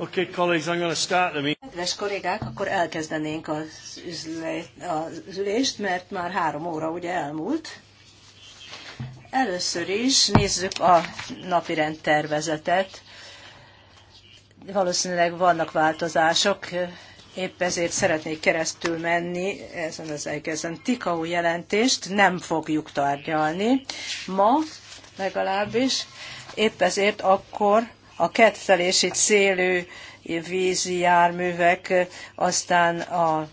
Okay, colleagues, I'm going to start the meeting. Kedves kollégák, akkor elkezdenénk az, üzle, az ülést, mert már három óra ugye elmúlt. Először is nézzük a napi rendtervezetet. Valószínűleg vannak változások, épp ezért szeretnék keresztül menni ezen az egészen Tikau jelentést nem fogjuk tárgyalni ma legalábbis. Épp ezért akkor a kettelési célú vízi járművek, aztán a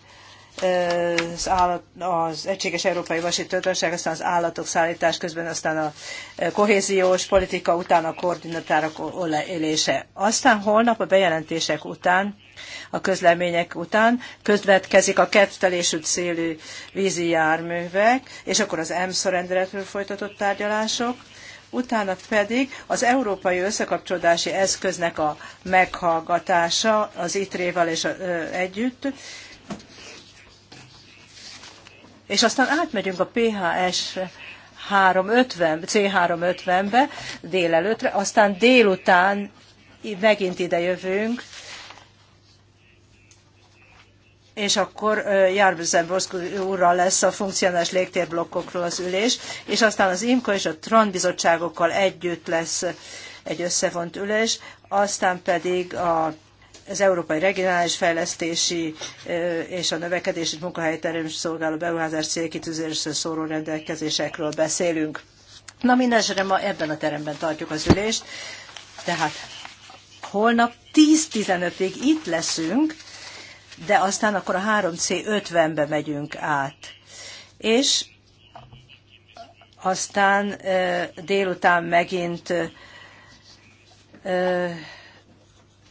az, állat, az Egységes Európai Vasi Töltönság, aztán az állatok szállítás közben, aztán a kohéziós politika után a koordinatárok élése. Aztán holnap a bejelentések után, a közlemények után közvetkezik a kettelésű célú vízi járművek, és akkor az EMSZ rendeletről folytatott tárgyalások, utána pedig az európai összekapcsolódási eszköznek a meghallgatása az ITRÉ-val és együtt, és aztán átmegyünk a PHS 350, C350-be délelőtre, aztán délután megint ide jövünk, és akkor Járvizen Boszkó úrral lesz a funkcionális légtérblokkokról az ülés, és aztán az IMKO és a TRAN bizottságokkal együtt lesz egy összevont ülés, aztán pedig a az Európai Regionális Fejlesztési és a Növekedési Munkahelyteremtés Szolgáló Beruházás célkitűzésről szóló rendelkezésekről beszélünk. Na mindenesetre ma ebben a teremben tartjuk az ülést, tehát holnap 10-15-ig itt leszünk, de aztán akkor a 3C50-be megyünk át. És aztán délután megint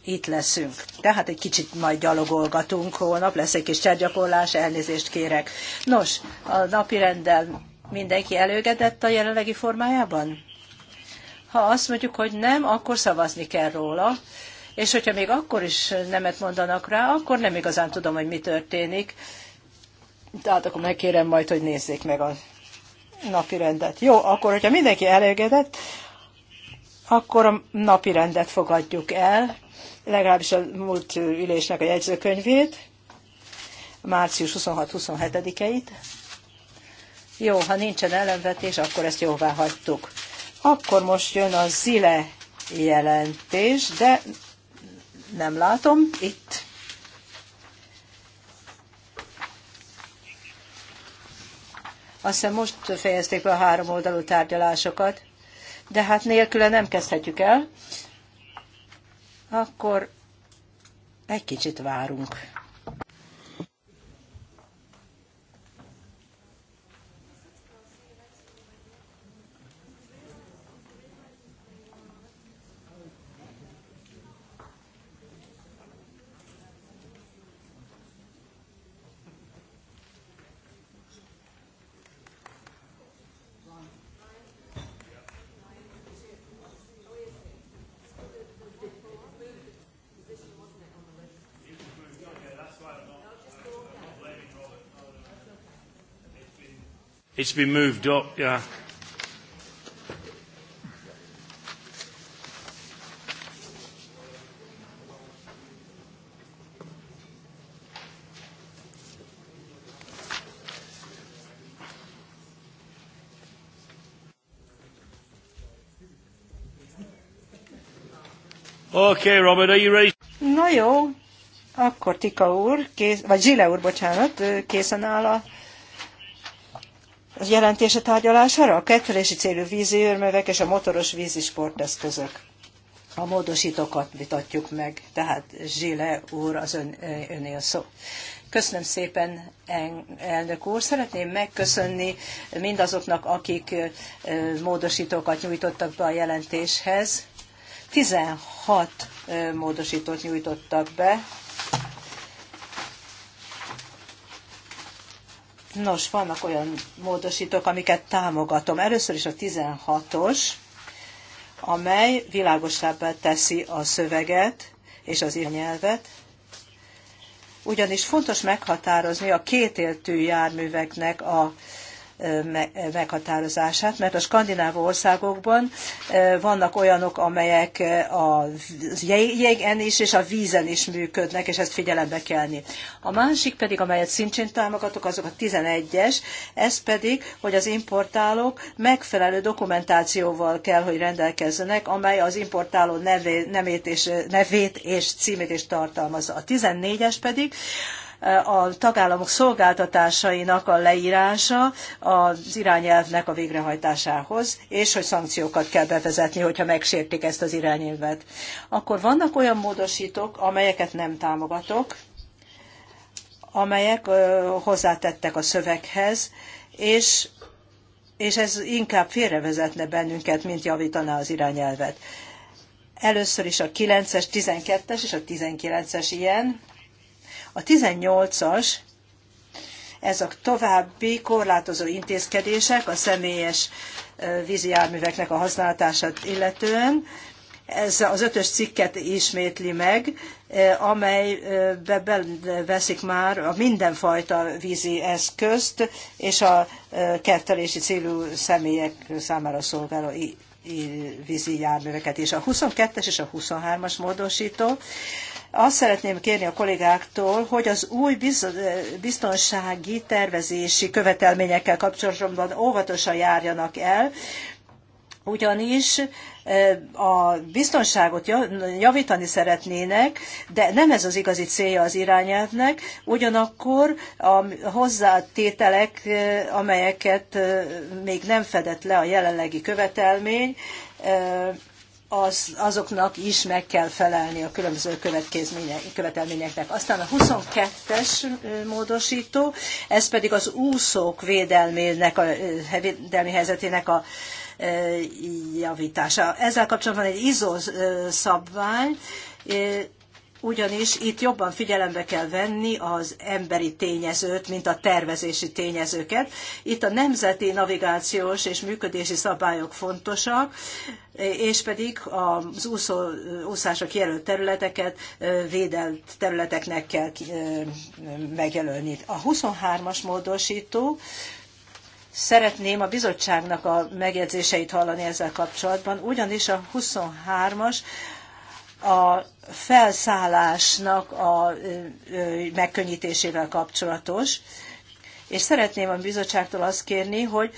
itt leszünk. Tehát egy kicsit majd gyalogolgatunk, holnap lesz egy kis csergyakorlás, elnézést kérek. Nos, a napi rendel mindenki előgedett a jelenlegi formájában? Ha azt mondjuk, hogy nem, akkor szavazni kell róla, és hogyha még akkor is nemet mondanak rá, akkor nem igazán tudom, hogy mi történik. Tehát akkor megkérem majd, hogy nézzék meg a napi rendet. Jó, akkor, hogyha mindenki elégedett, akkor a napi rendet fogadjuk el, legalábbis a múlt ülésnek a jegyzőkönyvét, március 26-27-eit. Jó, ha nincsen ellenvetés, akkor ezt jóvá hagytuk. Akkor most jön a zile jelentés, de nem látom, itt. Azt hiszem most fejezték be a három oldalú tárgyalásokat, de hát nélküle nem kezdhetjük el. Akkor egy kicsit várunk. It's been moved up, yeah. Okay, Robert, are you ready? Na jó, akkor Tika úr, kész, vagy Zsile úr, bocsánat, készen áll a az jelentése tárgyalására a kettelési célú vízi őrmövek és a motoros vízi sporteszközök. A módosítókat vitatjuk meg, tehát Zsile úr az ön, önél szó. Köszönöm szépen, elnök úr. Szeretném megköszönni mindazoknak, akik módosítókat nyújtottak be a jelentéshez. 16 módosítót nyújtottak be, Nos, vannak olyan módosítók, amiket támogatom. Először is a 16-os, amely világosabbá teszi a szöveget és az írnyelvet. ugyanis fontos meghatározni a kétéltű járműveknek a meghatározását, mert a skandináv országokban vannak olyanok, amelyek a jégen is és a vízen is működnek, és ezt figyelembe kellni. A másik pedig, amelyet szintén támogatok, azok a 11-es, ez pedig, hogy az importálók megfelelő dokumentációval kell, hogy rendelkezzenek, amely az importáló nevét és, nevét és címét is tartalmazza. A 14-es pedig, Eh, a tagállamok szolgáltatásainak a leírása az irányelvnek a végrehajtásához, és hogy szankciókat kell bevezetni, hogyha megsértik ezt az irányelvet. Akkor vannak olyan módosítók, amelyeket nem támogatok, amelyek hozzátettek a szöveghez, és, és ez inkább félrevezetne bennünket, mint javítaná az irányelvet. Először is a 9-es, 12-es és a 19-es ilyen, a 18-as, ez a további korlátozó intézkedések a személyes vízi járműveknek a használatását illetően, ez az ötös cikket ismétli meg, amelybe veszik már a mindenfajta vízi eszközt és a kertelési célú személyek számára szolgáló vízi járműveket is. A 22-es és a 23-as módosító azt szeretném kérni a kollégáktól, hogy az új biztonsági tervezési követelményekkel kapcsolatban óvatosan járjanak el, ugyanis e, a biztonságot javítani szeretnének, de nem ez az igazi célja az irányelvnek, ugyanakkor a hozzátételek, e, amelyeket e, még nem fedett le a jelenlegi követelmény, az, azoknak is meg kell felelni a különböző követelményeknek. Aztán a 22-es módosító, ez pedig az úszók védelmének, a, védelmi helyzetének a javítása. Ezzel kapcsolatban egy ISO szabvány, ugyanis itt jobban figyelembe kell venni az emberi tényezőt, mint a tervezési tényezőket. Itt a nemzeti navigációs és működési szabályok fontosak, és pedig az úszó, úszásra kijelölt területeket védelt területeknek kell megjelölni. A 23-as módosító Szeretném a bizottságnak a megjegyzéseit hallani ezzel kapcsolatban, ugyanis a 23-as a felszállásnak a megkönnyítésével kapcsolatos, és szeretném a bizottságtól azt kérni, hogy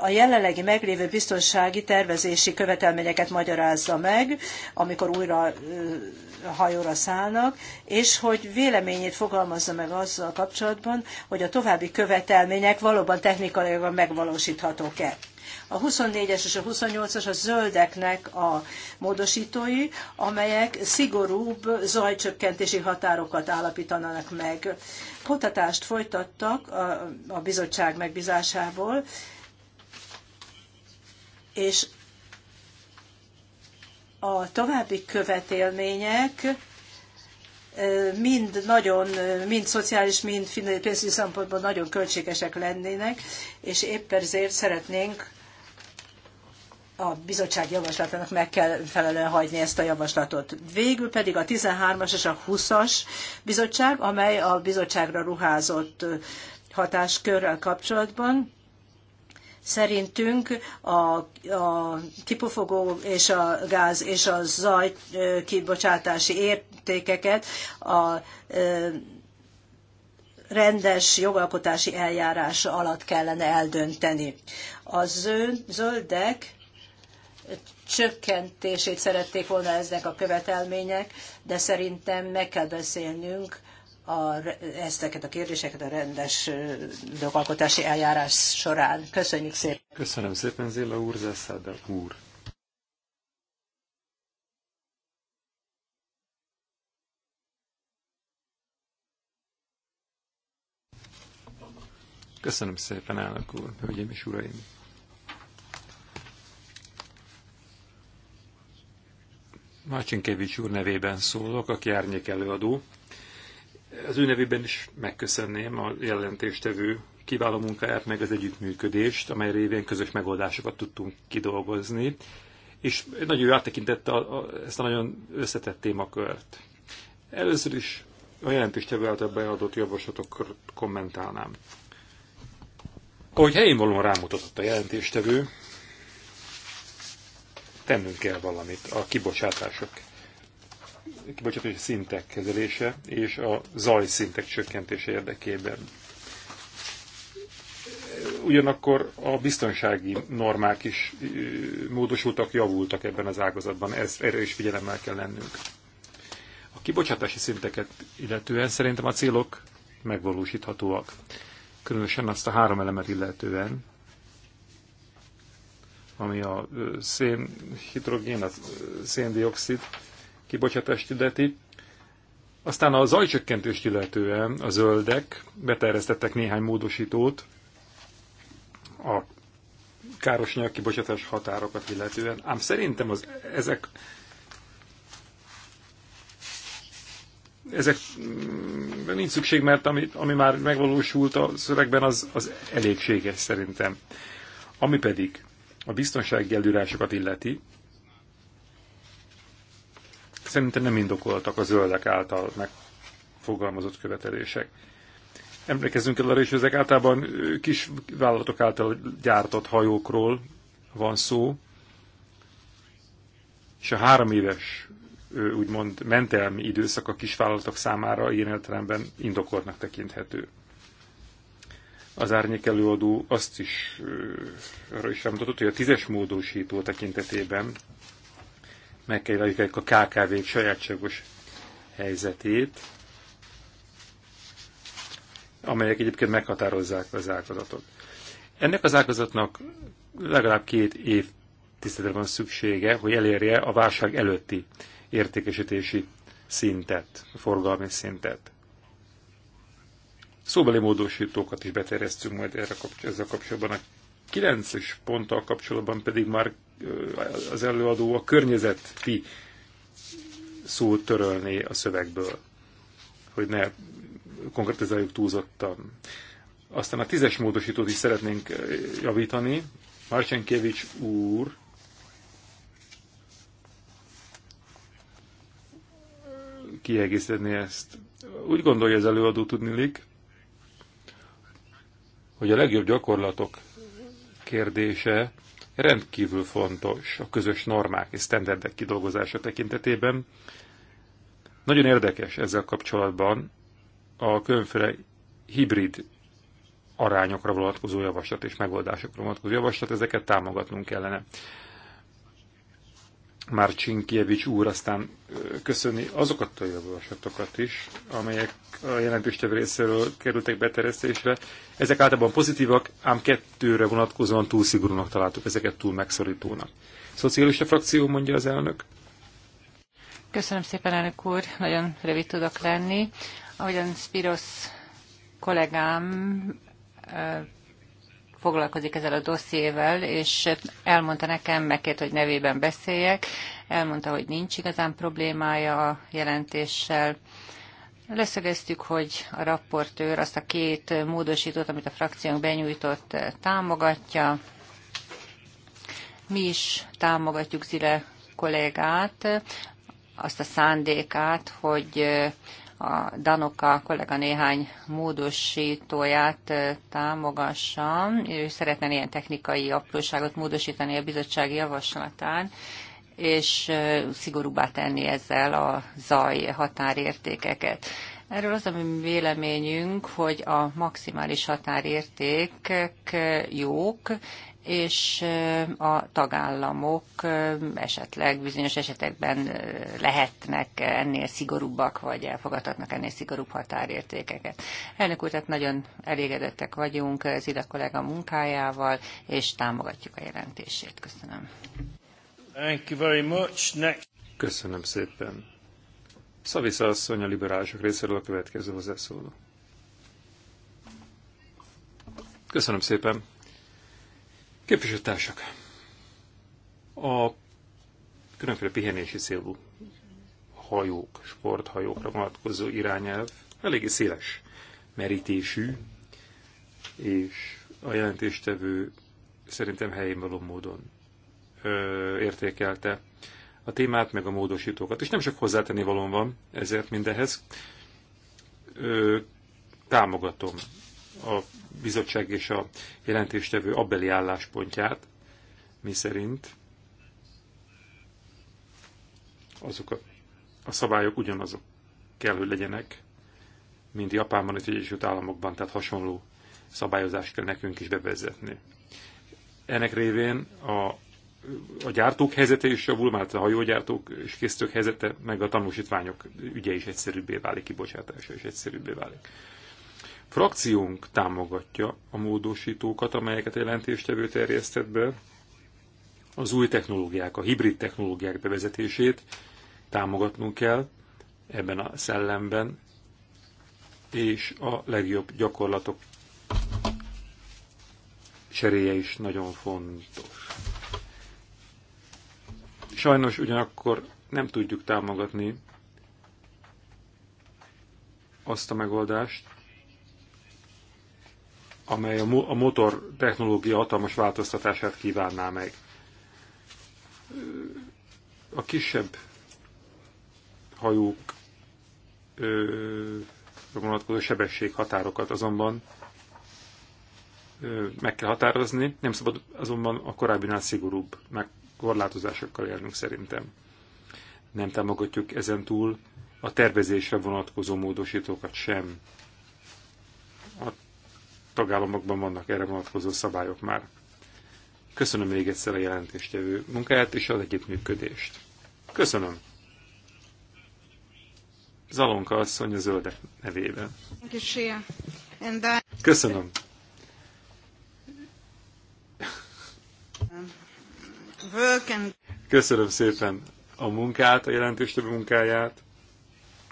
a jelenlegi meglévő biztonsági tervezési követelményeket magyarázza meg, amikor újra hajóra szállnak, és hogy véleményét fogalmazza meg azzal kapcsolatban, hogy a további követelmények valóban technikailag megvalósíthatók-e. A 24-es és a 28-as a zöldeknek a módosítói, amelyek szigorúbb zajcsökkentési határokat állapítanak meg. Kutatást folytattak a, a bizottság megbízásából, és a további követelmények mind nagyon, mind szociális, mind pénzügyi szempontból nagyon költségesek lennének, és épp ezért szeretnénk a bizottság javaslatának meg kell felelően hagyni ezt a javaslatot. Végül pedig a 13-as és a 20-as bizottság, amely a bizottságra ruházott hatáskörrel kapcsolatban, szerintünk a, a kipufogó és a gáz és a zaj kibocsátási értékeket a rendes jogalkotási eljárás alatt kellene eldönteni. A zöldek csökkentését szerették volna ezek a követelmények, de szerintem meg kell beszélnünk a, ezteket a kérdéseket a rendes jogalkotási eljárás során. Köszönjük szépen! Köszönöm szépen, Zilla úr, Zászáda úr! Köszönöm szépen, elnök úr, hölgyeim és uraim! Márcsinkévics úr nevében szólok, aki árnyék előadó. Az ő nevében is megköszönném a jelentéstevő kiváló munkáját, meg az együttműködést, amely révén közös megoldásokat tudtunk kidolgozni, és nagyon jó áttekintette a, a, ezt a nagyon összetett témakört. Először is a jelentéstevő által beadott javaslatokat kommentálnám. Ahogy helyén valóan rámutatott a jelentéstevő, tennünk kell valamit a kibocsátások kibocsátási szintek kezelése és a zajszintek csökkentése érdekében. Ugyanakkor a biztonsági normák is módosultak, javultak ebben az ágazatban, ez, erre is figyelemmel kell lennünk. A kibocsátási szinteket illetően szerintem a célok megvalósíthatóak, különösen azt a három elemet illetően, ami a szénhidrogén, a széndiokszid kibocsátást illeti. Aztán a zajcsökkentést illetően a zöldek beterjesztettek néhány módosítót a káros nyakkibocsátás határokat illetően, ám szerintem az, ezek ezek mm, nincs szükség, mert ami, ami már megvalósult a szövegben, az, az elégséges szerintem. Ami pedig a biztonsági előrásokat illeti, szerintem nem indokoltak a zöldek által megfogalmazott követelések. Emlékezzünk el arra is, hogy ezek általában kis vállalatok által gyártott hajókról van szó, és a három éves úgymond mentelmi időszak a kisvállalatok számára ilyen értelemben indokoltnak tekinthető. Az árnyék előadó azt is, arra is rámutatott, hogy a tízes módosító tekintetében meg kell a KKV-k sajátságos helyzetét, amelyek egyébként meghatározzák az ágazatot. Ennek az ágazatnak legalább két év tisztetre van szüksége, hogy elérje a válság előtti értékesítési szintet, forgalmi szintet. Szóbeli módosítókat is beterjesztünk majd erre ezzel kapcsolatban. A kilences ponttal kapcsolatban pedig már az előadó a környezeti szót törölné a szövegből, hogy ne konkretizáljuk túlzottan. Aztán a tízes módosítót is szeretnénk javítani. Marcsenkevics úr kiegészíteni ezt. Úgy gondolja az előadó tudnilik, hogy a legjobb gyakorlatok kérdése rendkívül fontos a közös normák és sztenderdek kidolgozása tekintetében. Nagyon érdekes ezzel kapcsolatban a különféle hibrid arányokra vonatkozó javaslat és megoldásokra vonatkozó javaslat, ezeket támogatnunk kellene. Márcsinkievics úr aztán köszönni azokat a javaslatokat is, amelyek a jelentéstevő részéről kerültek beterjesztésre. Ezek általában pozitívak, ám kettőre vonatkozóan túl szigorúnak találtuk ezeket túl megszorítónak. Szocialista frakció, mondja az elnök. Köszönöm szépen, elnök úr, nagyon rövid tudok lenni. Ahogyan Spiros kollégám foglalkozik ezzel a dossziével, és elmondta nekem, megkért, hogy nevében beszéljek, elmondta, hogy nincs igazán problémája a jelentéssel. Leszögeztük, hogy a rapportőr azt a két módosítót, amit a frakciónk benyújtott, támogatja. Mi is támogatjuk Zile kollégát, azt a szándékát, hogy a Danoka kollega néhány módosítóját támogassam. Ő szeretne ilyen technikai apróságot módosítani a bizottsági javaslatán, és szigorúbbá tenni ezzel a zaj határértékeket. Erről az a véleményünk, hogy a maximális határértékek jók, és a tagállamok esetleg bizonyos esetekben lehetnek ennél szigorúbbak, vagy elfogadhatnak ennél szigorúbb határértékeket. Elnök úr, tehát nagyon elégedettek vagyunk Zila kollega munkájával, és támogatjuk a jelentését. Köszönöm. Thank you very much. Next. Köszönöm szépen. Szavisza asszony a liberálisok részéről a következő hozzászóló. Köszönöm szépen. Képviselőtársak, a különféle pihenési célú hajók, sporthajókra vonatkozó irányelv eléggé széles merítésű, és a jelentéstevő szerintem helyén való módon ö, értékelte a témát, meg a módosítókat. És nem sok hozzátenni van ezért mindehez. Ö, támogatom a bizottság és a jelentéstevő abeli álláspontját, mi szerint azok a, a szabályok ugyanazok kell, hogy legyenek, mint Japánban és Egyesült Államokban, tehát hasonló szabályozást kell nekünk is bevezetni. Ennek révén a, a gyártók helyzete is javul, mert a hajógyártók és készítők helyzete, meg a tanúsítványok ügye is egyszerűbbé válik, kibocsátása is egyszerűbbé válik. Frakciónk támogatja a módosítókat, amelyeket a jelentéstevő terjesztett be, az új technológiák, a hibrid technológiák bevezetését támogatnunk kell ebben a szellemben, és a legjobb gyakorlatok cseréje is nagyon fontos. Sajnos ugyanakkor nem tudjuk támogatni azt a megoldást, amely a motor technológia hatalmas változtatását kívánná meg. A kisebb hajók vonatkozó sebességhatárokat azonban meg kell határozni, nem szabad azonban a korábbinál szigorúbb meg korlátozásokkal élnünk szerintem. Nem támogatjuk ezen túl a tervezésre vonatkozó módosítókat sem tagállamokban vannak erre vonatkozó szabályok már. Köszönöm még egyszer a jelentéstevő munkáját és az együttműködést. Köszönöm. Zalonka asszony a zöldek nevében. Köszönöm. Köszönöm szépen a munkát, a jelentéstevő munkáját,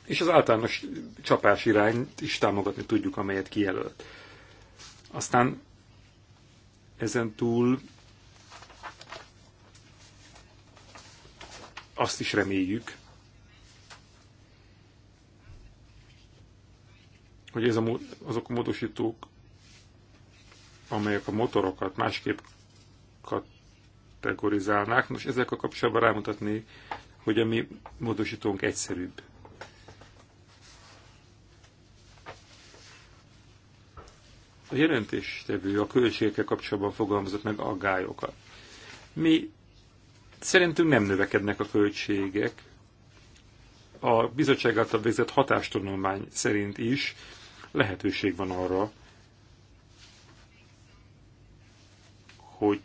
és az általános csapás irányt is támogatni tudjuk, amelyet kijelölt. Aztán ezen túl azt is reméljük, hogy ez a, azok a módosítók, amelyek a motorokat másképp kategorizálnák, most ezek a kapcsolatban rámutatni, hogy a mi módosítónk egyszerűbb A jelentéstevő a költségekkel kapcsolatban fogalmazott meg aggályokat. Mi szerintünk nem növekednek a költségek, a bizottság által végzett hatástanulmány szerint is lehetőség van arra, hogy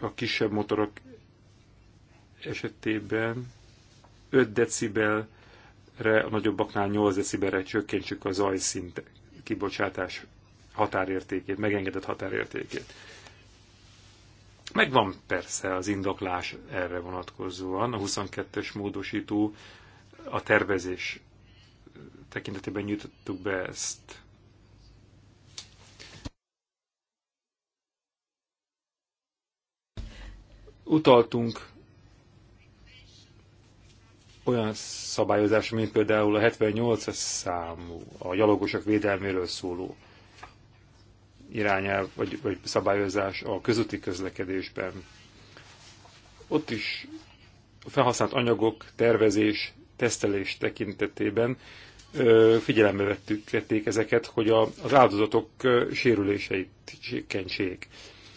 a kisebb motorok esetében 5 decibelre, a nagyobbaknál 8 decibelre csökkentsük a zajszint kibocsátás határértékét, megengedett határértékét. Megvan persze az indoklás erre vonatkozóan, a 22-es módosító a tervezés tekintetében nyújtottuk be ezt. Utaltunk olyan szabályozás, mint például a 78-as számú, a gyalogosok védelméről szóló irányelv vagy, vagy szabályozás a közúti közlekedésben. Ott is a felhasznált anyagok, tervezés, tesztelés tekintetében ö, figyelembe vettük, vették ezeket, hogy a, az áldozatok sérüléseit kentsék.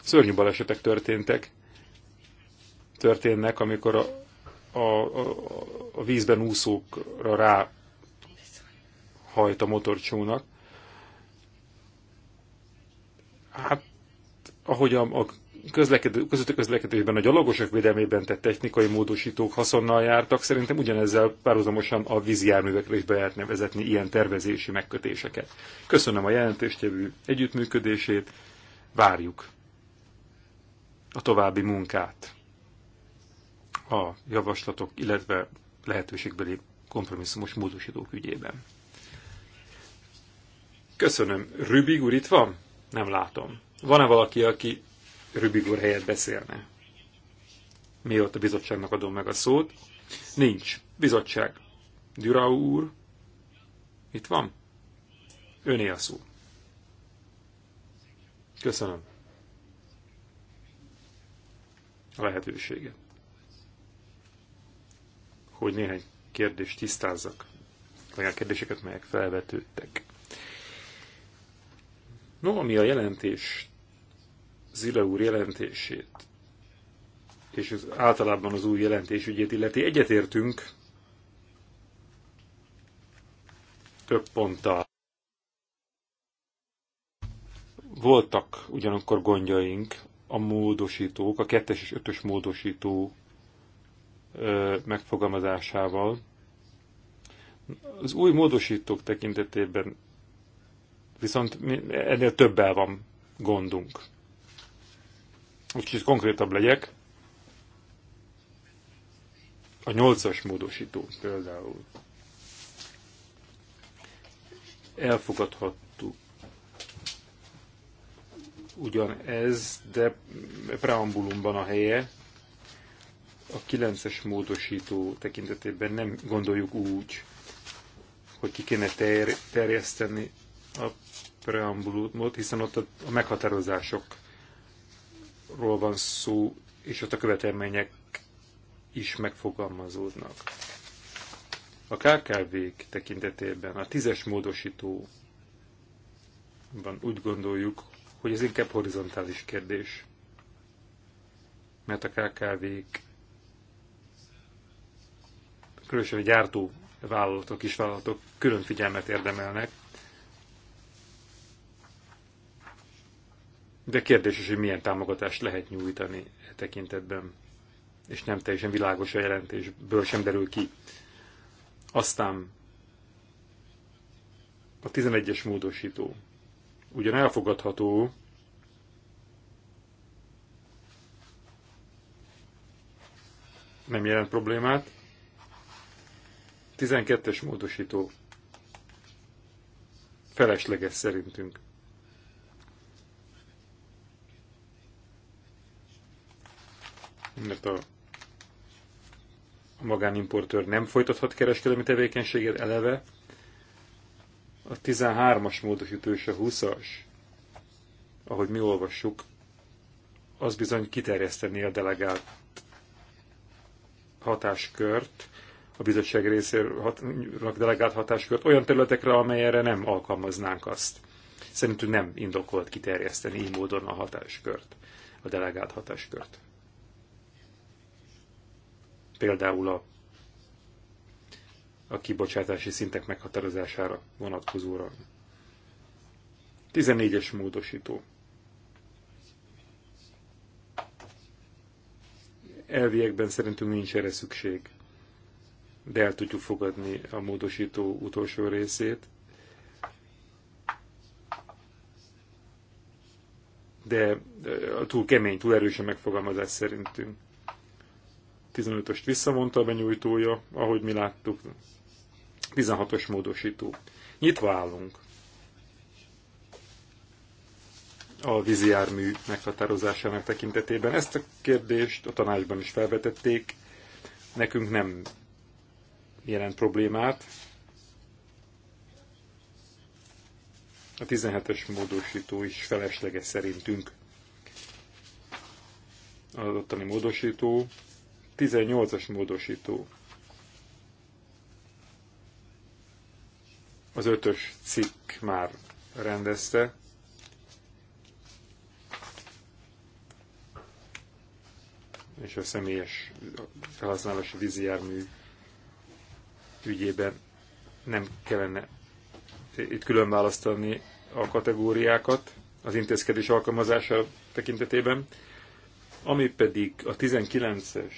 Szörnyű balesetek történtek, történnek, amikor a, a, a, a vízben úszókra rá hajt a motorcsónak, hát ahogy a, a közlekedő, közötti közlekedésben a gyalogosok védelmében tett technikai módosítók haszonnal jártak, szerintem ugyanezzel párhuzamosan a járművekre is be lehet nevezetni ilyen tervezési megkötéseket. Köszönöm a jelentéstevő együttműködését, várjuk a további munkát a javaslatok, illetve lehetőségbeli kompromisszumos módosítók ügyében. Köszönöm. Rübig úr itt van? Nem látom. Van-e valaki, aki Rübig úr helyett beszélne? Mióta a bizottságnak adom meg a szót? Nincs. Bizottság. Dürau úr? Itt van? Öné a szó. Köszönöm. A lehetősége. Hogy néhány kérdést tisztázzak. Olyan kérdéseket, melyek felvetődtek. No, ami a jelentés, Zile úr jelentését, és az, általában az új jelentés ügyét illeti, egyetértünk több ponttal. Voltak ugyanakkor gondjaink a módosítók, a kettes és ötös módosító ö, megfogalmazásával. Az új módosítók tekintetében viszont ennél többel van gondunk. úgyhogy kicsit konkrétabb legyek. A nyolcas módosító például. Elfogadhattuk ugyanez, de preambulumban a helye. A kilences módosító tekintetében nem gondoljuk úgy, hogy ki kéne ter- terjeszteni a preambulumot, hiszen ott a meghatározásokról van szó, és ott a követelmények is megfogalmazódnak. A kkv tekintetében a tízes módosítóban úgy gondoljuk, hogy ez inkább horizontális kérdés. Mert a KKV-k, különösen a gyártó vállalatok, kisvállalatok külön figyelmet érdemelnek, De kérdés is, hogy milyen támogatást lehet nyújtani e tekintetben, és nem teljesen világos a jelentésből sem derül ki. Aztán a 11-es módosító. Ugyan elfogadható, nem jelent problémát. 12-es módosító. Felesleges szerintünk. mert a magánimportőr nem folytathat kereskedelmi tevékenységet eleve. A 13-as módosító és a 20-as, ahogy mi olvassuk, az bizony kiterjeszteni a delegált hatáskört, a bizottság részéről a delegált hatáskört olyan területekre, amelyre nem alkalmaznánk azt. Szerintünk nem indokolt kiterjeszteni így módon a hatáskört, a delegált hatáskört például a, a kibocsátási szintek meghatározására vonatkozóra. 14-es módosító. Elviekben szerintünk nincs erre szükség, de el tudjuk fogadni a módosító utolsó részét. De túl kemény, túl erős a megfogalmazás szerintünk. 15-öst visszavonta a benyújtója, ahogy mi láttuk, 16-os módosító. Nyitva állunk a jármű meghatározásának tekintetében. Ezt a kérdést a tanácsban is felvetették, nekünk nem jelent problémát. A 17-es módosító is felesleges szerintünk. Az ottani módosító 18-as módosító. Az ötös cikk már rendezte. És a személyes felhasználási vízijármű ügyében nem kellene itt külön választani a kategóriákat az intézkedés alkalmazása tekintetében, ami pedig a 19-es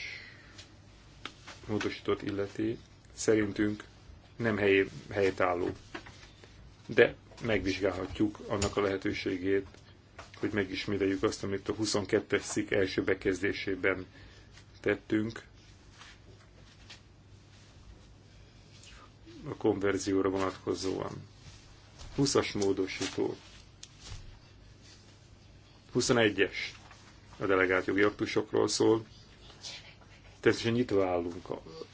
módosított illeti, szerintünk nem helyé, helytálló. De megvizsgálhatjuk annak a lehetőségét, hogy megismételjük azt, amit a 22-es szik első bekezdésében tettünk, a konverzióra vonatkozóan. 20-as módosító. 21-es a delegált jogi aktusokról szól. Természetesen nyitva állunk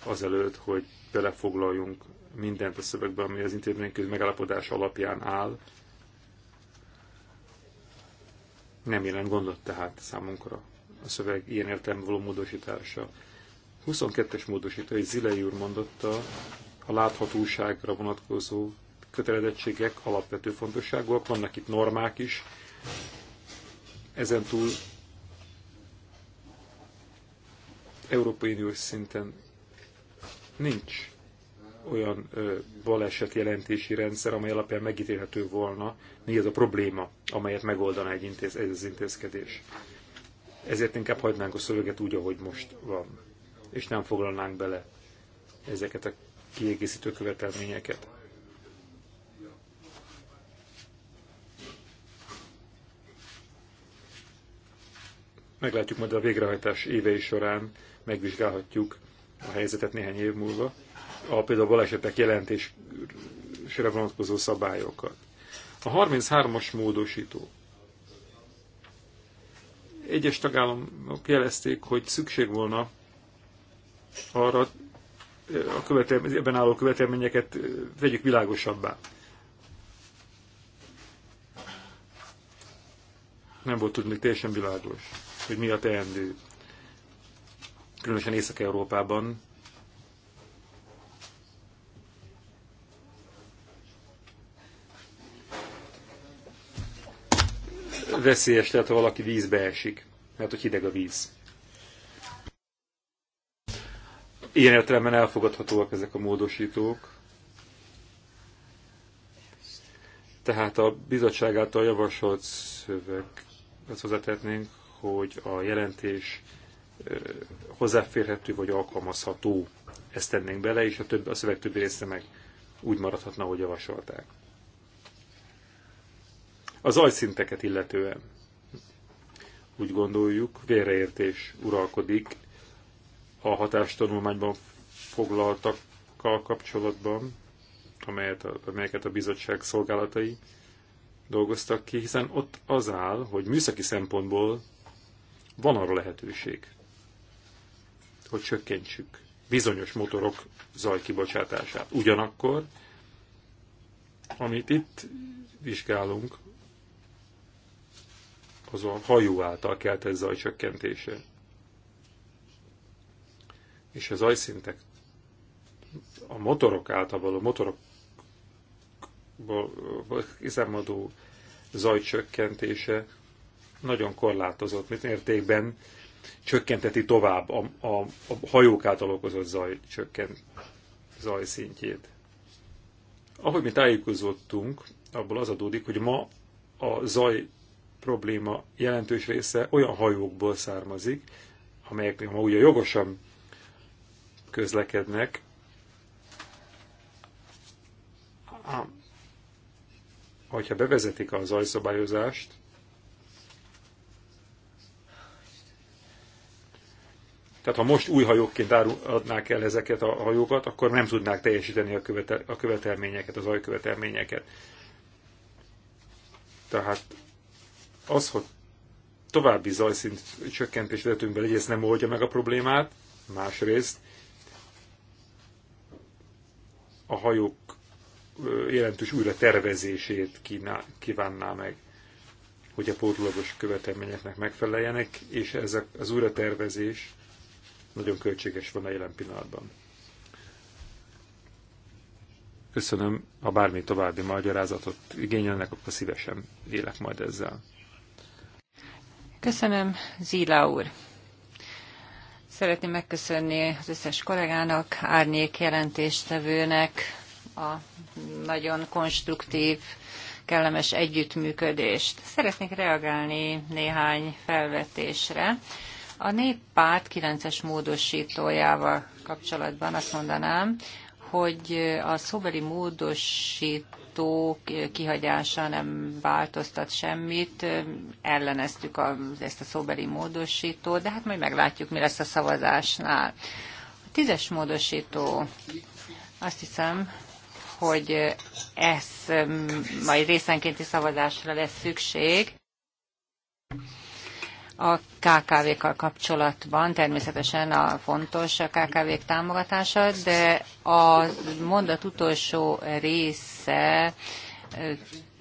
azelőtt, hogy belefoglaljunk mindent a szövegbe, ami az intézményközi megállapodás alapján áll. Nem jelent gondot tehát számunkra a szöveg ilyen értelemben való módosítása. 22-es módosító, egy Zilei úr mondotta, a láthatóságra vonatkozó kötelezettségek alapvető fontosságúak, vannak itt normák is, ezen túl Európai Uniós szinten nincs olyan ö, baleset jelentési rendszer, amely alapján megítélhető volna, mi ez a probléma, amelyet megoldaná egy intéz, ez az intézkedés. Ezért inkább hagynánk a szöveget úgy, ahogy most van, és nem foglalnánk bele ezeket a kiegészítő követelményeket. Meglátjuk majd a végrehajtás évei során, megvizsgálhatjuk a helyzetet néhány év múlva, a például balesetek jelentésre vonatkozó szabályokat. A 33-as módosító. Egyes tagállamok jelezték, hogy szükség volna arra eh, a ebben álló követelményeket eh, vegyük világosabbá. Nem volt tudni teljesen világos, hogy mi a teendő különösen Észak-Európában, veszélyes, tehát ha valaki vízbe esik, mert hát, hogy hideg a víz. Ilyen értelemben elfogadhatóak ezek a módosítók. Tehát a bizottság által javasolt szöveg, azt hozzátetnénk, hogy a jelentés hozzáférhető vagy alkalmazható. Ezt tennénk bele, és a, több, a szöveg többi része meg úgy maradhatna, ahogy javasolták. Az ajszinteket illetően úgy gondoljuk, véreértés uralkodik a hatástanulmányban foglaltakkal kapcsolatban, amelyet, amelyeket a bizottság szolgálatai dolgoztak ki, hiszen ott az áll, hogy műszaki szempontból van arra lehetőség, hogy csökkentsük bizonyos motorok zajkibocsátását. Ugyanakkor, amit itt vizsgálunk, az a hajó által keltett zaj csökkentése. És az zajszintek a motorok által való motorok kiszámadó zajcsökkentése nagyon korlátozott, mértékben csökkenteti tovább a, a, a hajók által okozott zaj, csökken, zaj szintjét. Ahogy mi tájékozottunk, abból az adódik, hogy ma a zaj probléma jelentős része olyan hajókból származik, amelyek ma ugye jogosan közlekednek, hogyha bevezetik a zajszabályozást, Tehát ha most új hajókként adnák el ezeket a hajókat, akkor nem tudnák teljesíteni a, követel, a követelményeket, az ajkövetelményeket. Tehát az, hogy további zajszint csökkentés vezetünk bele, ez nem oldja meg a problémát, másrészt a hajók jelentős újra tervezését kívánná meg, hogy a pótlagos követelményeknek megfeleljenek, és ez az újratervezés nagyon költséges van a jelen pillanatban. Köszönöm, ha bármi további magyarázatot igényelnek, akkor szívesen élek majd ezzel. Köszönöm, Zila úr. Szeretném megköszönni az összes kollégának, árnyék jelentéstevőnek a nagyon konstruktív, kellemes együttműködést. Szeretnék reagálni néhány felvetésre a néppárt 9-es módosítójával kapcsolatban azt mondanám, hogy a szóbeli módosító kihagyása nem változtat semmit, elleneztük a, ezt a szóbeli módosítót, de hát majd meglátjuk, mi lesz a szavazásnál. A tízes módosító, azt hiszem, hogy ez majd részenkénti szavazásra lesz szükség. A KKV-kkal kapcsolatban természetesen a fontos a KKV-k támogatása, de a mondat utolsó része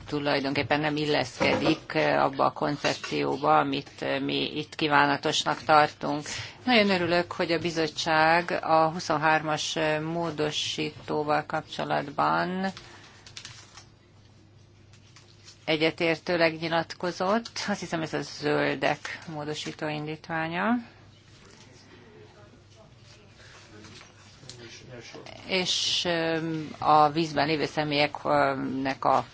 tulajdonképpen nem illeszkedik abba a koncepcióba, amit mi itt kívánatosnak tartunk. Nagyon örülök, hogy a bizottság a 23-as módosítóval kapcsolatban egyetértőleg nyilatkozott. Azt hiszem ez a zöldek módosító indítványa. és a vízben lévő személyeknek a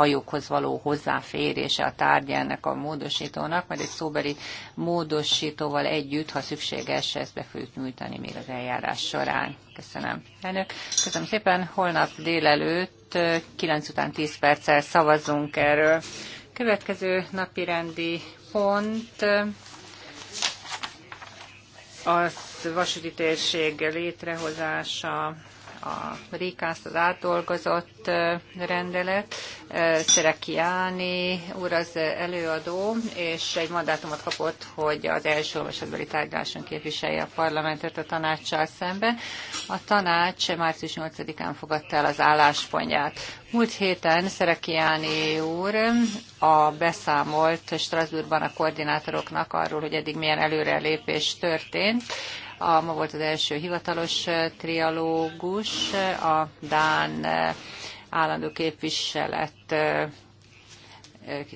hajókhoz való hozzáférése a tárgy ennek a módosítónak, majd egy szóbeli módosítóval együtt, ha szükséges, ezt be fogjuk nyújtani még az eljárás során. Köszönöm. Elnök, köszönöm szépen. Holnap délelőtt 9 után 10 perccel szavazunk erről. Következő napi rendi pont az vasúti térség létrehozása a Rékászt, az átdolgozott rendelet. Szerekiáni úr az előadó, és egy mandátumot kapott, hogy az első olvasatbeli tárgyaláson képviselje a parlamentet a tanácssal szemben. A tanács március 8-án fogadta el az álláspontját. Múlt héten Szerekiáni úr a beszámolt Strasbourgban a koordinátoroknak arról, hogy eddig milyen előrelépés történt a, ma volt az első hivatalos trialógus, a Dán állandó képviselet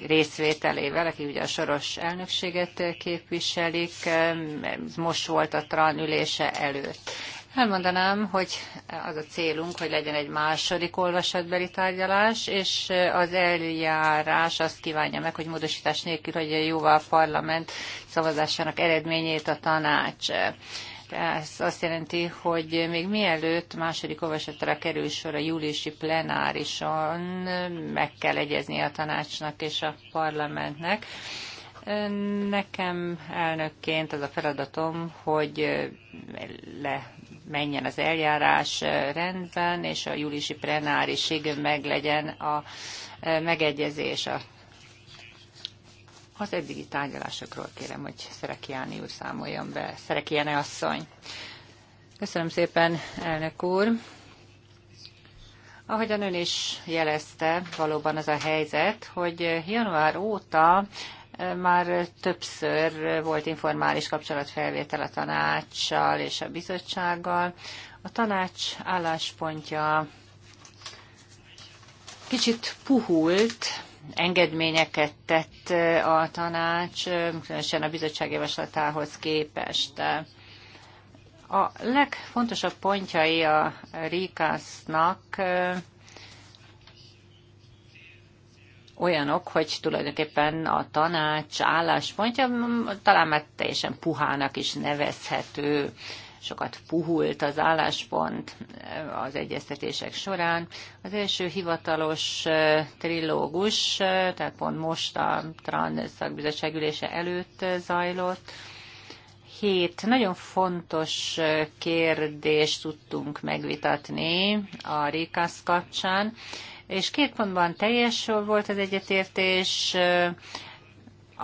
részvételével, aki ugye a soros elnökséget képviselik, most volt a TRAN ülése előtt. Elmondanám, hogy az a célunk, hogy legyen egy második olvasatbeli tárgyalás, és az eljárás azt kívánja meg, hogy módosítás nélkül hagyja jóval a parlament szavazásának eredményét a tanács. Ez azt jelenti, hogy még mielőtt második olvasatra kerül sor a júliusi plenárison, meg kell egyezni a tanácsnak és a parlamentnek. Nekem elnökként az a feladatom, hogy le menjen az eljárás rendben, és a júliusi plenárisig legyen a megegyezés a az eddigi tárgyalásokról kérem, hogy Áni úr számoljon be. Szerekiáne asszony. Köszönöm szépen, elnök úr. Ahogyan ön is jelezte, valóban az a helyzet, hogy január óta eh, már többször volt informális kapcsolatfelvétel a tanácssal és a bizottsággal. A tanács álláspontja kicsit puhult, engedményeket tett a tanács, különösen a bizottság javaslatához képest. A legfontosabb pontjai a Rikásznak olyanok, hogy tulajdonképpen a tanács álláspontja talán már teljesen puhának is nevezhető sokat puhult az álláspont eh, az egyeztetések során. Az első hivatalos eh, trilógus, eh, tehát pont most a TRAN szakbizottságülése előtt zajlott, hét nagyon fontos kérdést tudtunk megvitatni a Rékász kapcsán, és két pontban teljes volt az egyetértés,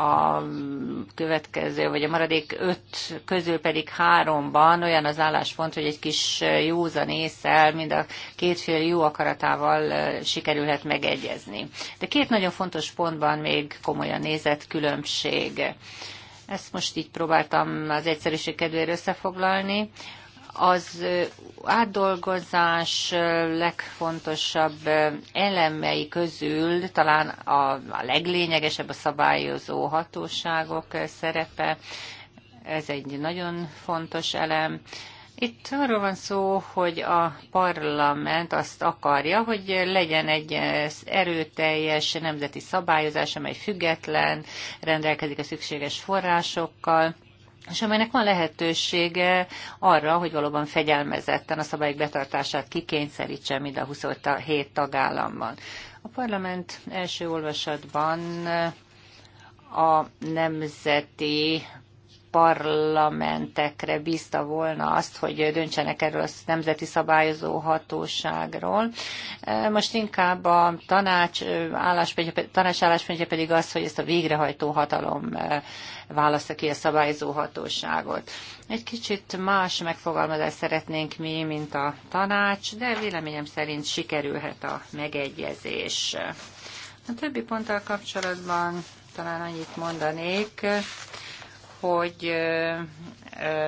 a következő, vagy a maradék öt közül pedig háromban olyan az álláspont, hogy egy kis józan észel mind a két fél jó akaratával sikerülhet megegyezni. De két nagyon fontos pontban még komolyan nézett különbség. Ezt most így próbáltam az egyszerűség kedvéért összefoglalni. Az átdolgozás legfontosabb elemei közül talán a, a leglényegesebb a szabályozó hatóságok szerepe. Ez egy nagyon fontos elem. Itt arról van szó, hogy a parlament azt akarja, hogy legyen egy erőteljes nemzeti szabályozás, amely független, rendelkezik a szükséges forrásokkal és amelynek van lehetősége arra, hogy valóban fegyelmezetten a szabályok betartását kikényszerítse mind a 27 tagállamban. A parlament első olvasatban a nemzeti parlamentekre bízta volna azt, hogy döntsenek erről a nemzeti szabályozó hatóságról. E, most inkább a tanács álláspontja, tanács pedig az, hogy ezt a végrehajtó hatalom e, választja ki a szabályozó hatóságot. Egy kicsit más megfogalmazást szeretnénk mi, mint a tanács, de véleményem szerint sikerülhet a megegyezés. A többi ponttal kapcsolatban talán annyit mondanék, hogy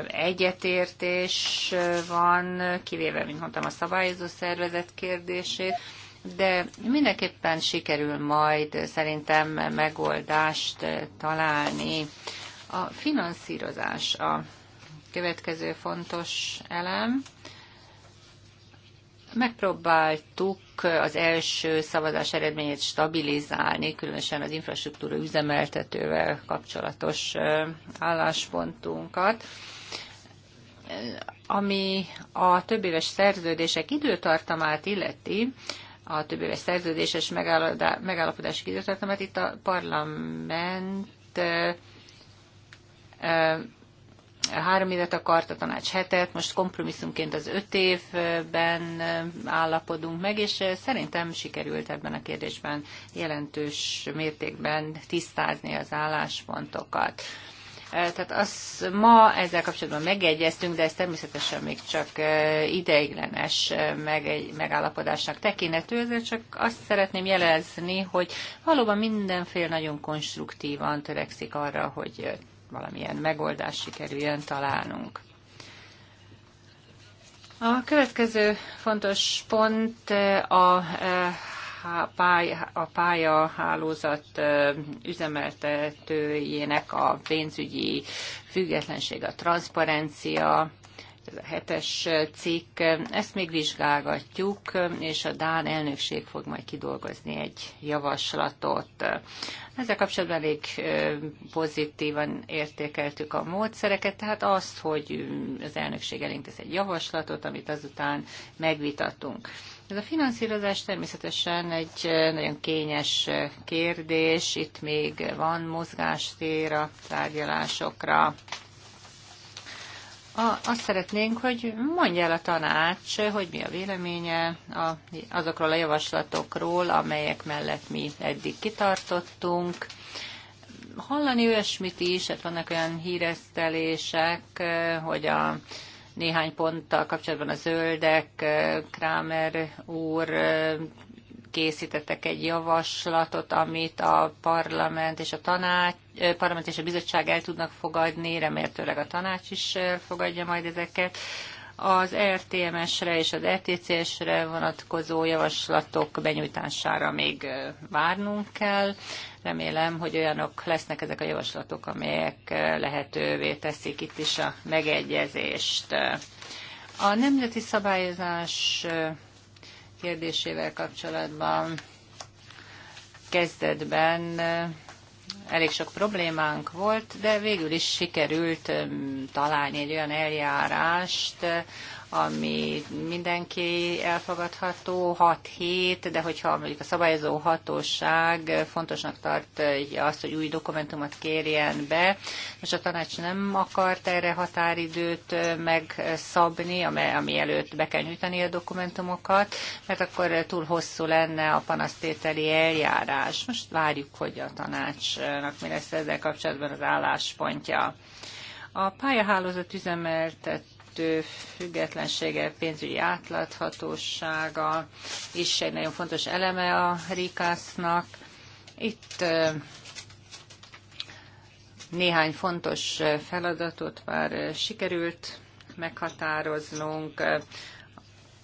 egyetértés van, kivéve, mint mondtam, a szabályozó szervezet kérdését, de mindenképpen sikerül majd szerintem megoldást találni. A finanszírozás a következő fontos elem megpróbáltuk az első szavazás eredményét stabilizálni, különösen az infrastruktúra üzemeltetővel kapcsolatos álláspontunkat ami a többéves szerződések időtartamát illeti, a többéves szerződéses megállapodások időtartamát, itt a parlament három évet akart, a tanács hetet, most kompromisszumként az öt évben állapodunk meg, és szerintem sikerült ebben a kérdésben jelentős mértékben tisztázni az álláspontokat. Tehát az ma ezzel kapcsolatban megegyeztünk, de ez természetesen még csak ideiglenes megállapodásnak tekinthető, ezért csak azt szeretném jelezni, hogy valóban minden fél nagyon konstruktívan törekszik arra, hogy valamilyen megoldást sikerüljön találnunk. A következő fontos pont eh, a eh, a pályahálózat eh, üzemeltetőjének a pénzügyi függetlenség, a transzparencia, ez a hetes cikk, ezt még vizsgálgatjuk, és a Dán elnökség fog majd kidolgozni egy javaslatot. Ezzel kapcsolatban elég pozitívan értékeltük a módszereket, tehát azt, hogy az elnökség elintéz egy javaslatot, amit azután megvitatunk. Ez a finanszírozás természetesen egy nagyon kényes kérdés, itt még van mozgástér a tárgyalásokra. A, azt szeretnénk, hogy mondja el a tanács, hogy mi a véleménye a, azokról a javaslatokról, amelyek mellett mi eddig kitartottunk. Hallani olyasmit is, hát vannak olyan híresztelések, hogy a néhány ponttal kapcsolatban a zöldek, Kramer úr készítettek egy javaslatot, amit a parlament és a tanács, parlament és a bizottság el tudnak fogadni, remélhetőleg a tanács is fogadja majd ezeket. Az RTMS-re és az rtcs e re vonatkozó javaslatok benyújtására még várnunk kell. Remélem, hogy olyanok lesznek ezek a javaslatok, amelyek lehetővé teszik itt is a megegyezést. A nemzeti szabályozás kérdésével kapcsolatban kezdetben elég sok problémánk volt, de végül is sikerült találni egy olyan eljárást, ami mindenki elfogadható, 6-7, de hogyha mondjuk a szabályozó hatóság fontosnak tartja azt, hogy új dokumentumot kérjen be, és a tanács nem akart erre határidőt megszabni, ami előtt be kell nyújtani a dokumentumokat, mert akkor túl hosszú lenne a panasztételi eljárás. Most várjuk, hogy a tanácsnak mi lesz ezzel kapcsolatban az álláspontja. A pályahálózat üzemeltet kettő függetlensége, pénzügyi átláthatósága is egy nagyon fontos eleme a Rikásznak. Itt néhány fontos feladatot már sikerült meghatároznunk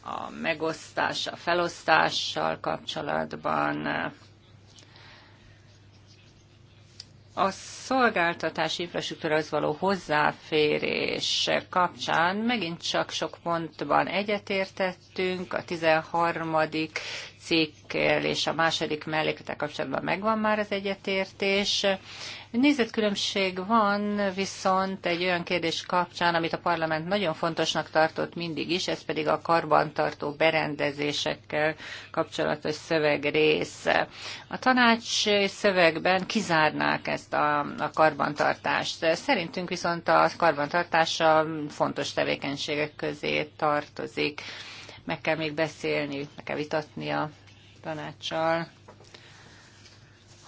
a megosztás, a felosztással kapcsolatban, A szolgáltatási infrastruktúrához való hozzáférés kapcsán megint csak sok pontban egyetértettünk, a 13. cikkel és a második mellékletek kapcsolatban megvan már az egyetértés. Egy nézetkülönbség van viszont egy olyan kérdés kapcsán, amit a parlament nagyon fontosnak tartott mindig is, ez pedig a karbantartó berendezésekkel kapcsolatos szövegrész. A tanács szövegben kizárnák ezt a, a karbantartást. Szerintünk viszont a karbantartás a fontos tevékenységek közé tartozik. Meg kell még beszélni, meg kell vitatni a tanácssal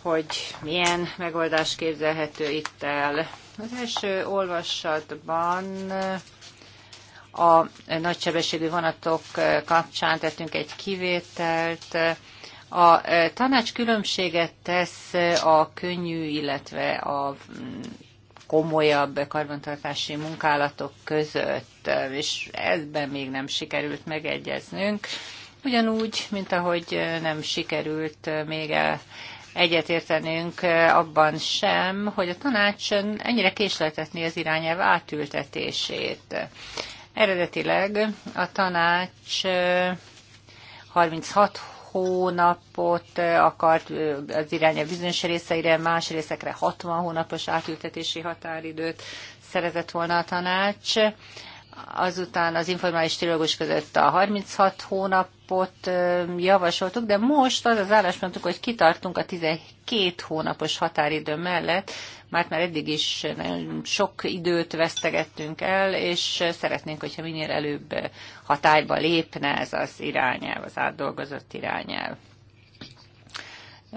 hogy milyen megoldás képzelhető itt el. Az első olvasatban a nagysebességű vonatok kapcsán tettünk egy kivételt. A tanács különbséget tesz a könnyű, illetve a komolyabb karbantartási munkálatok között, és ebben még nem sikerült megegyeznünk. Ugyanúgy, mint ahogy nem sikerült még el egyetértenünk eh, abban sem, hogy a tanács ennyire késleltetni az irányelv átültetését. Eredetileg a tanács 36 eh, hónapot eh, akart az irányelv bizonyos részeire, más részekre 60 hónapos átültetési határidőt szerezett volna a tanács azután az informális trilógus között a 36 hónapot javasoltuk, de most az az álláspontunk, hogy kitartunk a 12 hónapos határidő mellett, mert már eddig is nagyon sok időt vesztegettünk el, és szeretnénk, hogyha minél előbb hatályba lépne ez az irányelv, az átdolgozott irányelv.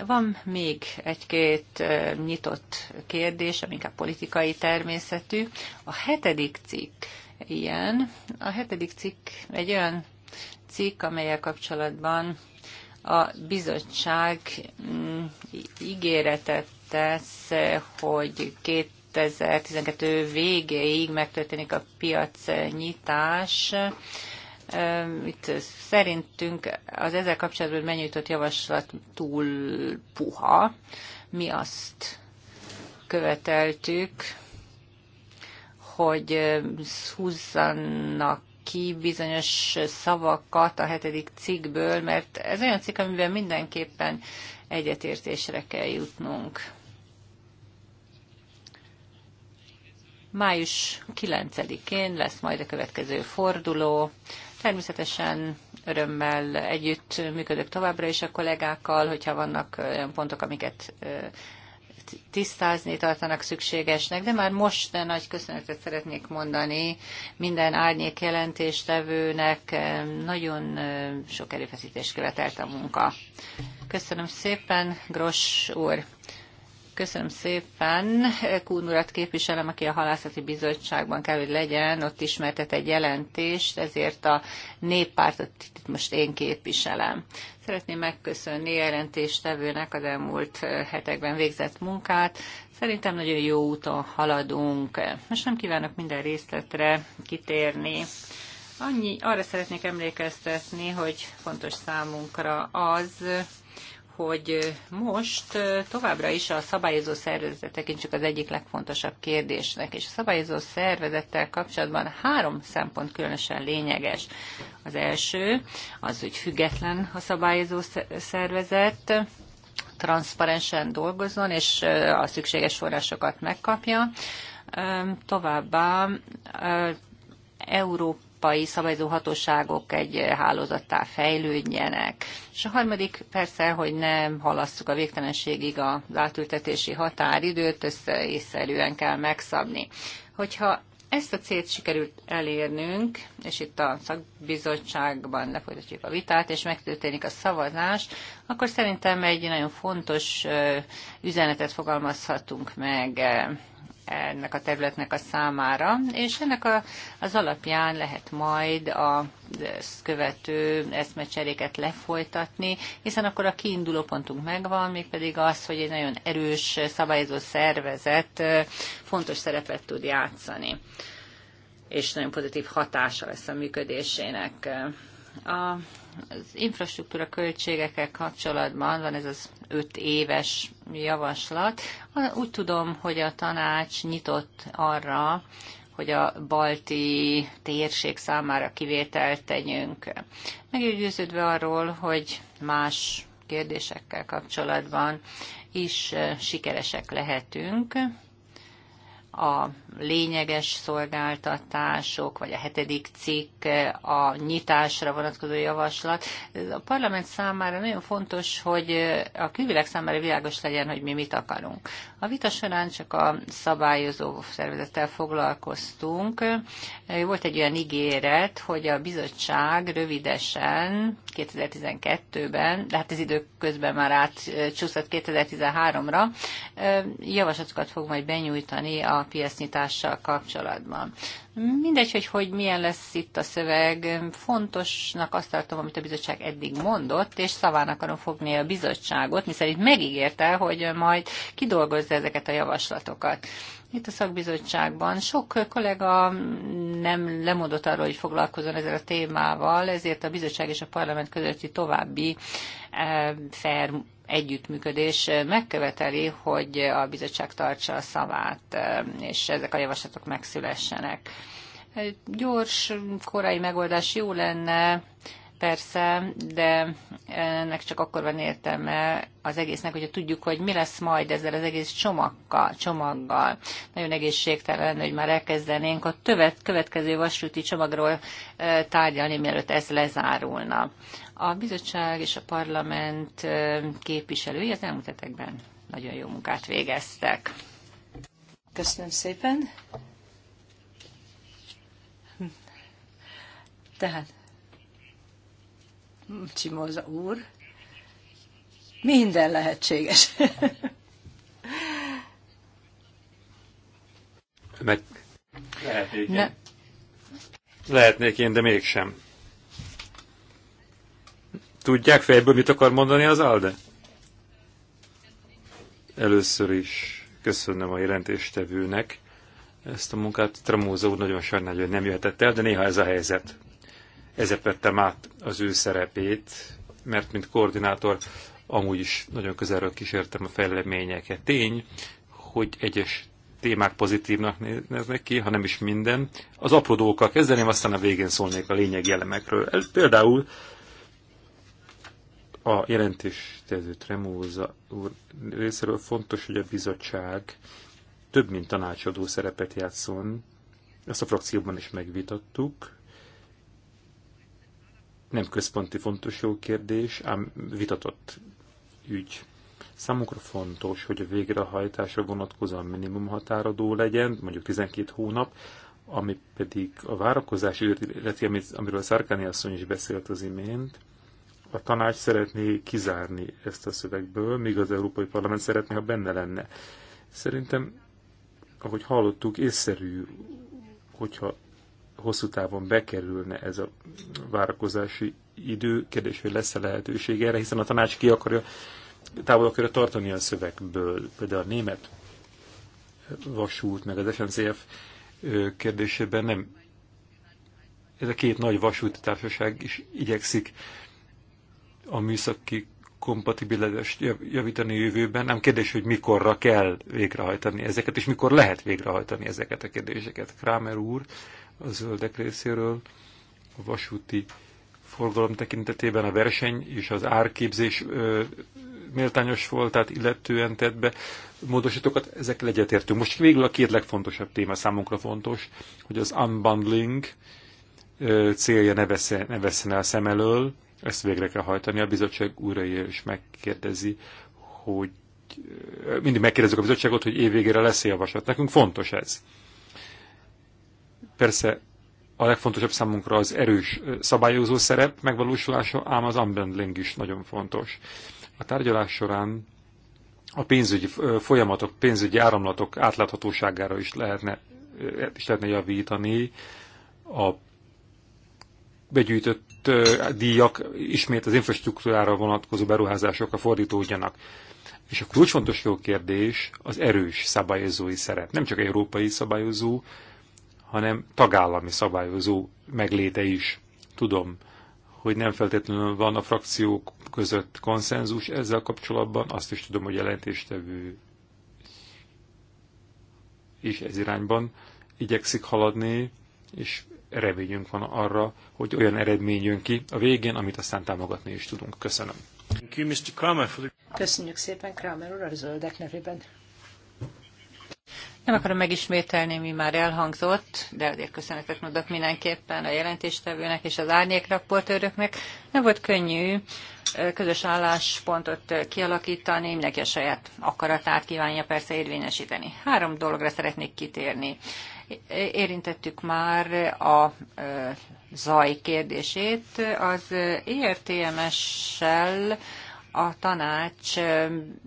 Van még egy-két nyitott kérdés, ami inkább politikai természetű. A hetedik cikk ilyen. A hetedik cikk egy olyan cikk, amelyel kapcsolatban a bizottság mm, ígéretet tesz, hogy 2012 végéig megtörténik a piac nyitás. Itt szerintünk az ezzel kapcsolatban benyújtott javaslat túl puha. Mi azt követeltük, hogy húzzanak ki bizonyos szavakat a hetedik cikkből, mert ez olyan cikk, amiben mindenképpen egyetértésre kell jutnunk. Május 9-én lesz majd a következő forduló. Természetesen örömmel együtt működök továbbra is a kollégákkal, hogyha vannak olyan pontok, amiket tisztázni tartanak szükségesnek, de már most nagy köszönetet szeretnék mondani minden árnyék jelentéstevőnek. Nagyon sok erőfeszítést követelt a munka. Köszönöm szépen, Grosz úr! Köszönöm szépen. Kún urat képviselem, aki a halászati bizottságban kell, hogy legyen, ott ismertet egy jelentést, ezért a néppártot itt most én képviselem. Szeretném megköszönni a jelentéstevőnek az elmúlt eh, hetekben végzett munkát. Szerintem nagyon jó úton haladunk. Most nem kívánok minden részletre kitérni. Annyi, arra szeretnék emlékeztetni, hogy fontos számunkra az, hogy most továbbra is a szabályozó szervezetet tekintsük az egyik legfontosabb kérdésnek, és a szabályozó szervezettel kapcsolatban három szempont különösen lényeges. Az első, az, hogy független a szabályozó szervezet, transzparensen dolgozzon, és a szükséges forrásokat megkapja. Továbbá Európa európai szabályzóhatóságok egy hálózattá fejlődjenek. És a harmadik persze, hogy nem halasszuk a végtelenségig az átültetési határidőt, össze észszerűen kell megszabni. Hogyha ezt a célt sikerült elérnünk, és itt a szakbizottságban lefolytatjuk a vitát, és megtörténik a szavazás, akkor szerintem egy nagyon fontos üzenetet fogalmazhatunk meg ennek a területnek a számára, és ennek a, az alapján lehet majd a követő eszmecseréket lefolytatni, hiszen akkor a kiinduló pontunk megvan, mégpedig az, hogy egy nagyon erős szabályozó szervezet fontos szerepet tud játszani, és nagyon pozitív hatása lesz a működésének. A, az infrastruktúra költségekkel kapcsolatban van ez az öt éves javaslat. Úgy tudom, hogy a tanács nyitott arra, hogy a balti térség számára kivételt tegyünk. Meggyőződve arról, hogy más kérdésekkel kapcsolatban is eh, sikeresek lehetünk a lényeges szolgáltatások, vagy a hetedik cikk, a nyitásra vonatkozó javaslat. A parlament számára nagyon fontos, hogy a külvilág számára világos legyen, hogy mi mit akarunk. A vita során csak a szabályozó szervezettel foglalkoztunk. Volt egy olyan ígéret, hogy a bizottság rövidesen 2012-ben, de hát ez időközben már átcsúszott 2013-ra, javaslatokat fog majd benyújtani a piacnyitás eljárással kapcsolatban. Mindegy, hogy, hogy milyen lesz itt a szöveg, fontosnak azt tartom, amit a bizottság eddig mondott, és szaván akarom fogni a bizottságot, miszerint megígérte, hogy majd kidolgozza ezeket a javaslatokat. Itt a szakbizottságban sok kollega nem lemondott arról, hogy foglalkozon ezzel a témával, ezért a bizottság és a parlament közötti további eh, fair együttműködés megköveteli, hogy a bizottság tartsa a szavát, és ezek a javaslatok megszülessenek. Gyors, korai megoldás jó lenne, persze, de ennek csak akkor van értelme, az egésznek, hogyha tudjuk, hogy mi lesz majd ezzel az egész csomaggal. csomaggal. Nagyon egészségtelen lenne, hogy már elkezdenénk a tövet, következő vasúti csomagról tárgyalni, mielőtt ez lezárulna. A bizottság és a parlament képviselői az elmúlt hetekben nagyon jó munkát végeztek. Köszönöm szépen. Tehát Csimóza úr, minden lehetséges. Meg... Lehetnék ne... Lehetnék én, de mégsem. Tudják fejből, mit akar mondani az Alde? Először is köszönöm a jelentéstevőnek ezt a munkát. Tramóza úr nagyon sajnálja, hogy nem jöhetett el, de néha ez a helyzet. Ezért vettem át az ő szerepét, mert mint koordinátor amúgy is nagyon közelről kísértem a fejleményeket. Tény, hogy egyes témák pozitívnak néznek ki, ha nem is minden. Az apró dolgokkal kezdeném, aztán a végén szólnék a lényegi elemekről. például a jelentéstevő Tremóza úr részéről fontos, hogy a bizottság több mint tanácsadó szerepet játszon. Ezt a frakcióban is megvitattuk nem központi fontosságú kérdés, ám vitatott ügy. Számukra fontos, hogy a végrehajtásra vonatkozóan minimum határadó legyen, mondjuk 12 hónap, ami pedig a várakozás illetve amiről Szárkáni asszony is beszélt az imént, a tanács szeretné kizárni ezt a szövegből, míg az Európai Parlament szeretné, ha benne lenne. Szerintem, ahogy hallottuk, észszerű, hogyha hosszú távon bekerülne ez a várakozási idő. Kérdés, hogy lesz-e lehetőség erre, hiszen a tanács ki akarja, távol akarja tartani a szövegből. Például a német vasút, meg az SNCF kérdésében nem. Ez a két nagy vasúti társaság is igyekszik a műszaki kompatibilitás javítani jövőben, Nem kérdés, hogy mikorra kell végrehajtani ezeket, és mikor lehet végrehajtani ezeket a kérdéseket. Kramer úr a zöldek részéről a vasúti forgalom tekintetében a verseny és az árképzés ö, méltányos volt, tehát illetően tett be módosítókat, ezek egyetértünk. Most végül a két legfontosabb téma számunkra fontos, hogy az unbundling ö, célja ne veszene, ne veszene a szem elől, ezt végre kell hajtani. A bizottság újra is megkérdezi, hogy mindig megkérdezzük a bizottságot, hogy évvégére lesz-e javaslat. Nekünk fontos ez. Persze a legfontosabb számunkra az erős szabályozó szerep megvalósulása, ám az unbundling is nagyon fontos. A tárgyalás során a pénzügyi folyamatok, pénzügyi áramlatok átláthatóságára is lehetne, is lehetne javítani, a begyűjtött díjak ismét az infrastruktúrára vonatkozó beruházásokra fordítódjanak. És a jó kérdés az erős szabályozói szeret Nem csak európai szabályozó, hanem tagállami szabályozó megléte is. Tudom, hogy nem feltétlenül van a frakciók között konszenzus ezzel kapcsolatban, azt is tudom, hogy jelentéstevő is ez irányban igyekszik haladni, és reményünk van arra, hogy olyan eredmény jön ki a végén, amit aztán támogatni is tudunk. Köszönöm. Köszönjük szépen Kramer úr a zöldek nevében. Nem akarom megismételni, mi már elhangzott, de azért köszönetet mondok mindenképpen a jelentéstevőnek és az árnyék raportőröknek. Nem volt könnyű közös álláspontot kialakítani, mindenki a saját akaratát kívánja persze érvényesíteni. Három dologra szeretnék kitérni. Érintettük már a zaj kérdését. Az ERTMS-sel a tanács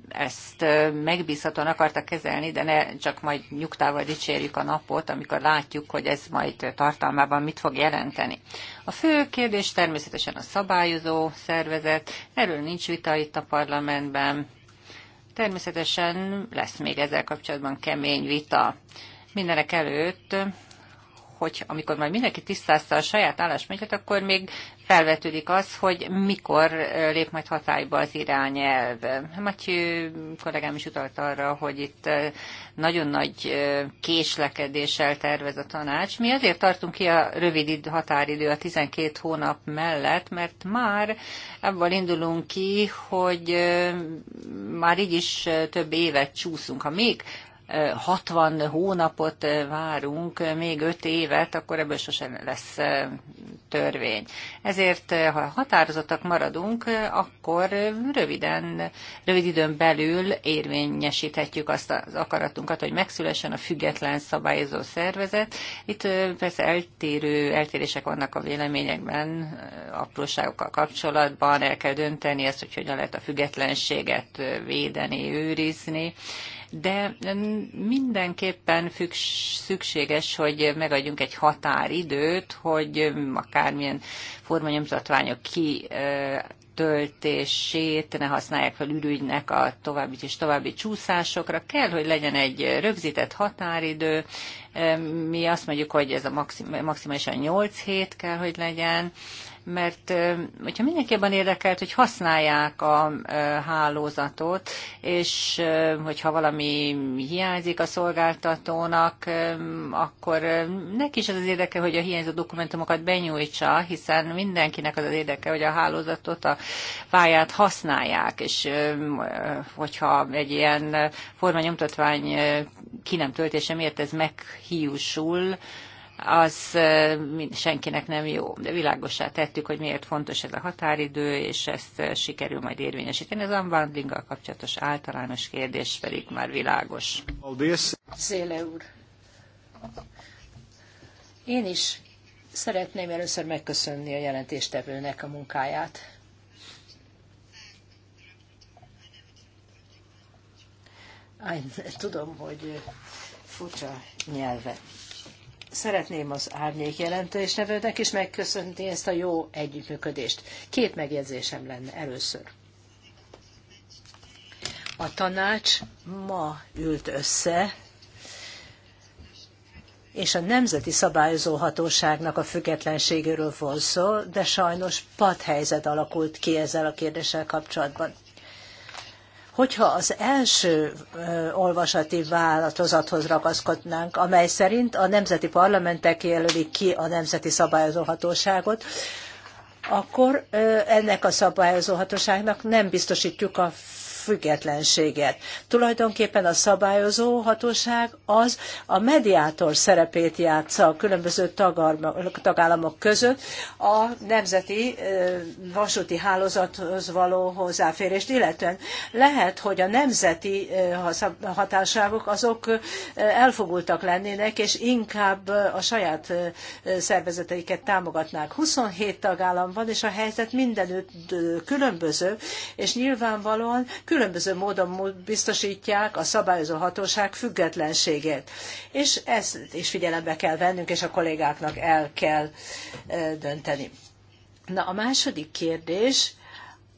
ezt megbízhatóan akarta kezelni, de ne csak majd nyugtával dicsérjük a napot, amikor látjuk, hogy ez majd tartalmában mit fog jelenteni. A fő kérdés természetesen a szabályozó szervezet, erről nincs vita itt a parlamentben. Természetesen lesz még ezzel kapcsolatban kemény vita. Mindenek előtt, hogy amikor majd mindenki tisztázta a saját álláspontját, akkor még felvetődik az, hogy mikor lép majd hatályba az irányelv. Matyő kollégám is utalt arra, hogy itt eh, nagyon nagy eh, késlekedéssel tervez a tanács. Mi azért tartunk ki a rövid határidő, a 12 hónap mellett, mert már ebből indulunk ki, hogy eh, már így is több évet csúszunk. Ha még 60 hónapot várunk, még 5 évet, akkor ebből sosem lesz törvény. Ezért, ha határozottak maradunk, akkor röviden, rövid időn belül érvényesíthetjük azt az akaratunkat, hogy megszülessen a független szabályozó szervezet. Itt persze eltérő, eltérések vannak a véleményekben, apróságokkal kapcsolatban, el kell dönteni ezt, hogy hogyan lehet a függetlenséget védeni, őrizni de mindenképpen szükséges, hogy megadjunk egy határidőt, hogy akármilyen formanyomtatványok ki töltését ne használják fel ürügynek a további és további csúszásokra. Kell, hogy legyen egy rögzített határidő. Mi azt mondjuk, hogy ez a maximálisan 8 hét kell, hogy legyen mert hogyha mindenki abban érdekelt, hogy használják a hálózatot, és hogyha valami hiányzik a szolgáltatónak, akkor neki is az az érdeke, hogy a hiányzó dokumentumokat benyújtsa, hiszen mindenkinek az az érdeke, hogy a hálózatot, a pályát használják, és hogyha egy ilyen formanyomtatvány ki nem töltése miért ez meghiúsul, az senkinek nem jó. De világosá tettük, hogy miért fontos ez a határidő, és ezt sikerül majd érvényesíteni. Az unbundlinggal kapcsolatos általános kérdés pedig már világos. Széle úr, én is szeretném először megköszönni a jelentéstevőnek a munkáját. tudom, hogy furcsa nyelve szeretném az árnyék jelentősnevőnek is megköszönni ezt a jó együttműködést. Két megjegyzésem lenne először. A tanács ma ült össze, és a Nemzeti Szabályozó Hatóságnak a függetlenségéről volt szó, de sajnos padhelyzet alakult ki ezzel a kérdéssel kapcsolatban. Hogyha az első olvasati változathoz ragaszkodnánk, amely szerint a nemzeti parlamentek jelölik ki a nemzeti szabályozóhatóságot, akkor ennek a szabályozóhatóságnak nem biztosítjuk a függetlenséget. Tulajdonképpen a szabályozó hatóság az a mediátor szerepét játsza a különböző tagállamok között a nemzeti vasúti hálózathoz való hozzáférést, illetően lehet, hogy a nemzeti hatásságok azok elfogultak lennének, és inkább a saját szervezeteiket támogatnák. 27 tagállam van, és a helyzet mindenütt különböző, és nyilvánvalóan különböző különböző módon biztosítják a szabályozó hatóság függetlenségét. És ezt is figyelembe kell vennünk, és a kollégáknak el kell dönteni. Na, a második kérdés,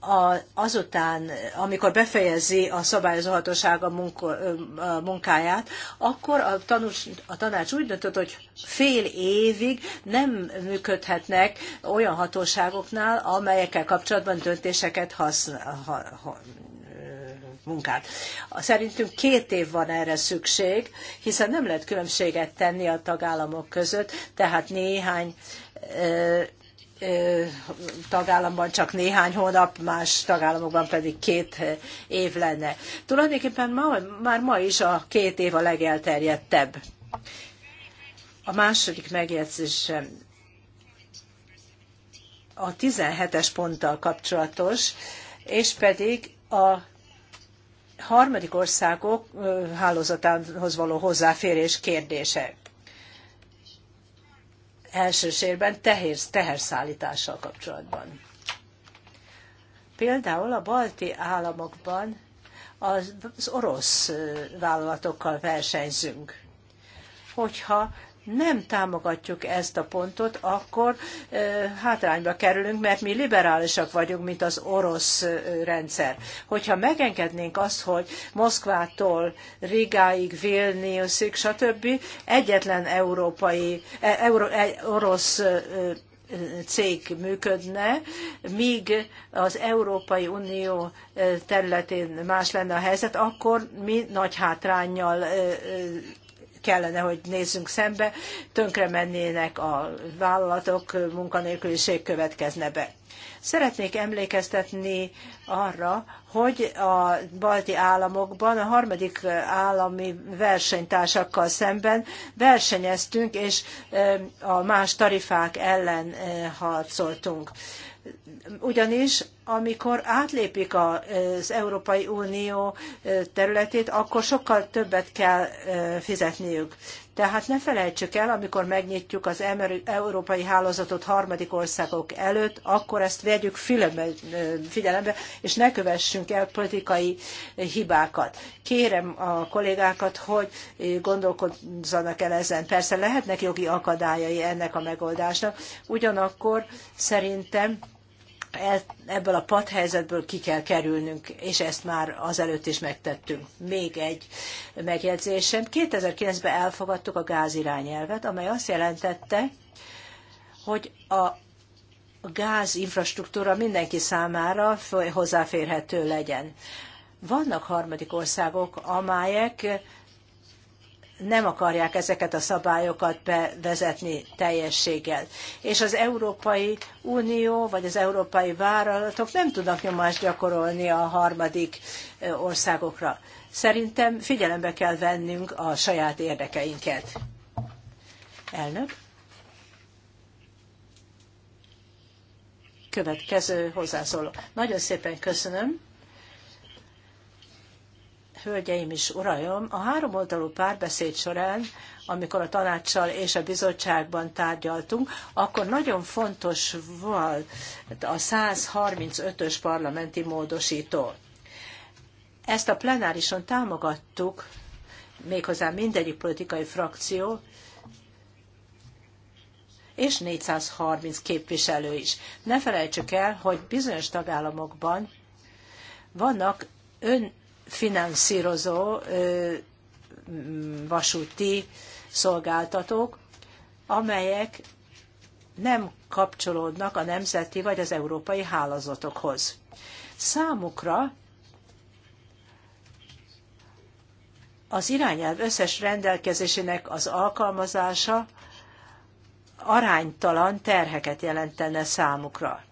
a, azután, amikor befejezi a szabályozóhatóság a, munka, a munkáját, akkor a, tanús, a tanács úgy döntött, hogy fél évig nem működhetnek olyan hatóságoknál, amelyekkel kapcsolatban döntéseket használ. ha, ha, munkát. Szerintünk két év van erre szükség, hiszen nem lehet különbséget tenni a tagállamok között, tehát néhány tagállamban csak néhány hónap, más tagállamokban pedig két év lenne. Tulajdonképpen ma, már ma is a két év a legelterjedtebb. A második megjegyzésem a 17-es ponttal kapcsolatos, és pedig a harmadik országok hálózatához való hozzáférés kérdése. Elsősorban tehér, teherszállítással kapcsolatban. Például a balti államokban az orosz vállalatokkal versenyzünk. Hogyha nem támogatjuk ezt a pontot, akkor hátrányba kerülünk, mert mi liberálisak vagyunk, mint az orosz rendszer. Hogyha megengednénk azt, hogy Moszkvától Rigáig, Vilniuszig, stb. egyetlen európai, e, euró, e, orosz cég működne, míg az Európai Unió területén más lenne a helyzet, akkor mi nagy hátrányjal kellene, hogy nézzünk szembe, tönkre mennének a vállalatok, munkanélküliség következne be. Szeretnék emlékeztetni arra, hogy a balti államokban a harmadik állami versenytársakkal szemben versenyeztünk, és a más tarifák ellen harcoltunk. Ugyanis amikor átlépik az Európai Unió területét, akkor sokkal többet kell fizetniük. Tehát ne felejtsük el, amikor megnyitjuk az európai hálózatot harmadik országok előtt, akkor ezt vegyük figyelembe, és ne kövessünk el politikai hibákat. Kérem a kollégákat, hogy gondolkozzanak el ezen. Persze lehetnek jogi akadályai ennek a megoldásnak, ugyanakkor szerintem ebből a padhelyzetből ki kell kerülnünk, és ezt már azelőtt is megtettünk. Még egy megjegyzésem. 2009-ben elfogadtuk a gázirányelvet, amely azt jelentette, hogy a gázinfrastruktúra mindenki számára hozzáférhető legyen. Vannak harmadik országok, amelyek nem akarják ezeket a szabályokat bevezetni teljességgel. És az Európai Unió vagy az európai vállalatok nem tudnak nyomást gyakorolni a harmadik országokra. Szerintem figyelembe kell vennünk a saját érdekeinket. Elnök. Következő hozzászóló. Nagyon szépen köszönöm hölgyeim és uraim, a háromoldalú párbeszéd során, amikor a tanácssal és a bizottságban tárgyaltunk, akkor nagyon fontos volt a 135-ös parlamenti módosító. Ezt a plenárison támogattuk, méghozzá mindegyik politikai frakció, és 430 képviselő is. Ne felejtsük el, hogy bizonyos tagállamokban vannak ön finanszírozó vasúti szolgáltatók, amelyek nem kapcsolódnak a nemzeti vagy az európai hálózatokhoz. Számukra az irányelv összes rendelkezésének az alkalmazása aránytalan terheket jelentene számukra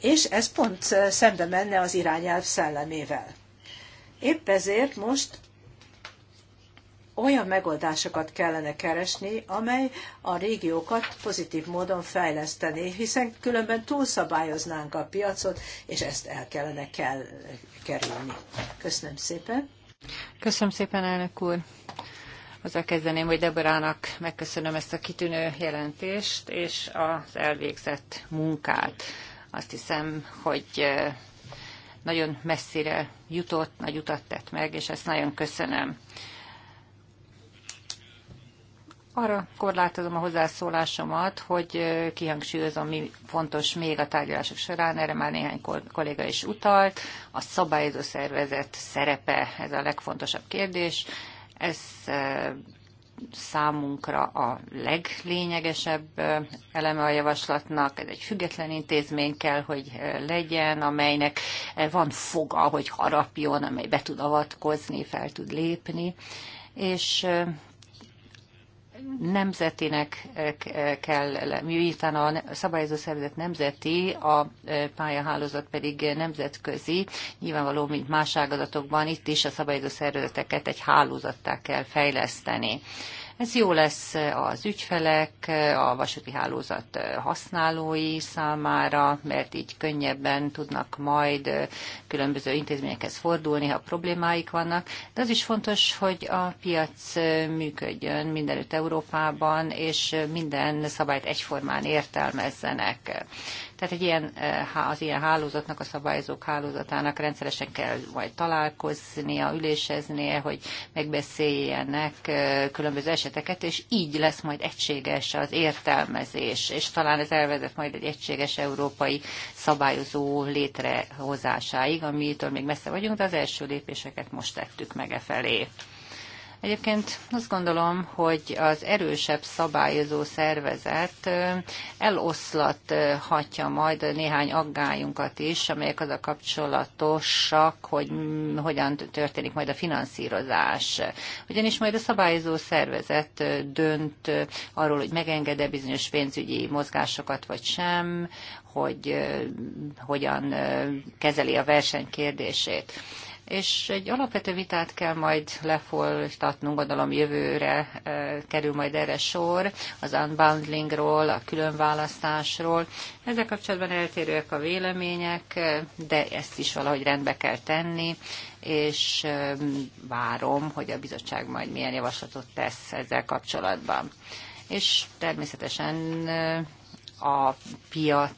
és ez pont szembe menne az irányelv szellemével. Épp ezért most olyan megoldásokat kellene keresni, amely a régiókat pozitív módon fejleszteni, hiszen különben túlszabályoznánk a piacot, és ezt el kellene kell kerülni. Köszönöm szépen. Köszönöm szépen, elnök úr. Azzal kezdeném, hogy Deborának megköszönöm ezt a kitűnő jelentést és az elvégzett munkát. Azt hiszem, hogy nagyon messzire jutott, nagy utat tett meg, és ezt nagyon köszönöm. Arra korlátozom a hozzászólásomat, hogy kihangsúlyozom, mi fontos még a tárgyalások során, erre már néhány kolléga is utalt, a szabályozó szervezet szerepe, ez a legfontosabb kérdés. Ez számunkra a leglényegesebb eleme a javaslatnak. Ez egy független intézmény kell, hogy legyen, amelynek van foga, hogy harapjon, amely be tud avatkozni, fel tud lépni. És nemzetinek eh, eh, kell miután a szabályozó szervezet nemzeti, a eh, pályahálózat pedig nemzetközi, nyilvánvaló, mint más ágazatokban, itt is a szabályozó szervezeteket egy hálózattá kell fejleszteni. Ez jó lesz az ügyfelek, a vasúti hálózat használói számára, mert így könnyebben tudnak majd különböző intézményekhez fordulni, ha problémáik vannak. De az is fontos, hogy a piac működjön mindenütt Európában, és minden szabályt egyformán értelmezzenek. Tehát egy ilyen, eh, az ilyen hálózatnak, a szabályozók hálózatának rendszeresen kell majd találkoznia, üléseznie, hogy megbeszéljenek eh, különböző eseteket, és így lesz majd egységes az értelmezés, és talán ez elvezet majd egy egységes európai szabályozó létrehozásáig, amitől még messze vagyunk, de az első lépéseket most tettük meg e felé. Egyébként azt gondolom, hogy az erősebb szabályozó szervezet eloszlathatja majd néhány aggályunkat is, amelyek az a kapcsolatosak, hogy hogyan történik majd a finanszírozás. Ugyanis majd a szabályozó szervezet dönt arról, hogy megengede bizonyos pénzügyi mozgásokat vagy sem, hogy hogyan kezeli a verseny kérdését és egy alapvető vitát kell majd lefolytatnunk, gondolom jövőre e, kerül majd erre sor, az unbundlingról, a különválasztásról. Ezzel kapcsolatban eltérőek a vélemények, e, de ezt is valahogy rendbe kell tenni, és e, várom, hogy a bizottság majd milyen javaslatot tesz ezzel kapcsolatban. És természetesen a piac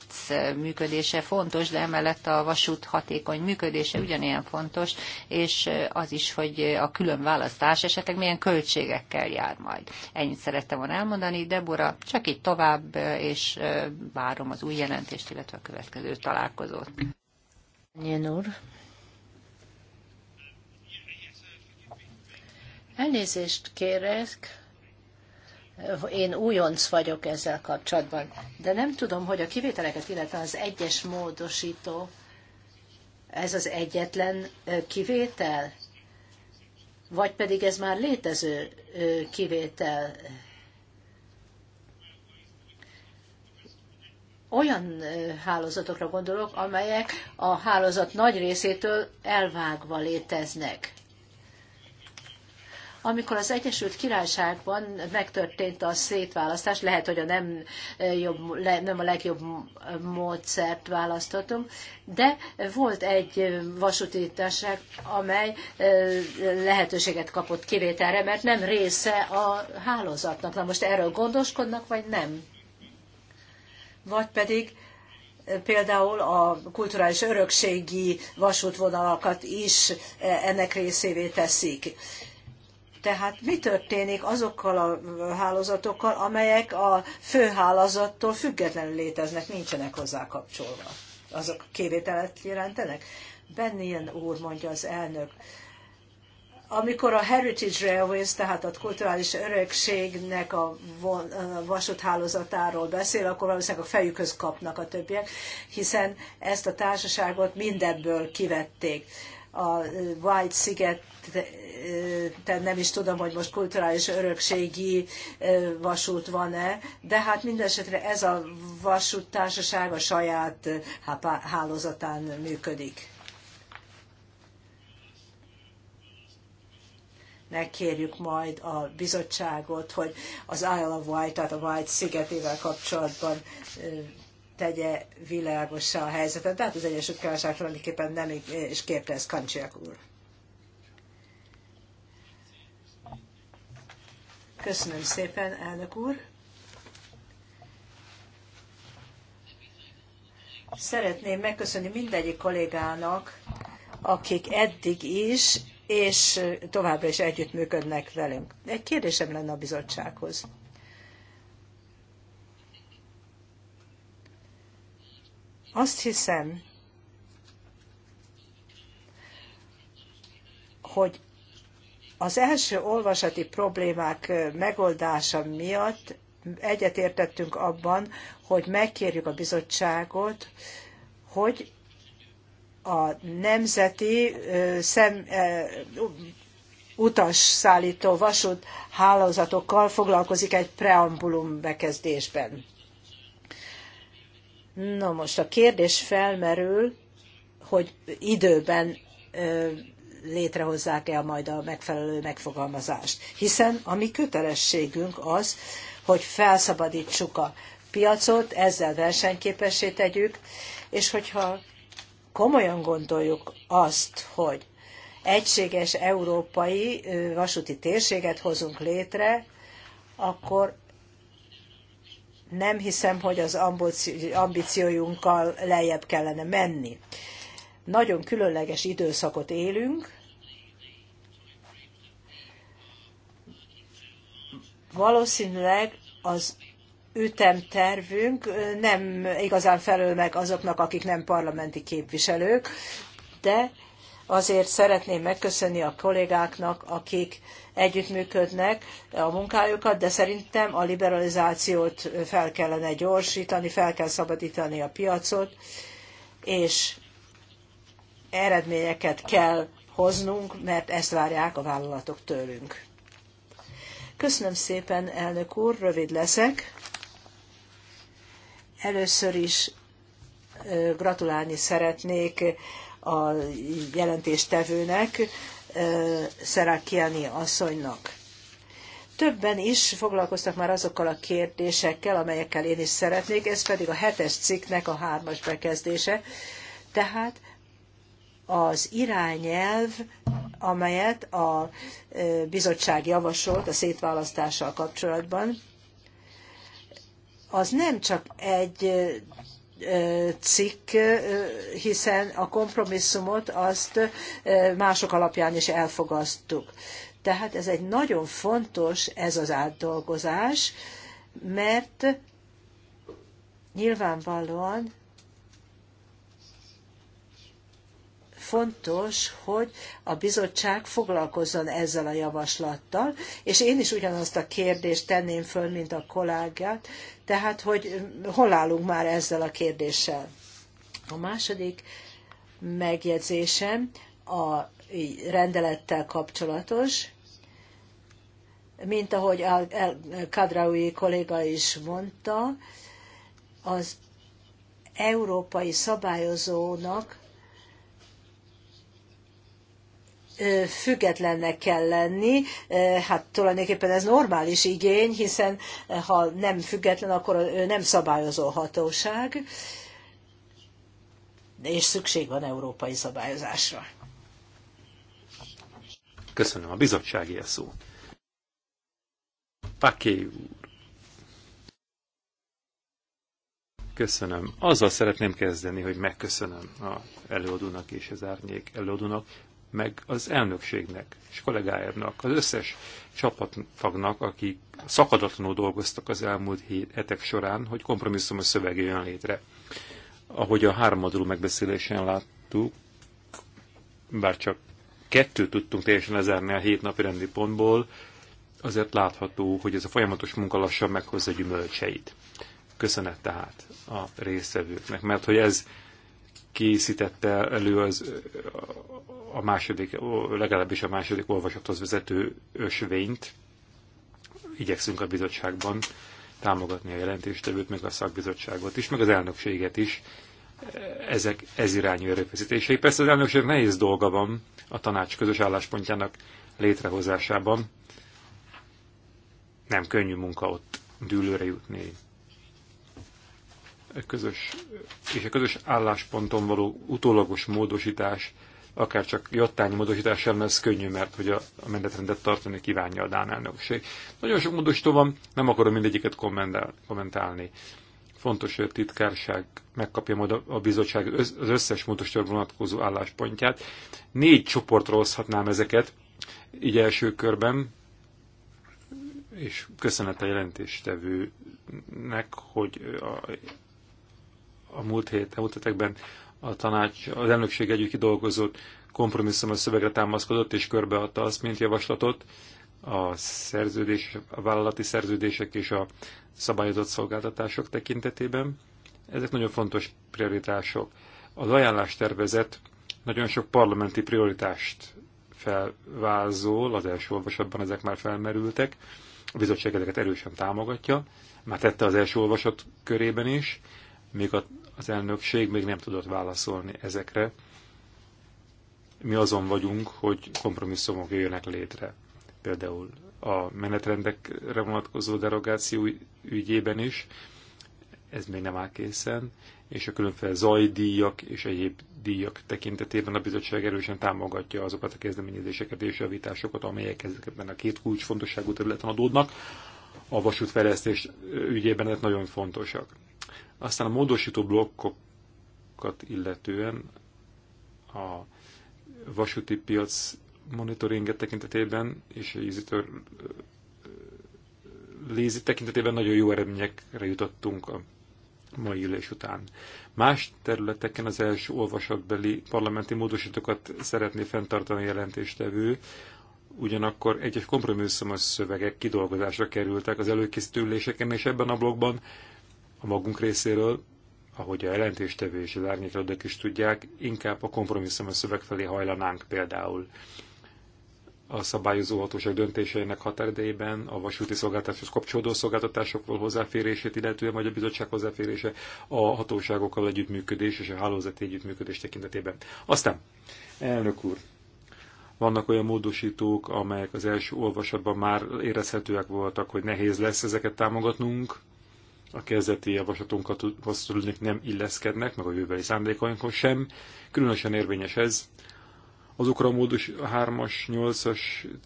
működése fontos, de emellett a vasút hatékony működése ugyanilyen fontos, és az is, hogy a külön választás esetleg milyen költségekkel jár majd. Ennyit szerettem volna elmondani. Debora, csak így tovább, és várom az új jelentést, illetve a következő találkozót. Nyen úr. Elnézést kérek, én újonc vagyok ezzel kapcsolatban. De nem tudom, hogy a kivételeket, illetve az egyes módosító, ez az egyetlen kivétel? Vagy pedig ez már létező kivétel? Olyan hálózatokra gondolok, amelyek a hálózat nagy részétől elvágva léteznek amikor az Egyesült Királyságban megtörtént a szétválasztás, lehet, hogy a nem, jobb, nem a legjobb módszert választottunk, de volt egy vasúti társaság, amely lehetőséget kapott kivételre, mert nem része a hálózatnak. Na most erről gondoskodnak, vagy nem? Vagy pedig például a kulturális örökségi vasútvonalakat is ennek részévé teszik. Tehát mi történik azokkal a hálózatokkal, amelyek a főhálózattól függetlenül léteznek, nincsenek hozzá kapcsolva? Azok kivételet jelentenek? ilyen úr mondja az elnök. Amikor a Heritage Railways, tehát a kulturális örökségnek a vasúthálózatáról beszél, akkor valószínűleg a fejükhöz kapnak a többiek, hiszen ezt a társaságot mindebből kivették a White sziget tehát nem is tudom, hogy most kulturális örökségi vasút van-e, de hát mindesetre ez a vasúttársaság a saját hát, hálózatán működik. megkérjük majd a bizottságot, hogy az Isle of Wight, tehát a White szigetével kapcsolatban tegye világossá a helyzetet. Tehát az Egyesült Királyság tulajdonképpen nem is kérte ezt Kancsiak úr. Köszönöm szépen, elnök úr. Szeretném megköszönni mindegyik kollégának, akik eddig is és továbbra is együttműködnek velünk. Egy kérdésem lenne a bizottsághoz. Azt hiszem, hogy az első olvasati problémák megoldása miatt egyetértettünk abban, hogy megkérjük a bizottságot, hogy a nemzeti szem, utasszállító vasút hálózatokkal foglalkozik egy preambulum bekezdésben. Na most a kérdés felmerül, hogy időben létrehozzák-e majd a megfelelő megfogalmazást. Hiszen a mi kötelességünk az, hogy felszabadítsuk a piacot, ezzel versenyképessé tegyük, és hogyha komolyan gondoljuk azt, hogy egységes európai vasúti térséget hozunk létre, akkor nem hiszem, hogy az ambíciójunkkal lejjebb kellene menni nagyon különleges időszakot élünk, valószínűleg az ütemtervünk nem igazán felül meg azoknak, akik nem parlamenti képviselők, de azért szeretném megköszönni a kollégáknak, akik együttműködnek a munkájukat, de szerintem a liberalizációt fel kellene gyorsítani, fel kell szabadítani a piacot, és eredményeket kell hoznunk, mert ezt várják a vállalatok tőlünk. Köszönöm szépen, elnök úr, rövid leszek. Először is gratulálni szeretnék a jelentéstevőnek, Szerakiani asszonynak. Többen is foglalkoztak már azokkal a kérdésekkel, amelyekkel én is szeretnék, ez pedig a hetes cikknek a hármas bekezdése. Tehát az irányelv, amelyet a bizottság javasolt a szétválasztással kapcsolatban, az nem csak egy cikk, hiszen a kompromisszumot azt mások alapján is elfogadtuk. Tehát ez egy nagyon fontos, ez az átdolgozás, mert nyilvánvalóan fontos, hogy a bizottság foglalkozzon ezzel a javaslattal, és én is ugyanazt a kérdést tenném föl, mint a kollégát, tehát, hogy hol állunk már ezzel a kérdéssel. A második megjegyzésem a rendelettel kapcsolatos, mint ahogy a Kadraui kolléga is mondta, az európai szabályozónak függetlennek kell lenni. Hát tulajdonképpen ez normális igény, hiszen ha nem független, akkor ő nem szabályozó hatóság, és szükség van európai szabályozásra. Köszönöm a bizottsági a szó. Paké úr. Köszönöm. Azzal szeretném kezdeni, hogy megköszönöm a előadónak és az árnyék előadónak meg az elnökségnek és kollégájának, az összes csapatfagnak, akik szakadatlanul dolgoztak az elmúlt hetek során, hogy kompromisszumos szöveg jön létre. Ahogy a háromadról megbeszélésen láttuk, bár csak kettőt tudtunk teljesen lezárni a hét napi rendi pontból, azért látható, hogy ez a folyamatos munka lassan meghozza gyümölcseit. Köszönet tehát a résztvevőknek, mert hogy ez készítette elő az, a második, legalábbis a második olvasathoz vezető ösvényt. Igyekszünk a bizottságban támogatni a jelentéstevőt, meg a szakbizottságot is, meg az elnökséget is. Ezek ez irányú erőfeszítései. Persze az elnökség nehéz dolga van a tanács közös álláspontjának létrehozásában. Nem könnyű munka ott dűlőre jutni közös, és a közös állásponton való utólagos módosítás, akár csak jattányi módosítás sem lesz könnyű, mert hogy a, a menetrendet tartani kívánja a Dán elnökség. Nagyon sok módosító van, nem akarom mindegyiket kommentálni. Fontos, hogy a titkárság megkapja majd a bizottság az összes módosítóra vonatkozó álláspontját. Négy csoportra hozhatnám ezeket, így első körben, és köszönet a jelentéstevőnek, hogy a a múlt hét, múlt hetekben a tanács, az elnökség együtt kidolgozott a szövegre támaszkodott és körbeadta azt, mint javaslatot a szerződés, a vállalati szerződések és a szabályozott szolgáltatások tekintetében. Ezek nagyon fontos prioritások. Az tervezet nagyon sok parlamenti prioritást felvázol, az első olvasatban ezek már felmerültek, a bizottság ezeket erősen támogatja, már tette az első olvasat körében is, még az elnökség még nem tudott válaszolni ezekre. Mi azon vagyunk, hogy kompromisszumok jöjjenek létre. Például a menetrendekre vonatkozó derogáció ügyében is, ez még nem áll készen, és a különféle zajdíjak és egyéb díjak tekintetében a bizottság erősen támogatja azokat a kezdeményezéseket és javításokat, amelyek ezekben a két kulcsfontosságú területen adódnak. A vasútfejlesztés ügyében ez nagyon fontosak. Aztán a módosító blokkokat illetően a vasúti piac monitoringet tekintetében és a easytör lézi tekintetében nagyon jó eredményekre jutottunk a mai ülés után. Más területeken az első olvasatbeli parlamenti módosítókat szeretné fenntartani a jelentéstevő, ugyanakkor egyes kompromisszumos szövegek kidolgozásra kerültek az előkészítő üléseken, és ebben a blogban a magunk részéről, ahogy a jelentéstevő és az árnyékladók is tudják, inkább a a szöveg felé hajlanánk például a szabályozó hatóság döntéseinek határidejében, a vasúti szolgáltatáshoz kapcsolódó szolgáltatásokról hozzáférését, illetően vagy a bizottság hozzáférése a hatóságokkal együttműködés és a hálózati együttműködés tekintetében. Aztán, elnök úr, vannak olyan módosítók, amelyek az első olvasatban már érezhetőek voltak, hogy nehéz lesz ezeket támogatnunk, a kezdeti javaslatunkhoz tűnik nem illeszkednek, meg a jövőbeli szándékainkon sem. Különösen érvényes ez azokra a módos 3-as, 8-as,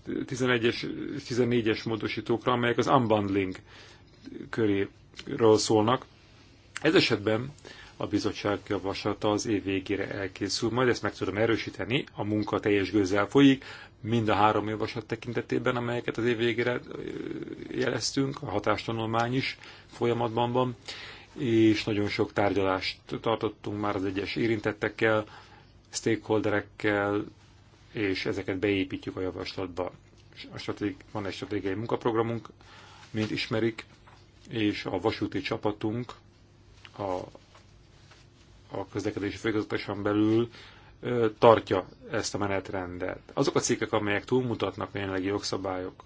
11-es, 14-es módosítókra, amelyek az unbundling köréről szólnak. Ez esetben a bizottság javaslata az év végére elkészül, majd ezt meg tudom erősíteni, a munka teljes gőzzel folyik, mind a három javaslat tekintetében, amelyeket az év végére jeleztünk, a hatástanulmány is folyamatban van, és nagyon sok tárgyalást tartottunk már az egyes érintettekkel, stakeholderekkel, és ezeket beépítjük a javaslatba. A stratég, van egy stratégiai munkaprogramunk, mint ismerik, és a vasúti csapatunk a, a közlekedési főigazgatáson belül tartja ezt a menetrendet. Azok a cikkek, amelyek túlmutatnak a jelenlegi jogszabályok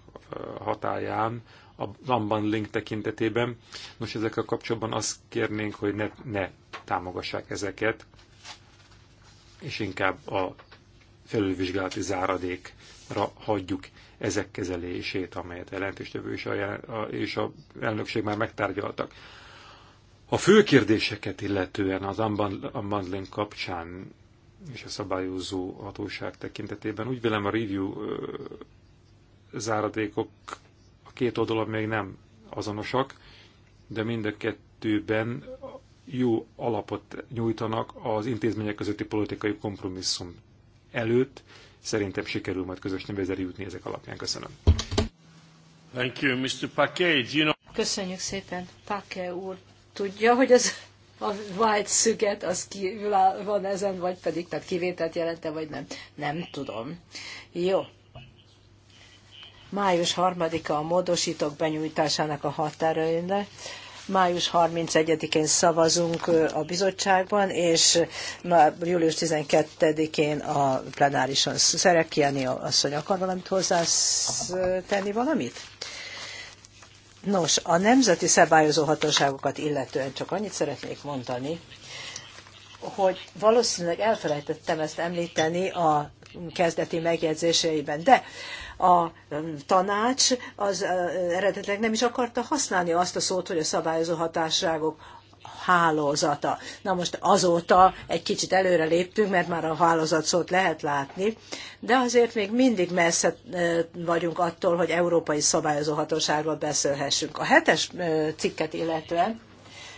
hatáján, a unbundling tekintetében, most ezekkel kapcsolatban azt kérnénk, hogy ne, ne támogassák ezeket, és inkább a felülvizsgálati záradékra hagyjuk ezek kezelését, amelyet a jelentéstevő és a, a, és a elnökség már megtárgyaltak. A fő kérdéseket illetően az unbundling kapcsán és a szabályozó hatóság tekintetében. Úgy vélem a review záradékok a két oldalon még nem azonosak, de mind a kettőben jó alapot nyújtanak az intézmények közötti politikai kompromisszum előtt. Szerintem sikerül majd közös nevezeri jutni ezek alapján. Köszönöm. Thank you, Mr. Paquet. You know... Köszönjük szépen, Paquet úr. Tudja, hogy az a White szüget az kívül van ezen, vagy pedig tehát kivételt jelente, vagy nem. Nem tudom. Jó. Május 3-a a módosítók benyújtásának a határőjének. Május 31-én szavazunk a bizottságban, és július 12-én a plenárison. Szerek Kiani asszony akar valamit hozzá tenni valamit? Nos, a nemzeti szabályozó hatóságokat illetően csak annyit szeretnék mondani, hogy valószínűleg elfelejtettem ezt említeni a kezdeti megjegyzéseiben, de a tanács az eredetileg nem is akarta használni azt a szót, hogy a szabályozó hatóságok hálózata. Na most azóta egy kicsit előre léptünk, mert már a hálózat szót lehet látni, de azért még mindig messze vagyunk attól, hogy európai szabályozó hatóságról beszélhessünk. A hetes cikket illetően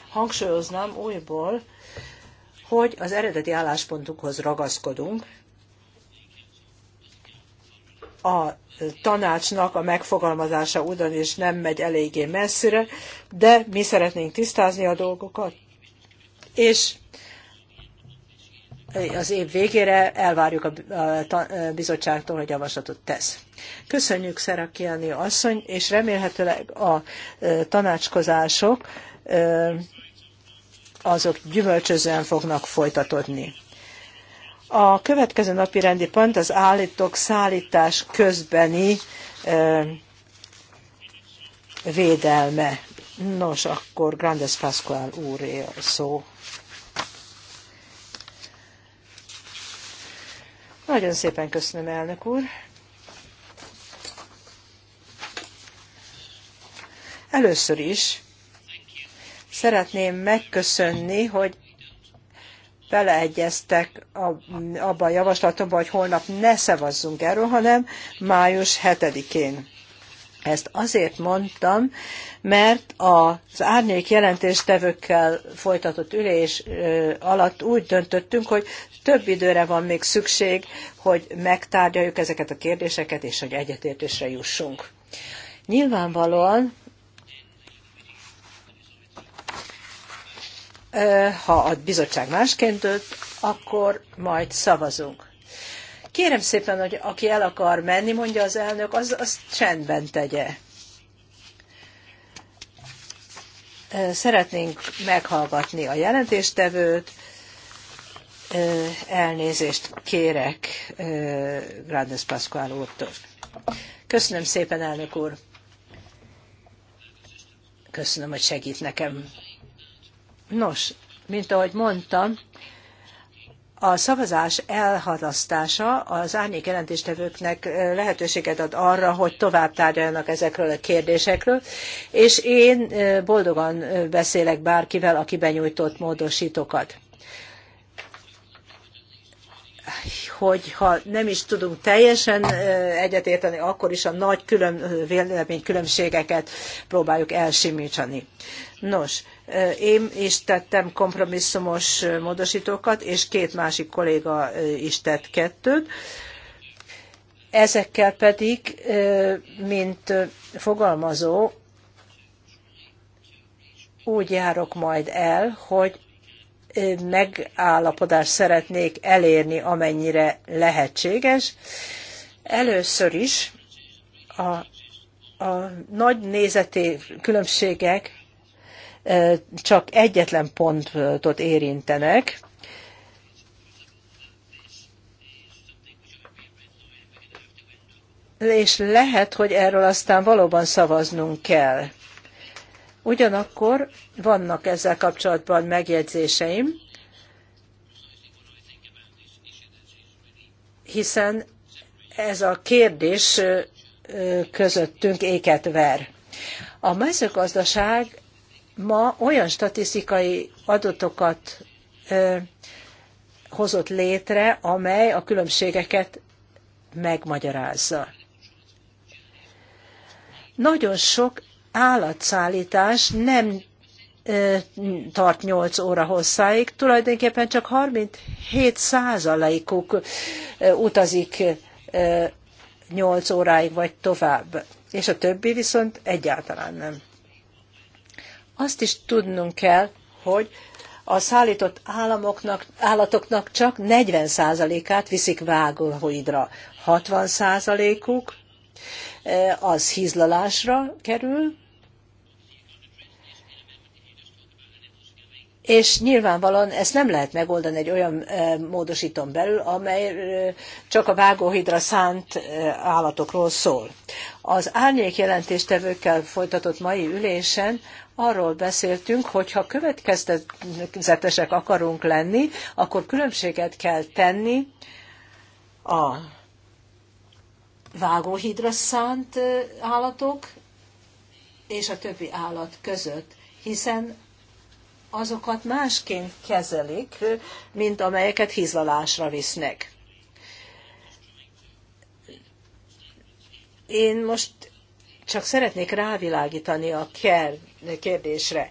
hangsúlyoznám újból, hogy az eredeti álláspontunkhoz ragaszkodunk, a tanácsnak a megfogalmazása ugyanis nem megy eléggé messzire, de mi szeretnénk tisztázni a dolgokat, és az év végére elvárjuk a bizottságtól, hogy javaslatot tesz. Köszönjük Szerakiani asszony, és remélhetőleg a e, tanácskozások e, azok gyümölcsözően fognak folytatódni. A következő napi rendi pont az állítók szállítás közbeni ö, védelme. Nos, akkor Grandes Pascual úré a szó. Nagyon szépen köszönöm, elnök úr. Először is szeretném megköszönni, hogy beleegyeztek abba a javaslatomba, hogy holnap ne szavazzunk erről, hanem május 7-én. Ezt azért mondtam, mert az árnyék jelentéstevőkkel folytatott ülés alatt úgy döntöttünk, hogy több időre van még szükség, hogy megtárgyaljuk ezeket a kérdéseket, és hogy egyetértésre jussunk. Nyilvánvalóan ha a bizottság másként dönt, akkor majd szavazunk. Kérem szépen, hogy aki el akar menni, mondja az elnök, az, az csendben tegye. Szeretnénk meghallgatni a jelentéstevőt. Elnézést kérek Grandes Pascual úrtól. Köszönöm szépen, elnök úr. Köszönöm, hogy segít nekem Nos, mint ahogy mondtam, a szavazás elhalasztása az árnyék jelentéstevőknek lehetőséget ad arra, hogy tovább tárgyaljanak ezekről a kérdésekről, és én boldogan beszélek bárkivel, aki benyújtott módosítókat hogy ha nem is tudunk teljesen egyetérteni, akkor is a nagy külön, véleménykülönbségeket próbáljuk elsimítani. Nos, én is tettem kompromisszumos módosítókat, és két másik kolléga is tett kettőt. Ezekkel pedig, mint fogalmazó, úgy járok majd el, hogy megállapodást szeretnék elérni, amennyire lehetséges. Először is a, a nagy nézeti különbségek csak egyetlen pontot érintenek, és lehet, hogy erről aztán valóban szavaznunk kell. Ugyanakkor vannak ezzel kapcsolatban megjegyzéseim, hiszen ez a kérdés közöttünk éket ver. A mezőgazdaság ma olyan statisztikai adatokat hozott létre, amely a különbségeket megmagyarázza. Nagyon sok állatszállítás nem tart 8 óra hosszáig, tulajdonképpen csak 37 százalékuk utazik 8 óráig vagy tovább, és a többi viszont egyáltalán nem. Azt is tudnunk kell, hogy a szállított államoknak, állatoknak csak 40%-át viszik vágóhoidra. 60%-uk eh, az hízlalásra kerül, És nyilvánvalóan ezt nem lehet megoldani egy olyan módosítón belül, amely csak a vágóhidra szánt állatokról szól. Az árnyék jelentéstevőkkel folytatott mai ülésen arról beszéltünk, hogy ha következetesek akarunk lenni, akkor különbséget kell tenni a vágóhidra szánt állatok és a többi állat között, hiszen azokat másként kezelik, mint amelyeket hízlalásra visznek. Én most csak szeretnék rávilágítani a kérdésre.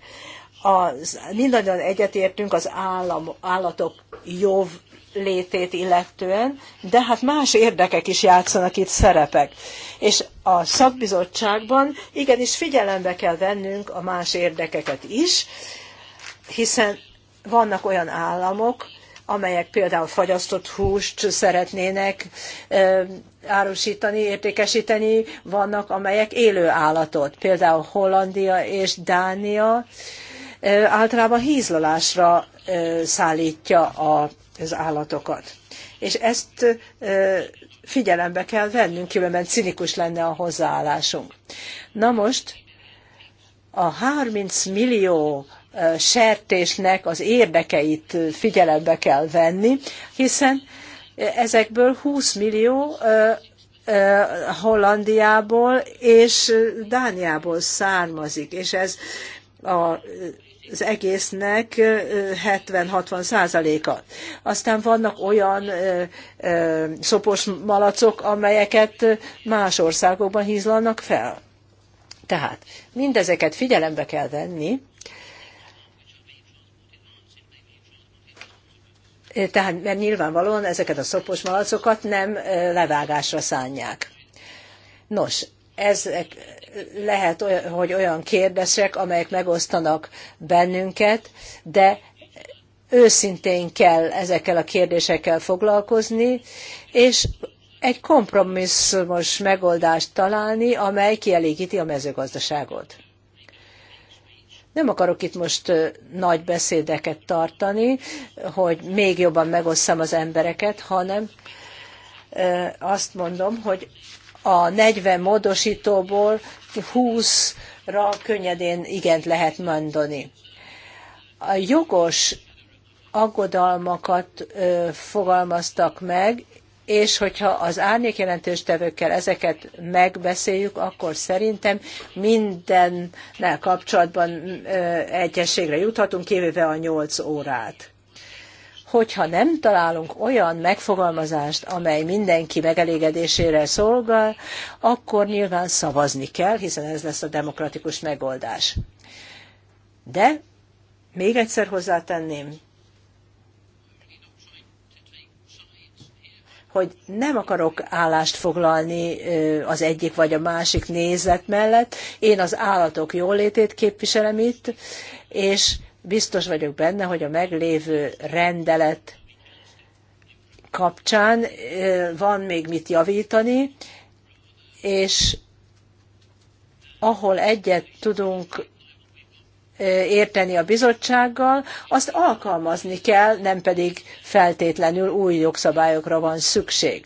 Az, mindannyian egyetértünk az állam, állatok jó létét illetően, de hát más érdekek is játszanak itt szerepek. És a szakbizottságban igenis figyelembe kell vennünk a más érdekeket is, hiszen vannak olyan államok, amelyek például fagyasztott húst szeretnének árusítani, értékesíteni, vannak, amelyek élő állatot, például Hollandia és Dánia általában hízlalásra szállítja az állatokat. És ezt figyelembe kell vennünk, különben cinikus lenne a hozzáállásunk. Na most a 30 millió sertésnek az érdekeit figyelembe kell venni, hiszen ezekből 20 millió Hollandiából és Dániából származik, és ez a az egésznek 70-60 százaléka. Aztán vannak olyan szopos malacok, amelyeket más országokban hízlalnak fel. Tehát mindezeket figyelembe kell venni, Tehát mert nyilvánvalóan ezeket a szopos malacokat nem levágásra szánják. Nos, ezek lehet, hogy olyan kérdések, amelyek megosztanak bennünket, de őszintén kell ezekkel a kérdésekkel foglalkozni, és egy kompromisszumos megoldást találni, amely kielégíti a mezőgazdaságot. Nem akarok itt most nagy beszédeket tartani, hogy még jobban megosszam az embereket, hanem azt mondom, hogy a 40 módosítóból 20-ra könnyedén igent lehet mondani. A jogos aggodalmakat fogalmaztak meg, és hogyha az árnyék tevőkkel ezeket megbeszéljük, akkor szerintem mindennel kapcsolatban egyességre juthatunk, kivéve a nyolc órát. Hogyha nem találunk olyan megfogalmazást, amely mindenki megelégedésére szolgál, akkor nyilván szavazni kell, hiszen ez lesz a demokratikus megoldás. De még egyszer hozzátenném, hogy nem akarok állást foglalni az egyik vagy a másik nézet mellett. Én az állatok jólétét képviselem itt, és biztos vagyok benne, hogy a meglévő rendelet kapcsán van még mit javítani, és ahol egyet tudunk érteni a bizottsággal, azt alkalmazni kell, nem pedig feltétlenül új jogszabályokra van szükség.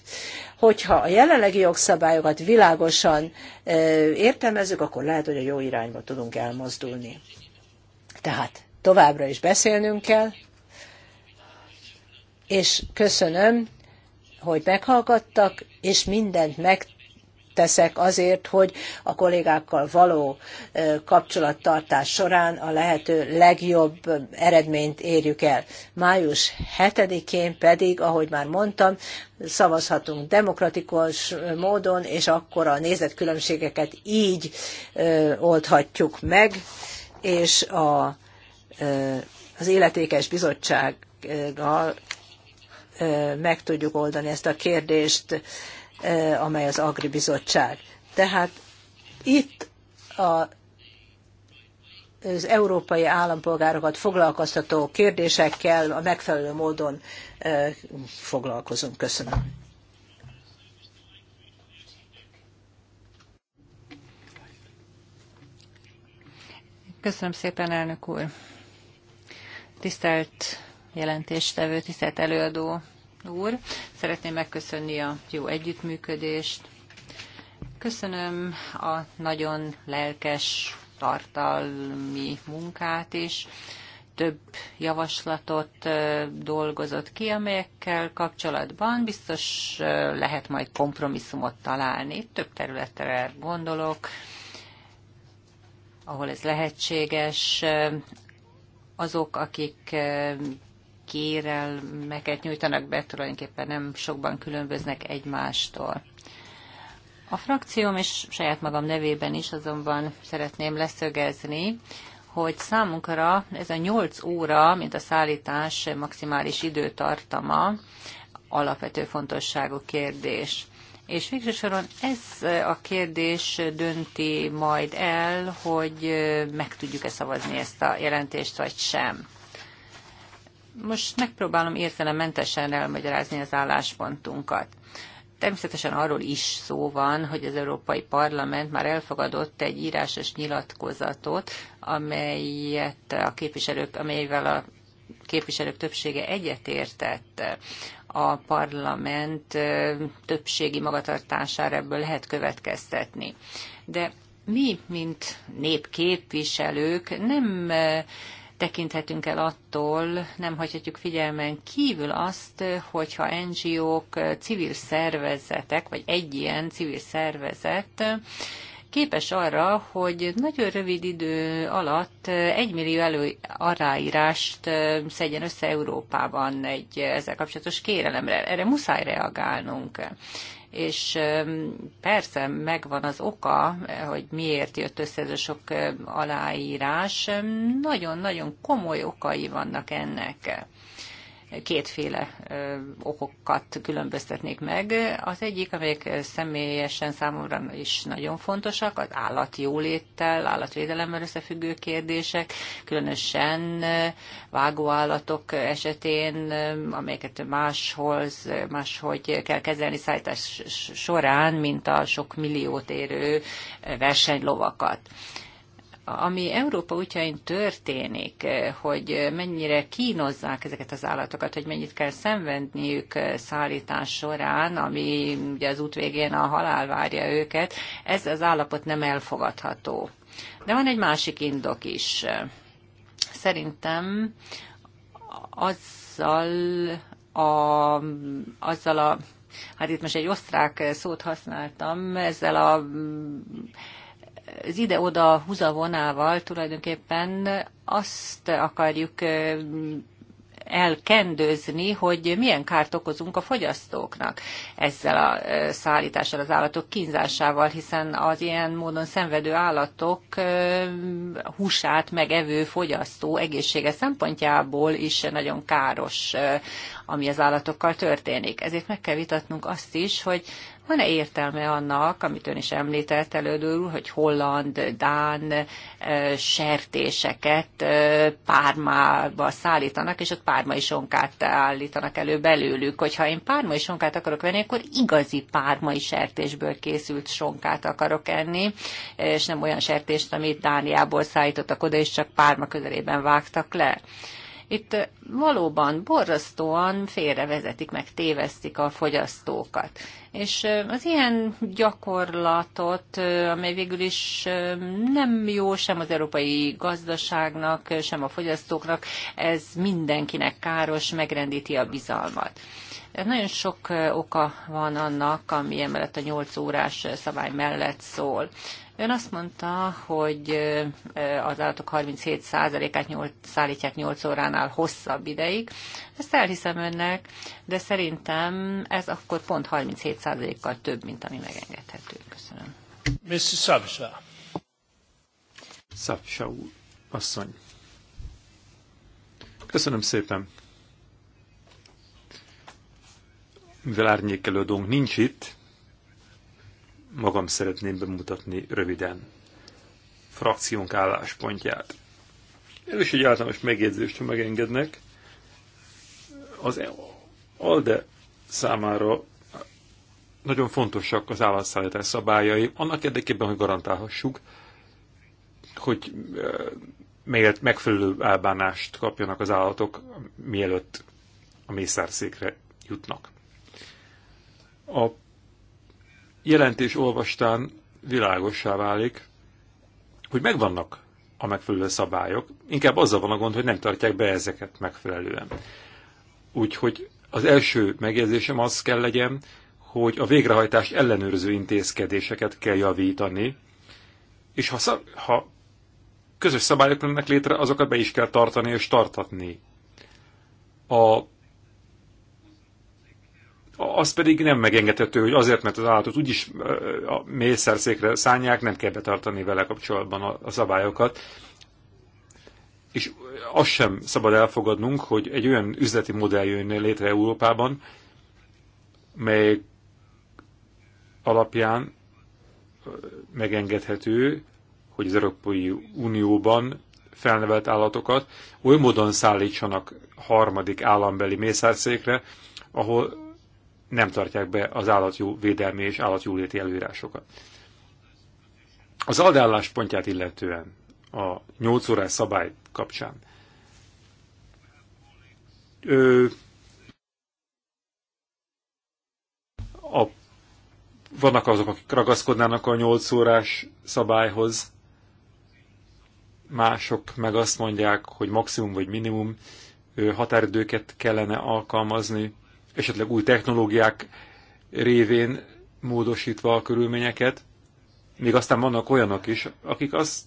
Hogyha a jelenlegi jogszabályokat világosan értelmezzük, akkor lehet, hogy a jó irányba tudunk elmozdulni. Tehát továbbra is beszélnünk kell, és köszönöm, hogy meghallgattak, és mindent megtettek, teszek azért, hogy a kollégákkal való kapcsolattartás során a lehető legjobb eredményt érjük el. Május 7-én pedig, ahogy már mondtam, szavazhatunk demokratikus módon, és akkor a nézetkülönbségeket így oldhatjuk meg, és a, az Életékes Bizottsággal meg tudjuk oldani ezt a kérdést amely az Agri Bizottság. Tehát itt a az európai állampolgárokat foglalkoztató kérdésekkel a megfelelő módon foglalkozunk. Köszönöm. Köszönöm szépen, elnök úr. Tisztelt jelentéstevő, tisztelt előadó, úr. Szeretném megköszönni a jó együttműködést. Köszönöm a nagyon lelkes tartalmi munkát is. Több javaslatot dolgozott ki, amelyekkel kapcsolatban biztos lehet majd kompromisszumot találni. Több területre gondolok, ahol ez lehetséges azok, akik kérelmeket nyújtanak be, tulajdonképpen nem sokban különböznek egymástól. A frakcióm és saját magam nevében is azonban szeretném leszögezni, hogy számunkra ez a 8 óra, mint a szállítás maximális időtartama, alapvető fontosságú kérdés. És végső soron ez a kérdés dönti majd el, hogy meg tudjuk-e szavazni ezt a jelentést, vagy sem. Most megpróbálom értelemmentesen elmagyarázni az álláspontunkat. Természetesen arról is szó van, hogy az Európai Parlament már elfogadott egy írásos nyilatkozatot, amelyet a képviselők, amelyvel a képviselők többsége egyetértett a parlament többségi magatartására ebből lehet következtetni. De mi, mint népképviselők nem tekinthetünk el attól, nem hagyhatjuk figyelmen kívül azt, hogyha NGO-k, civil szervezetek, vagy egy ilyen civil szervezet képes arra, hogy nagyon rövid idő alatt egymillió elő aláírást szedjen össze Európában egy ezzel kapcsolatos kérelemre. Erre muszáj reagálnunk és persze megvan az oka, hogy miért jött össze ez a sok aláírás. Nagyon-nagyon komoly okai vannak ennek kétféle okokat különböztetnék meg. Az egyik, amelyek személyesen számomra is nagyon fontosak, az állatjóléttel, állatvédelemmel összefüggő kérdések, különösen vágóállatok esetén, amelyeket máshoz, máshogy kell kezelni szállítás során, mint a sok milliót érő versenylovakat ami Európa útjain történik, hogy mennyire kínozzák ezeket az állatokat, hogy mennyit kell szenvedniük szállítás során, ami ugye az út végén a halál várja őket, ez az állapot nem elfogadható. De van egy másik indok is. Szerintem azzal a, azzal a hát itt most egy osztrák szót használtam, ezzel a az ide-oda húzavonával tulajdonképpen azt akarjuk elkendőzni, hogy milyen kárt okozunk a fogyasztóknak ezzel a szállítással, az állatok kínzásával, hiszen az ilyen módon szenvedő állatok húsát megevő fogyasztó egészsége szempontjából is nagyon káros, ami az állatokkal történik. Ezért meg kell vitatnunk azt is, hogy van-e értelme annak, amit ön is említett elődül, hogy holland, dán sertéseket pármába szállítanak, és ott pármai sonkát állítanak elő belőlük. Hogyha én pármai sonkát akarok venni, akkor igazi pármai sertésből készült sonkát akarok enni, és nem olyan sertést, amit Dániából szállítottak oda, és csak párma közelében vágtak le. Itt valóban borzasztóan félrevezetik meg, tévesztik a fogyasztókat. És az ilyen gyakorlatot, amely végül is nem jó sem az európai gazdaságnak, sem a fogyasztóknak, ez mindenkinek káros, megrendíti a bizalmat. Nagyon sok oka van annak, ami emellett a 8 órás szabály mellett szól. Ön azt mondta, hogy az állatok 37%-át szállítják 8 óránál hosszabb ideig. Ezt elhiszem önnek, de szerintem ez akkor pont 37%-kal több, mint ami megengedhető. Köszönöm. Mrs. Szabsa. Szabsa úr, asszony. Köszönöm szépen. Mivel árnyékelődünk nincs itt, magam szeretném bemutatni röviden frakciónk álláspontját. Ez is egy általános megjegyzést, ha megengednek. Az ALDE számára nagyon fontosak az állatszállítás szabályai, annak érdekében, hogy garantálhassuk, hogy megfelelő elbánást kapjanak az állatok, mielőtt a mészárszékre jutnak. A jelentés olvastán világossá válik, hogy megvannak a megfelelő szabályok, inkább azzal van a gond, hogy nem tartják be ezeket megfelelően. Úgyhogy az első megjegyzésem az kell legyen, hogy a végrehajtást ellenőrző intézkedéseket kell javítani, és ha, szab- ha közös szabályok lennek létre, azokat be is kell tartani és tartatni. A az pedig nem megengedhető, hogy azért, mert az állatot úgyis a mészárszékre szállják, nem kell betartani vele kapcsolatban a, a szabályokat. És azt sem szabad elfogadnunk, hogy egy olyan üzleti modell jön létre Európában, mely alapján megengedhető, hogy az Európai Unióban felnevelt állatokat oly módon szállítsanak harmadik állambeli mészárszékre, ahol nem tartják be az állatjó védelmi és állatjóléti előírásokat. Az aldállás pontját illetően a 8 órás szabály kapcsán. Ö, a, vannak azok, akik ragaszkodnának a 8 órás szabályhoz, mások meg azt mondják, hogy maximum vagy minimum határidőket kellene alkalmazni esetleg új technológiák révén módosítva a körülményeket. Még aztán vannak olyanok is, akik azt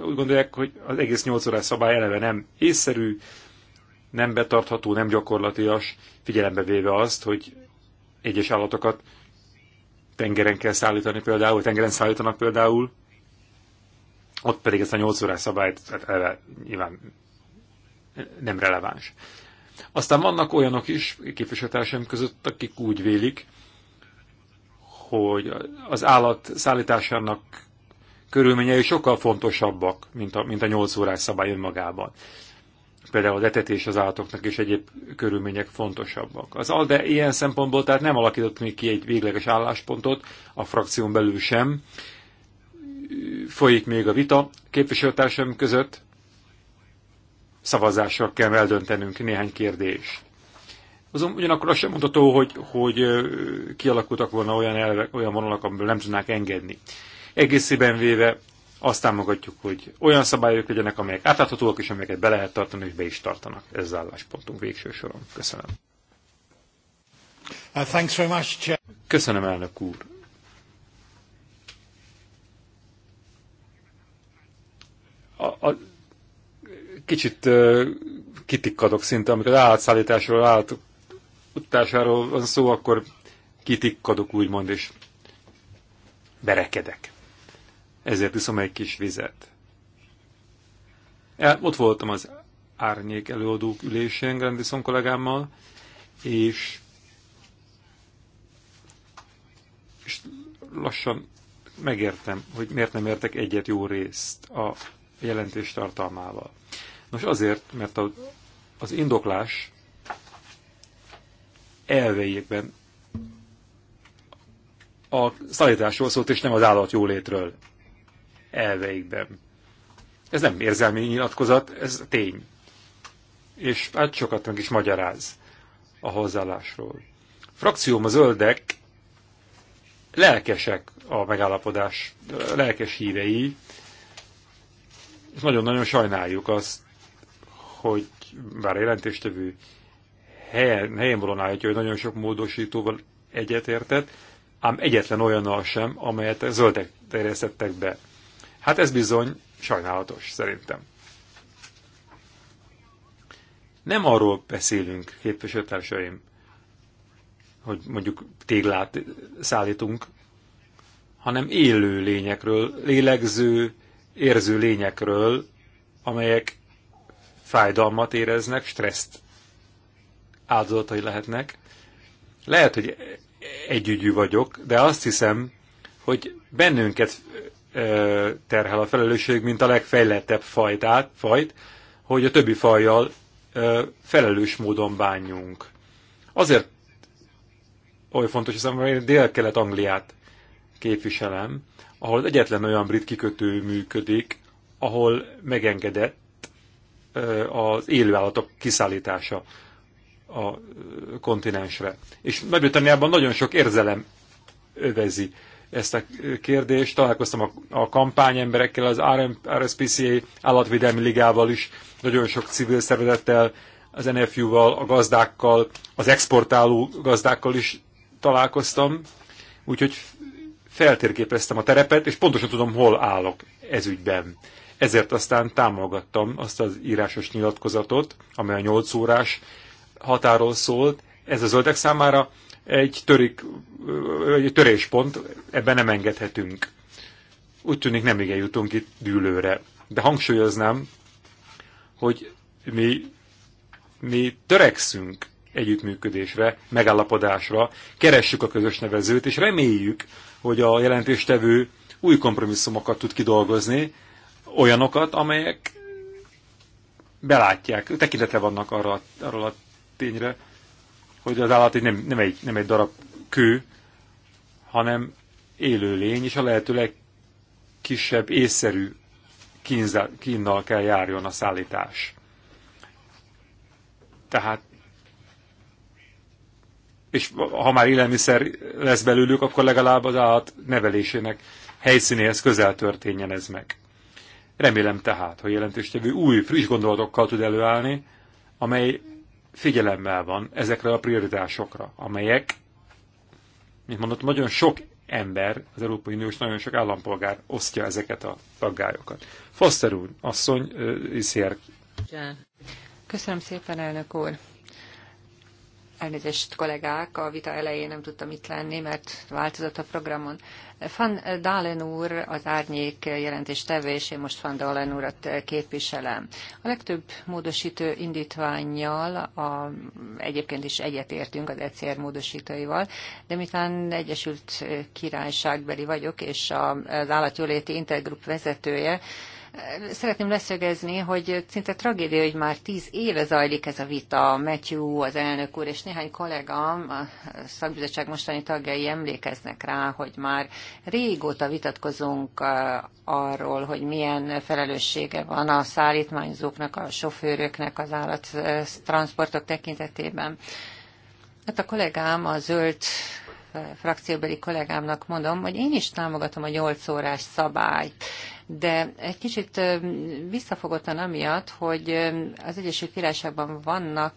úgy gondolják, hogy az egész 8 órás szabály eleve nem észszerű, nem betartható, nem gyakorlatias, figyelembe véve azt, hogy egyes állatokat tengeren kell szállítani például, tengeren szállítanak például, ott pedig ezt a 8 órás szabályt tehát eleve nyilván nem releváns. Aztán vannak olyanok is képviselőtársaim között, akik úgy vélik, hogy az állat szállításának körülményei sokkal fontosabbak, mint a, mint a 8 órás szabály önmagában. Például a etetés az állatoknak és egyéb körülmények fontosabbak. Az ALDE ilyen szempontból tehát nem alakított még ki egy végleges álláspontot, a frakción belül sem. Folyik még a vita képviselőtársaim között, szavazással kell eldöntenünk néhány kérdést. Azon ugyanakkor azt sem mondható, hogy, hogy kialakultak volna olyan, elvek, olyan vonalak, amiből nem tudnák engedni. Egészében véve azt támogatjuk, hogy olyan szabályok legyenek, amelyek átláthatóak, és amelyeket be lehet tartani, és be is tartanak. Ez az álláspontunk végső soron. Köszönöm. Uh, thanks very much, Köszönöm, elnök úr. A, a, kicsit kitikkadok szinte, amikor az állatszállításról, állatutásáról van szó, akkor kitikkadok úgymond, és berekedek. Ezért iszom egy kis vizet. El, ott voltam az árnyék előadók ülésén Grandison kollégámmal, és, és lassan megértem, hogy miért nem értek egyet jó részt a jelentés tartalmával. Nos azért, mert a, az indoklás elveiekben a szállításról szólt, és nem az állat jólétről elveikben. Ez nem érzelmi nyilatkozat, ez tény. És hát sokat meg is magyaráz a hozzáállásról. Frakcióm a zöldek lelkesek a megállapodás, lelkes hívei, és nagyon-nagyon sajnáljuk azt, hogy bár a jelentéstevő helyen, helyen volna állítja, hogy nagyon sok módosítóval egyetértett, ám egyetlen olyannal sem, amelyet a zöldek terjesztettek be. Hát ez bizony sajnálatos, szerintem. Nem arról beszélünk, képviselőtársaim, hogy mondjuk téglát szállítunk, hanem élő lényekről, lélegző, érző lényekről, amelyek fájdalmat éreznek, stresszt áldozatai lehetnek. Lehet, hogy együgyű vagyok, de azt hiszem, hogy bennünket terhel a felelősség, mint a legfejlettebb fajtát, fajt, hogy a többi fajjal felelős módon bánjunk. Azért oly fontos, hiszem, hogy én Dél-Kelet-Angliát képviselem, ahol egyetlen olyan brit kikötő működik, ahol megengedett az élőállatok kiszállítása a kontinensre. És Nagy-Britanniában nagyon sok érzelem övezi ezt a kérdést. Találkoztam a, a kampányemberekkel, az RSPCA állatvédelmi ligával is, nagyon sok civil szervezettel, az NFU-val, a gazdákkal, az exportáló gazdákkal is találkoztam. Úgyhogy feltérképeztem a terepet, és pontosan tudom, hol állok ez ügyben. Ezért aztán támogattam azt az írásos nyilatkozatot, amely a 8 órás határól szólt. Ez a zöldek számára egy, törik, egy töréspont, ebben nem engedhetünk. Úgy tűnik nem igen jutunk itt dűlőre. De hangsúlyoznám, hogy mi, mi törekszünk együttműködésre, megállapodásra, keressük a közös nevezőt, és reméljük, hogy a jelentéstevő új kompromisszumokat tud kidolgozni, olyanokat, amelyek belátják, tekintetre vannak arra, arról a tényre, hogy az állat nem, nem, egy, nem egy darab kő, hanem élő lény, és a lehető legkisebb észszerű kínnal kell járjon a szállítás. Tehát és ha már élelmiszer lesz belőlük, akkor legalább az állat nevelésének helyszínéhez közel történjen ez meg. Remélem tehát, hogy jelentéstevő új, friss gondolatokkal tud előállni, amely figyelemmel van ezekre a prioritásokra, amelyek, mint mondott, nagyon sok ember, az Európai Unió és nagyon sok állampolgár osztja ezeket a taggályokat. Foster úr, asszony, uh, Iszér. Köszönöm szépen, elnök úr. Elnézést kollégák, a vita elején nem tudtam itt lenni, mert változott a programon. Van Dalen úr az árnyék jelentés tevő, és én most Van Dalen urat képviselem. A legtöbb módosító indítványjal a, egyébként is egyetértünk az ECR módosítóival, de miután Egyesült Királyságbeli vagyok, és az állatjóléti intergrup vezetője, szeretném leszögezni, hogy szinte tragédia, hogy már tíz éve zajlik ez a vita. Matthew, az elnök úr és néhány kollega, a szakbizottság mostani tagjai emlékeznek rá, hogy már régóta vitatkozunk uh, arról, hogy milyen felelőssége van a szállítmányzóknak, a sofőröknek az állattransportok uh, tekintetében. Hát a kollégám, a zöld uh, frakcióbeli kollégámnak mondom, hogy én is támogatom a 8 órás szabályt, de egy kicsit visszafogottan amiatt, hogy az Egyesült Királyságban vannak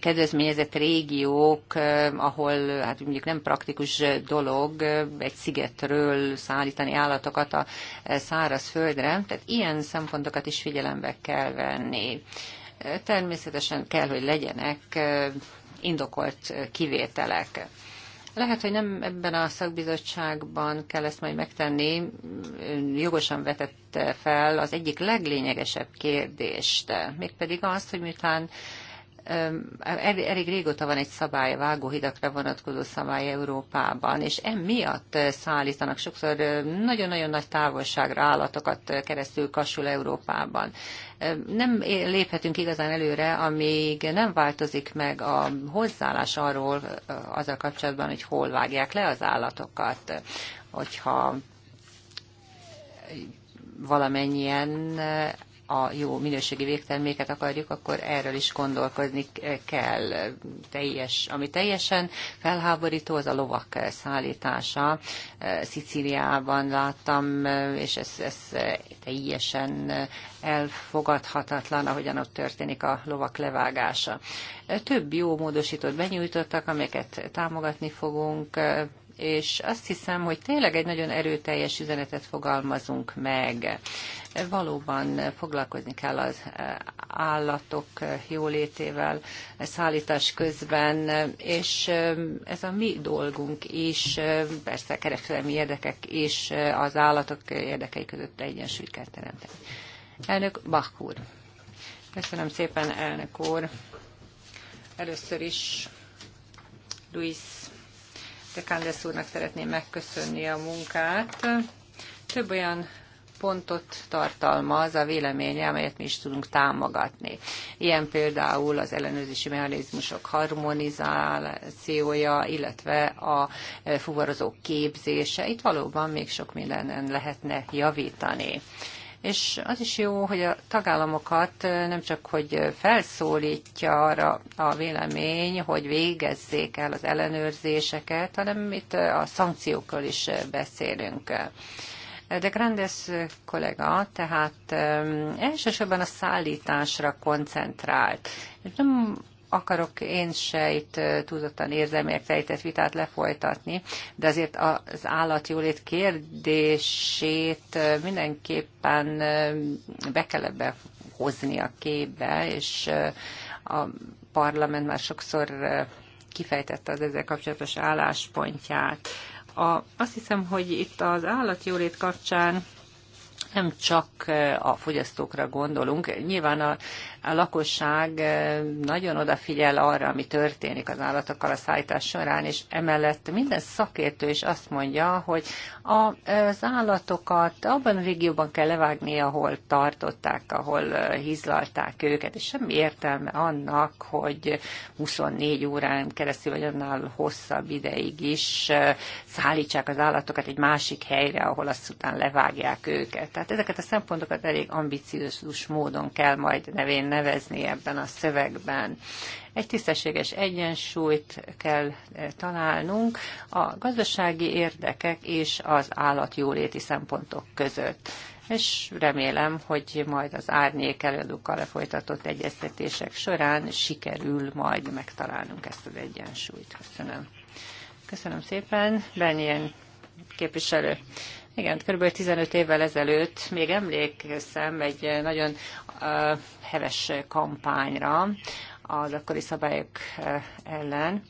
kedvezményezett régiók, ahol hát mondjuk nem praktikus dolog egy szigetről szállítani állatokat a száraz földre, tehát ilyen szempontokat is figyelembe kell venni. Természetesen kell, hogy legyenek indokolt kivételek. Lehet, hogy nem ebben a szakbizottságban kell ezt majd megtenni. Jogosan vetette fel az egyik leglényegesebb kérdést, mégpedig azt, hogy miután elég régóta van egy szabály, vágóhidakra vonatkozó szabály Európában, és emiatt szállítanak sokszor nagyon-nagyon nagy távolságra állatokat keresztül kasul Európában. Nem léphetünk igazán előre, amíg nem változik meg a hozzáállás arról azzal kapcsolatban, hogy hol vágják le az állatokat, hogyha valamennyien a jó minőségi végterméket akarjuk, akkor erről is gondolkozni kell. Teljes, ami teljesen felháborító, az a lovak szállítása. Szicíliában láttam, és ez, ez teljesen elfogadhatatlan, ahogyan ott történik a lovak levágása. Több jó módosítót benyújtottak, amelyeket támogatni fogunk, és azt hiszem, hogy tényleg egy nagyon erőteljes üzenetet fogalmazunk meg. Valóban foglalkozni kell az eh, állatok eh, jólétével eh, szállítás közben, és ez a mi dolgunk is, persze kereskedelmi érdekek és az állatok érdekei között egyensúlyt kell teremteni. Elnök Bach úr. Köszönöm szépen, elnök úr. Először is Luis Kándes úrnak szeretném megköszönni a munkát. Több olyan pontot tartalmaz a véleménye, amelyet mi is tudunk támogatni. Ilyen például az ellenőrzési mechanizmusok harmonizációja, illetve a fuvarozók képzése. Itt valóban még sok mindenen lehetne javítani és az is jó, hogy a tagállamokat nem csak, hogy felszólítja arra a vélemény, hogy végezzék el az ellenőrzéseket, hanem itt a szankciókról is beszélünk. De Grandes kollega tehát elsősorban a szállításra koncentrált. Nem akarok én se itt túlzottan érzelmiek fejtett vitát lefolytatni, de azért az állatjólét kérdését mindenképpen be kell ebbe hozni a képbe, és a parlament már sokszor kifejtette az ezzel kapcsolatos álláspontját. A, azt hiszem, hogy itt az állatjólét kapcsán nem csak a fogyasztókra gondolunk. Nyilván a a lakosság eh, nagyon odafigyel arra, ami történik az állatokkal a szállítás során, és emellett minden szakértő is azt mondja, hogy az állatokat abban a régióban kell levágni, ahol tartották, ahol hizlalták eh, őket, és semmi értelme annak, hogy 24 órán keresztül, vagy annál hosszabb ideig is eh, szállítsák az állatokat egy másik helyre, ahol azt után levágják őket. Tehát ezeket a szempontokat elég ambiciózus módon kell majd nevén nevezni ebben a szövegben. Egy tisztességes egyensúlyt kell eh, találnunk a gazdasági érdekek és az állatjóléti szempontok között és remélem, hogy majd az árnyék előadókkal lefolytatott egyeztetések során sikerül majd megtalálnunk ezt az egyensúlyt. Köszönöm. Köszönöm szépen. Benjen képviselő. Igen, kb. 15 évvel ezelőtt még emlékszem egy nagyon uh, heves kampányra az akkori szabályok ellen,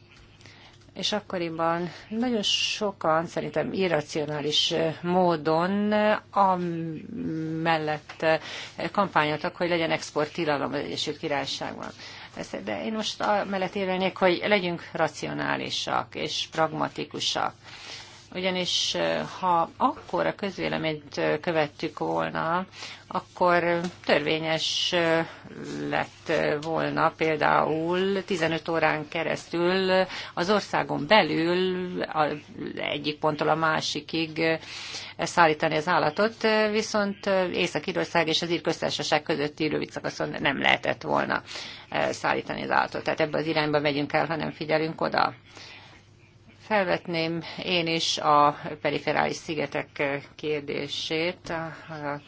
és akkoriban nagyon sokan szerintem irracionális módon amellett kampányoltak, hogy legyen tilalom az Egyesült Királyságban. De én most amellett érvelnék, hogy legyünk racionálisak és pragmatikusak ugyanis ha akkor a közvéleményt követtük volna, akkor törvényes lett volna például 15 órán keresztül az országon belül egyik ponttól a másikig szállítani az állatot, viszont Észak-Írország és az Írköztársaság közötti szakaszon nem lehetett volna szállítani az állatot. Tehát ebbe az irányba megyünk el, ha nem figyelünk oda. Felvetném én is a periferális szigetek kérdését. A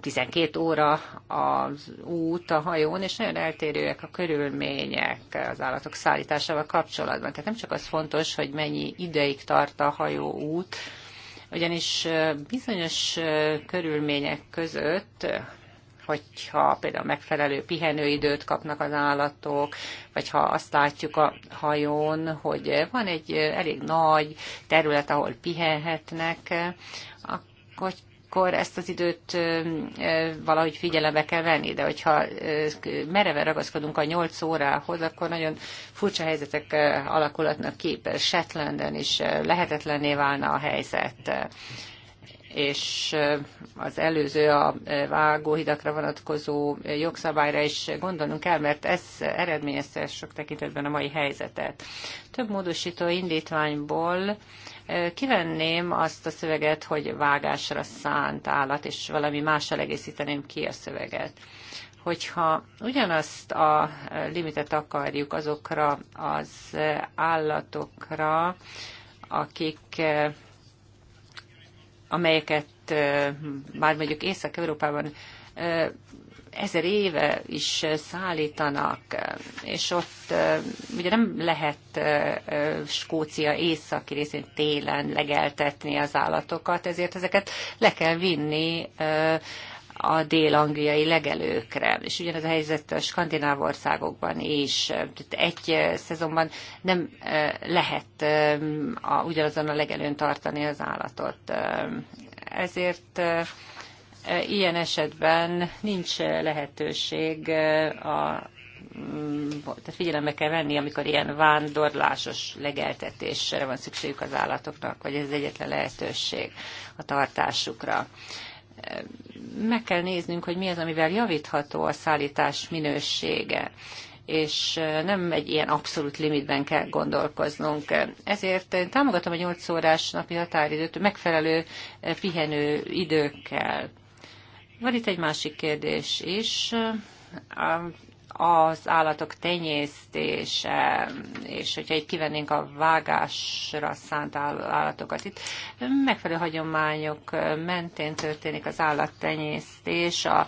12 óra az út a hajón, és nagyon eltérőek a körülmények az állatok szállításával kapcsolatban. Tehát nem csak az fontos, hogy mennyi ideig tart a hajó út, ugyanis bizonyos körülmények között hogyha például megfelelő pihenőidőt kapnak az állatok, vagy ha azt látjuk a hajón, hogy van egy elég nagy terület, ahol pihenhetnek, akkor akkor ezt az időt valahogy figyelembe kell venni, de hogyha mereve ragaszkodunk a 8 órához, akkor nagyon furcsa helyzetek alakulatnak ki. Shetlanden is lehetetlenné válna a helyzet és az előző a vágóhidakra vonatkozó jogszabályra is gondolnunk kell, mert ez eredményezte sok tekintetben a mai helyzetet. Több módosító indítványból kivenném azt a szöveget, hogy vágásra szánt állat, és valami mással egészíteném ki a szöveget hogyha ugyanazt a limitet akarjuk azokra az állatokra, akik amelyeket már mondjuk Észak-Európában ezer éve is szállítanak, és ott ugye nem lehet Skócia északi részén télen legeltetni az állatokat, ezért ezeket le kell vinni a dél-angliai legelőkre. És ugyanez a helyzet a skandináv országokban is. Tehát egy szezonban nem lehet a, ugyanazon a legelőn tartani az állatot. Ezért ilyen esetben nincs lehetőség a mm, tehát figyelembe kell venni, amikor ilyen vándorlásos legeltetésre van szükségük az állatoknak, vagy ez egyetlen lehetőség a tartásukra meg kell néznünk, hogy mi az, amivel javítható a szállítás minősége és nem egy ilyen abszolút limitben kell gondolkoznunk. Ezért én támogatom a 8 órás napi határidőt megfelelő pihenő időkkel. Van itt egy másik kérdés is az állatok tenyésztése, és hogyha itt kivennénk a vágásra szánt állatokat, itt megfelelő hagyományok mentén történik az állattenyésztés, a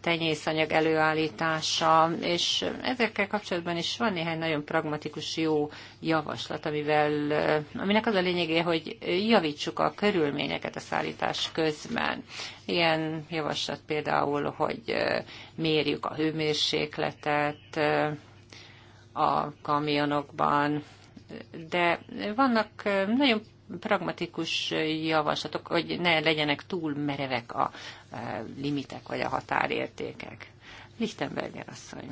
tenyészanyag előállítása, és ezekkel kapcsolatban is van néhány nagyon pragmatikus jó javaslat, amivel, aminek az a lényege, hogy javítsuk a körülményeket a szállítás közben. Ilyen javaslat például, hogy mérjük a hőmérsékletet a kamionokban, de vannak nagyon pragmatikus javaslatok, hogy ne legyenek túl merevek a e, limitek vagy a határértékek. Lichtenberger asszony.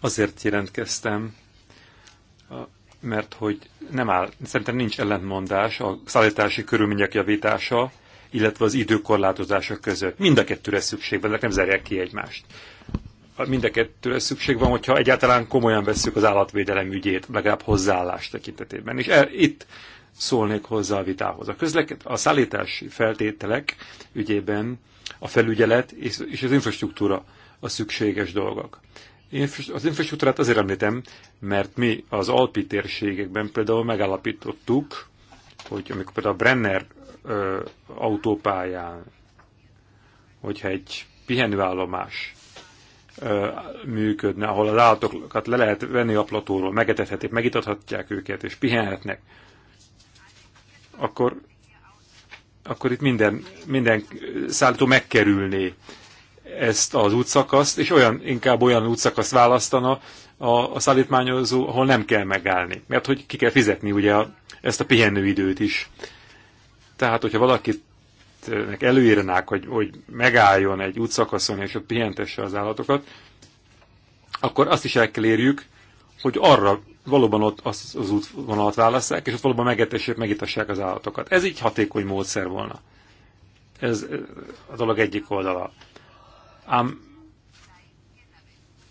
Azért jelentkeztem, mert hogy nem áll, szerintem nincs ellentmondás a szállítási körülmények javítása, illetve az időkorlátozása között. Mind a kettőre szükség van, ezek nem zárják ki egymást mind a kettőre szükség van, hogyha egyáltalán komolyan vesszük az állatvédelem ügyét, legalább hozzáállás tekintetében. És el, itt szólnék hozzá a vitához. A, közleked, a szállítási feltételek ügyében a felügyelet és, és az infrastruktúra a szükséges dolgok. Az infrastruktúrát azért említem, mert mi az Alpi térségekben például megállapítottuk, hogy amikor például a Brenner ö, autópályán, hogyha egy pihenőállomás működne, ahol az állatokat le lehet venni a platóról, megetethetik, megitathatják őket, és pihenhetnek, akkor, akkor itt minden, minden szállító megkerülné ezt az útszakaszt, és olyan, inkább olyan útszakaszt választana a, a szállítmányozó, ahol nem kell megállni. Mert hogy ki kell fizetni ugye a, ezt a pihenőidőt is. Tehát, hogyha valakit esetnek előírnák, hogy, hogy megálljon egy útszakaszon és ott pihentesse az állatokat, akkor azt is el kell érjük, hogy arra valóban ott az, az útvonalat válasszák, és ott valóban megetessék, megitassák az állatokat. Ez így hatékony módszer volna. Ez a dolog egyik oldala. Ám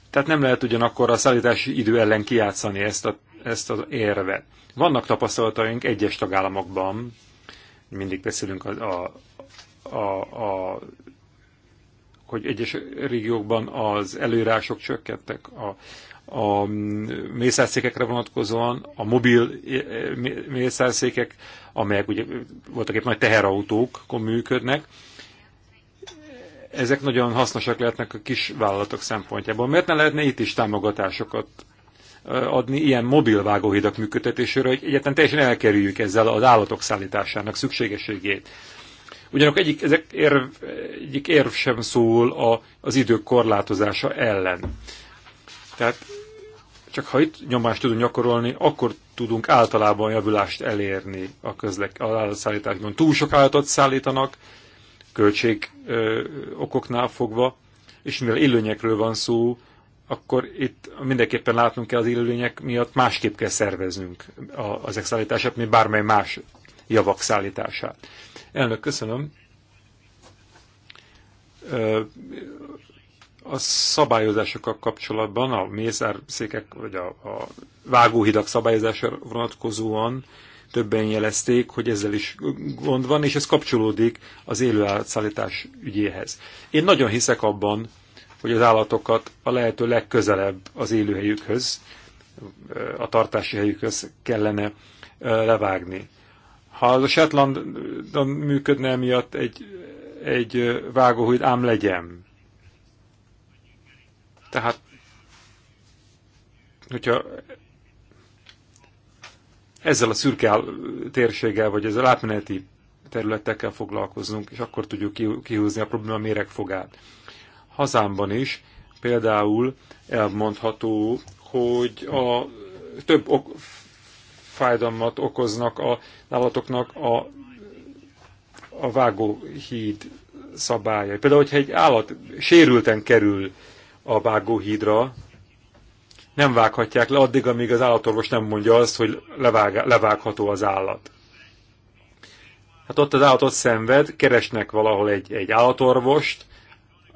tehát nem lehet ugyanakkor a szállítási idő ellen kiátszani ezt, a, ezt az érvet. Vannak tapasztalataink egyes tagállamokban, mindig beszélünk a, a, a, a hogy egyes régiókban az előírások csökkentek a, a mészárszékekre vonatkozóan, a mobil eh, eh, mészárszékek, amelyek ugye voltak egy nagy teherautók, működnek, ezek nagyon hasznosak lehetnek a kis vállalatok szempontjából. Miért ne lehetne itt is támogatásokat adni ilyen mobil vágóhidak működtetésére, hogy egyetlen teljesen elkerüljük ezzel az állatok szállításának szükségességét. Ugyanakkor egyik, ezek érv, egyik érv sem szól a, az idők korlátozása ellen. Tehát csak ha itt nyomást tudunk gyakorolni, akkor tudunk általában javulást elérni a közlek, az állatszállításban. Túl sok állatot szállítanak, költség ö, okoknál fogva, és mivel élőnyekről van szó, akkor itt mindenképpen látnunk kell az élőlények miatt másképp kell szerveznünk az szállítását, mint bármely más javak szállítását. Elnök, köszönöm. A szabályozásokkal kapcsolatban, a mészárszékek vagy a, a vágóhidak szabályozására vonatkozóan többen jelezték, hogy ezzel is gond van, és ez kapcsolódik az élőállatszállítás ügyéhez. Én nagyon hiszek abban, hogy az állatokat a lehető legközelebb az élőhelyükhöz, a tartási helyükhöz kellene levágni. Ha az a Shetlandon működne miatt egy, egy hogy ám legyen. Tehát, hogyha ezzel a szürke térséggel, vagy ezzel átmeneti területekkel foglalkozunk, és akkor tudjuk kihúzni a probléma méregfogát. Hazámban is például elmondható, hogy a több ok, fájdalmat okoznak a állatoknak a, a vágóhíd szabályai. Például, hogyha egy állat sérülten kerül a vágóhídra, nem vághatják le addig, amíg az állatorvos nem mondja azt, hogy levág, levágható az állat. Hát ott az állat ott szenved, keresnek valahol egy, egy állatorvost,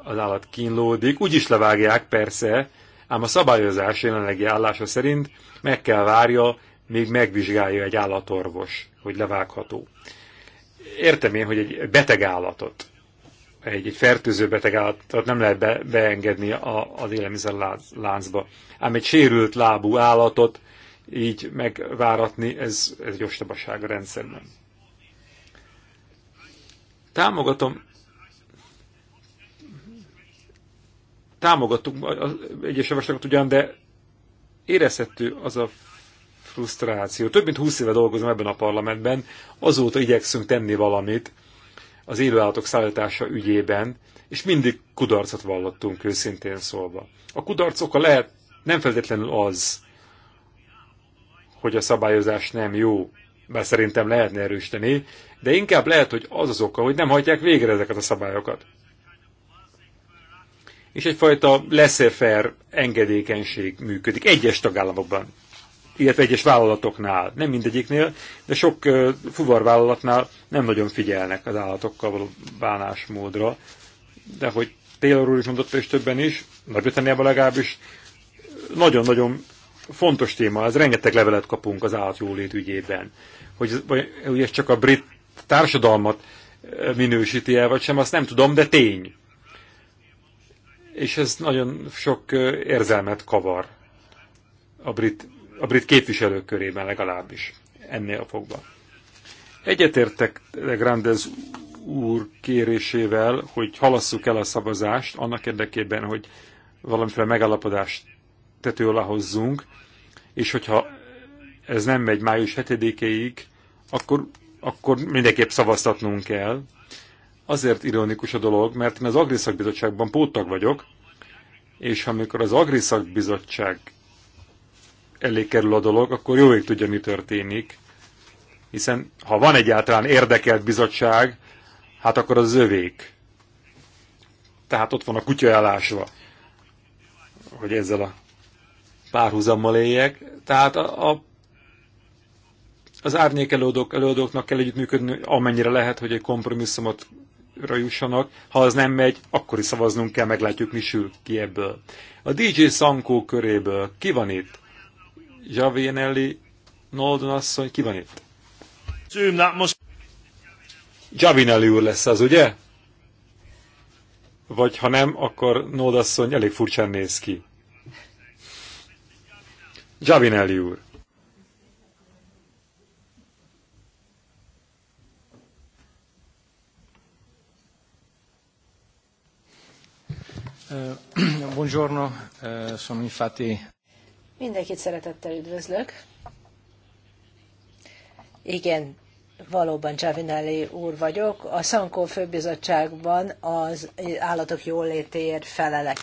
az állat kínlódik, is levágják persze, ám a szabályozás jelenlegi állása szerint meg kell várja, még megvizsgálja egy állatorvos, hogy levágható. Értem én, hogy egy beteg állatot, egy, egy fertőző beteg állatot nem lehet be, beengedni a, az élelmiszer láncba. Ám egy sérült lábú állatot így megváratni, ez, ez egy ostobaság a rendszerben. Támogatom támogattuk egyes javaslatokat ugyan, de érezhető az a frusztráció. Több mint 20 éve dolgozom ebben a parlamentben, azóta igyekszünk tenni valamit az élőállatok szállítása ügyében, és mindig kudarcot vallottunk őszintén szólva. A kudarc oka lehet nem feltétlenül az, hogy a szabályozás nem jó, bár szerintem lehetne erősíteni, de inkább lehet, hogy az az oka, hogy nem hagyják végre ezeket a szabályokat és egyfajta leszefer engedékenység működik egyes tagállamokban, illetve egyes vállalatoknál, nem mindegyiknél, de sok fuvarvállalatnál nem nagyon figyelnek az állatokkal való bánásmódra, de hogy Taylor úr is mondott, és többen is, Nagy-Britanniában legalábbis nagyon-nagyon fontos téma, ez rengeteg levelet kapunk az állatjólét ügyében. Hogy, vagy, hogy ez csak a brit társadalmat minősíti el, vagy sem, azt nem tudom, de tény és ez nagyon sok érzelmet kavar a brit, a brit képviselők körében legalábbis ennél a fogva. Egyetértek Grandez úr kérésével, hogy halasszuk el a szavazást annak érdekében, hogy valamiféle megállapodást tető alá hozzunk, és hogyha ez nem megy május 7-ig, akkor, akkor mindenképp szavaztatnunk kell, azért ironikus a dolog, mert én az Agriszak Bizottságban póttag vagyok, és amikor az Agriszak Bizottság elé kerül a dolog, akkor jó ég tudja, mi történik, hiszen ha van egyáltalán érdekelt bizottság, hát akkor az övék. Tehát ott van a kutya elásva, hogy ezzel a párhuzammal éljek. Tehát a, a, az árnyék előadók, előadóknak kell együttműködni, amennyire lehet, hogy egy kompromisszumot jussanak. Ha az nem megy, akkor is szavaznunk kell, meglátjuk, mi sül ki ebből. A DJ Sankó köréből ki van itt? Javinelli, Nolden asszony, ki van itt? Javinelli úr lesz az, ugye? Vagy ha nem, akkor Nold asszony elég furcsán néz ki. Javinelli úr. Buongiorno, sono infatti... Mindenkit szeretettel üdvözlök. Igen, valóban Csavinelli úr vagyok. A Szankó főbizottságban az állatok jólétéért felelek.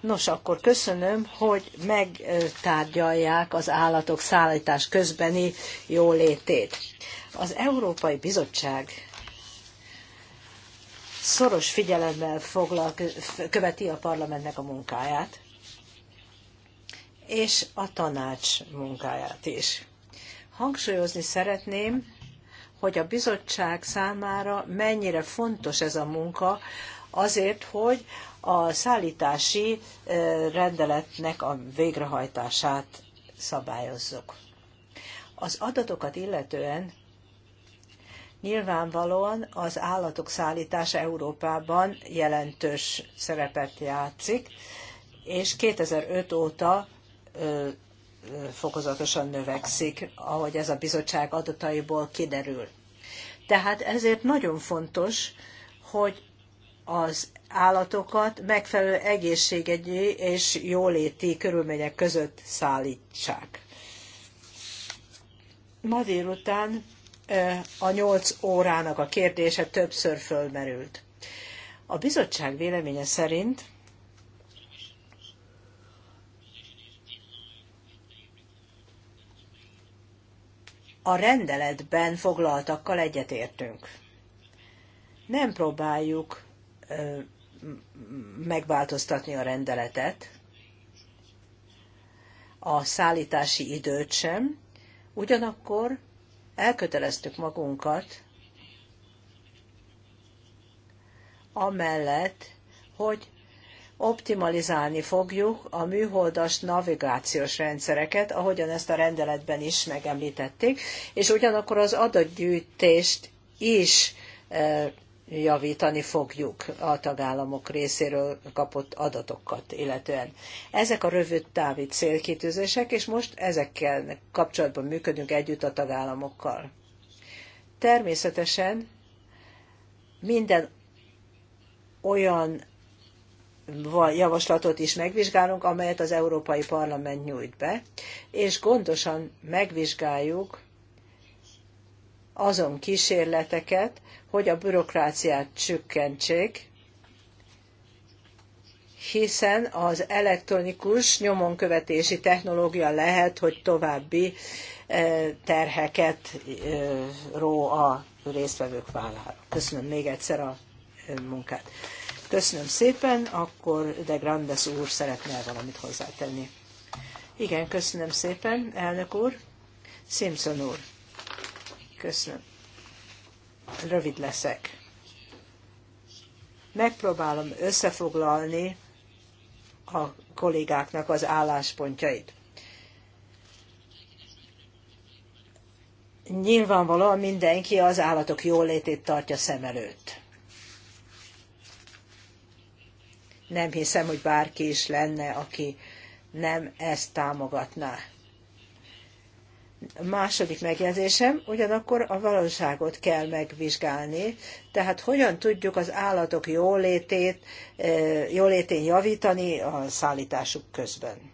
Nos, akkor köszönöm, hogy megtárgyalják az állatok szállítás közbeni jólétét. Az Európai Bizottság szoros figyelemmel foglal, követi a parlamentnek a munkáját, és a tanács munkáját is. Hangsúlyozni szeretném, hogy a bizottság számára mennyire fontos ez a munka, azért, hogy a szállítási rendeletnek a végrehajtását szabályozzuk. Az adatokat illetően Nyilvánvalóan az állatok szállítása Európában jelentős szerepet játszik, és 2005 óta fokozatosan növekszik, ahogy ez a bizottság adataiból kiderül. Tehát ezért nagyon fontos, hogy az állatokat megfelelő egészségügyi és jóléti körülmények között szállítsák. Ma délután a nyolc órának a kérdése többször fölmerült. A bizottság véleménye szerint a rendeletben foglaltakkal egyetértünk. Nem próbáljuk megváltoztatni a rendeletet, a szállítási időt sem, ugyanakkor elköteleztük magunkat amellett, hogy optimalizálni fogjuk a műholdas navigációs rendszereket, ahogyan ezt a rendeletben is megemlítették, és ugyanakkor az adatgyűjtést is eh, javítani fogjuk a tagállamok részéről kapott adatokat illetően. Ezek a rövid távi célkitűzések, és most ezekkel kapcsolatban működünk együtt a tagállamokkal. Természetesen minden olyan javaslatot is megvizsgálunk, amelyet az Európai Parlament nyújt be, és gondosan megvizsgáljuk azon kísérleteket, hogy a bürokráciát csökkentsék, hiszen az elektronikus nyomonkövetési technológia lehet, hogy további e, terheket e, ró a résztvevők vállára. Köszönöm még egyszer a e, munkát. Köszönöm szépen, akkor de Grandes úr szeretne valamit hozzátenni. Igen, köszönöm szépen, elnök úr. Simpson úr, köszönöm rövid leszek. Megpróbálom összefoglalni a kollégáknak az álláspontjait. Nyilvánvalóan mindenki az állatok jólétét tartja szem előtt. Nem hiszem, hogy bárki is lenne, aki nem ezt támogatná második megjegyzésem, ugyanakkor a valóságot kell megvizsgálni, tehát hogyan tudjuk az állatok jólétét, e, jólétén javítani a szállításuk közben.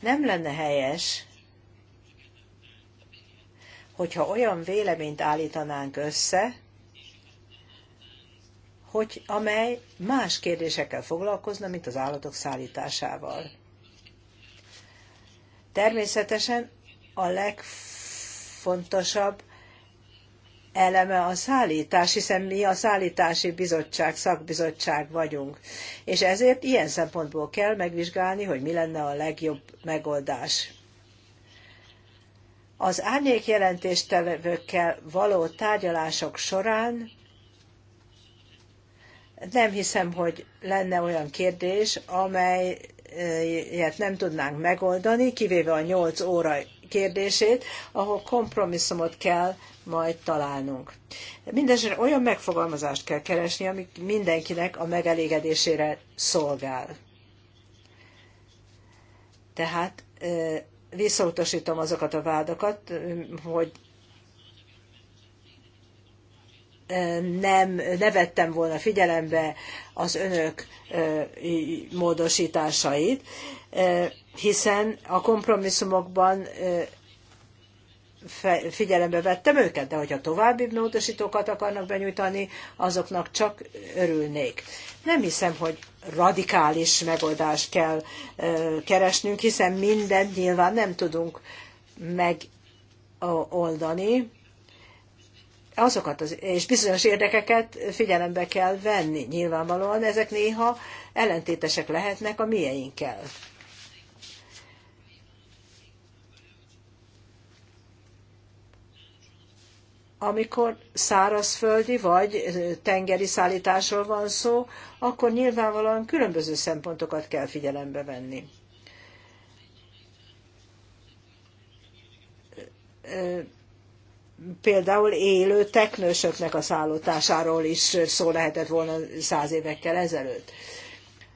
Nem lenne helyes, hogyha olyan véleményt állítanánk össze, hogy amely más kérdésekkel foglalkozna, mint az állatok szállításával. Természetesen a legfontosabb eleme a szállítás, hiszen mi a szállítási bizottság, szakbizottság vagyunk. És ezért ilyen szempontból kell megvizsgálni, hogy mi lenne a legjobb megoldás. Az árnyék jelentéstevőkkel való tárgyalások során nem hiszem, hogy lenne olyan kérdés, amelyet nem tudnánk megoldani, kivéve a 8 óra kérdését, ahol kompromisszumot kell majd találnunk. Mindenesetre olyan megfogalmazást kell keresni, ami mindenkinek a megelégedésére szolgál. Tehát visszautasítom azokat a vádakat, hogy nem, ne vettem volna figyelembe az önök módosításait, hiszen a kompromisszumokban figyelembe vettem őket, de hogyha további módosítókat akarnak benyújtani, azoknak csak örülnék. Nem hiszem, hogy radikális megoldást kell keresnünk, hiszen mindent nyilván nem tudunk megoldani, azokat az, és bizonyos érdekeket figyelembe kell venni. Nyilvánvalóan ezek néha ellentétesek lehetnek a mieinkkel. amikor szárazföldi vagy tengeri szállításról van szó, akkor nyilvánvalóan különböző szempontokat kell figyelembe venni például élő teknősöknek a szállításáról is szó lehetett volna száz évekkel ezelőtt.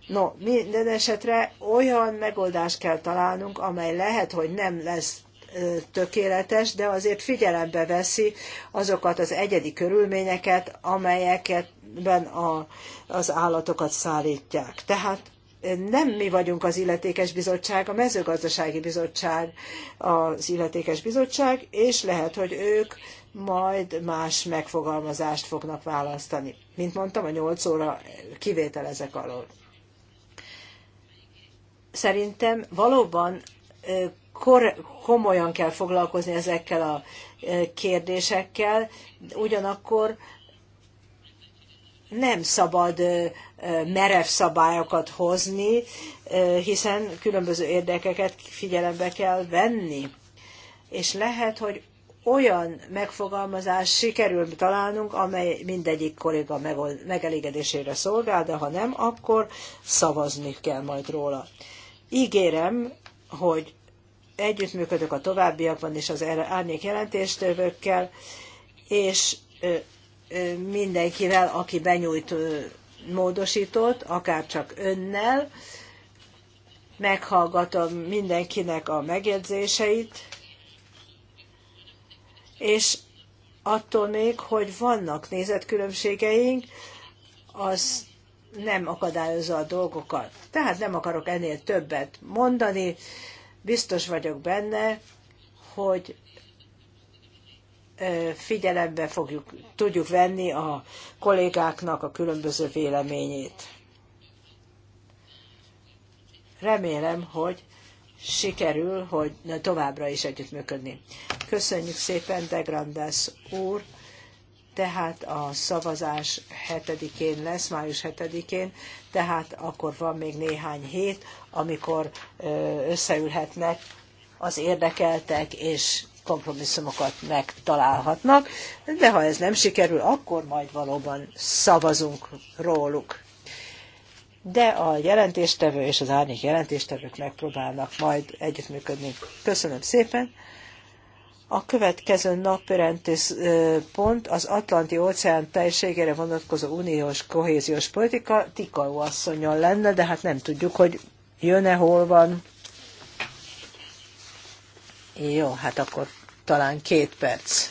No, minden esetre olyan megoldást kell találnunk, amely lehet, hogy nem lesz tökéletes, de azért figyelembe veszi azokat az egyedi körülményeket, amelyeket a, az állatokat szállítják. Tehát nem mi vagyunk az illetékes bizottság, a mezőgazdasági bizottság az illetékes bizottság, és lehet, hogy ők majd más megfogalmazást fognak választani. Mint mondtam, a 8 óra kivétel ezek alól. Szerintem valóban komolyan kell foglalkozni ezekkel a kérdésekkel, ugyanakkor nem szabad merev szabályokat hozni, hiszen különböző érdekeket figyelembe kell venni. És lehet, hogy olyan megfogalmazás sikerül találnunk, amely mindegyik kolléga megelégedésére szolgál, de ha nem, akkor szavazni kell majd róla. Ígérem, hogy együttműködök a továbbiakban is az árnyék jelentéstövőkkel, és mindenkivel, aki benyújt módosított, akár csak önnel, meghallgatom mindenkinek a megjegyzéseit, és attól még, hogy vannak nézetkülönbségeink, az nem akadályozza a dolgokat. Tehát nem akarok ennél többet mondani, biztos vagyok benne, hogy figyelembe fogjuk, tudjuk venni a kollégáknak a különböző véleményét. Remélem, hogy sikerül, hogy továbbra is együttműködni. Köszönjük szépen, De Grandes úr! tehát a szavazás 7-én lesz, május 7-én, tehát akkor van még néhány hét, amikor összeülhetnek az érdekeltek és kompromisszumokat megtalálhatnak, de ha ez nem sikerül, akkor majd valóban szavazunk róluk. De a jelentéstevő és az árnyék jelentéstevők megpróbálnak majd együttműködni. Köszönöm szépen! A következő napirendés pont az Atlanti óceán teljeségére vonatkozó uniós kohéziós politika Tikau asszonyon lenne, de hát nem tudjuk, hogy jön-e, hol van, jó, hát akkor talán két perc.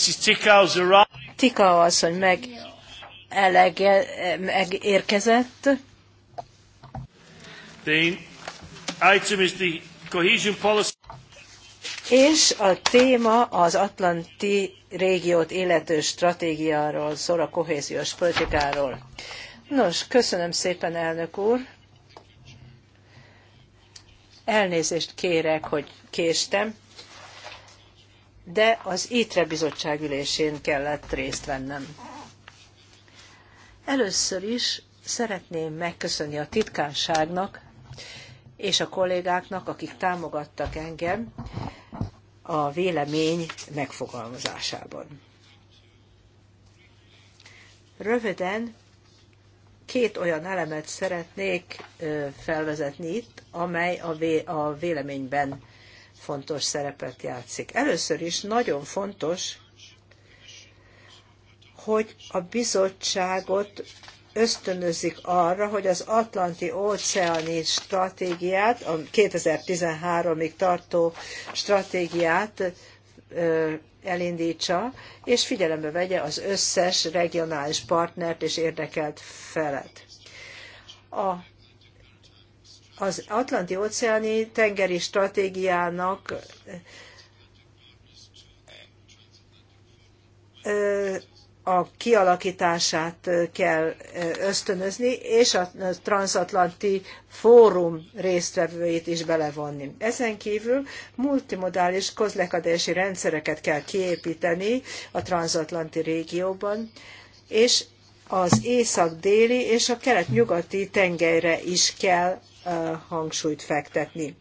Tika Tickow's asszony meg, elege, megérkezett. érkezett. The item is the cohesion policy. És a téma az Atlanti régiót élető stratégiáról szól, a kohéziós politikáról. Nos, köszönöm szépen, elnök úr. Elnézést kérek, hogy késtem de az ITRE bizottság ülésén kellett részt vennem. Először is szeretném megköszönni a titkárságnak és a kollégáknak, akik támogattak engem a vélemény megfogalmazásában. Röviden két olyan elemet szeretnék felvezetni itt, amely a véleményben fontos szerepet játszik. Először is nagyon fontos, hogy a bizottságot ösztönözik arra, hogy az Atlanti óceáni stratégiát, a 2013-ig tartó stratégiát elindítsa, és figyelembe vegye az összes regionális partnert és érdekelt felet. A az Atlanti óceáni tengeri stratégiának a kialakítását kell ösztönözni, és a transatlanti fórum résztvevőit is belevonni. Ezen kívül multimodális közlekedési rendszereket kell kiépíteni a transatlanti régióban, és az észak-déli és a kelet-nyugati tengelyre is kell hangsúlyt fektetni.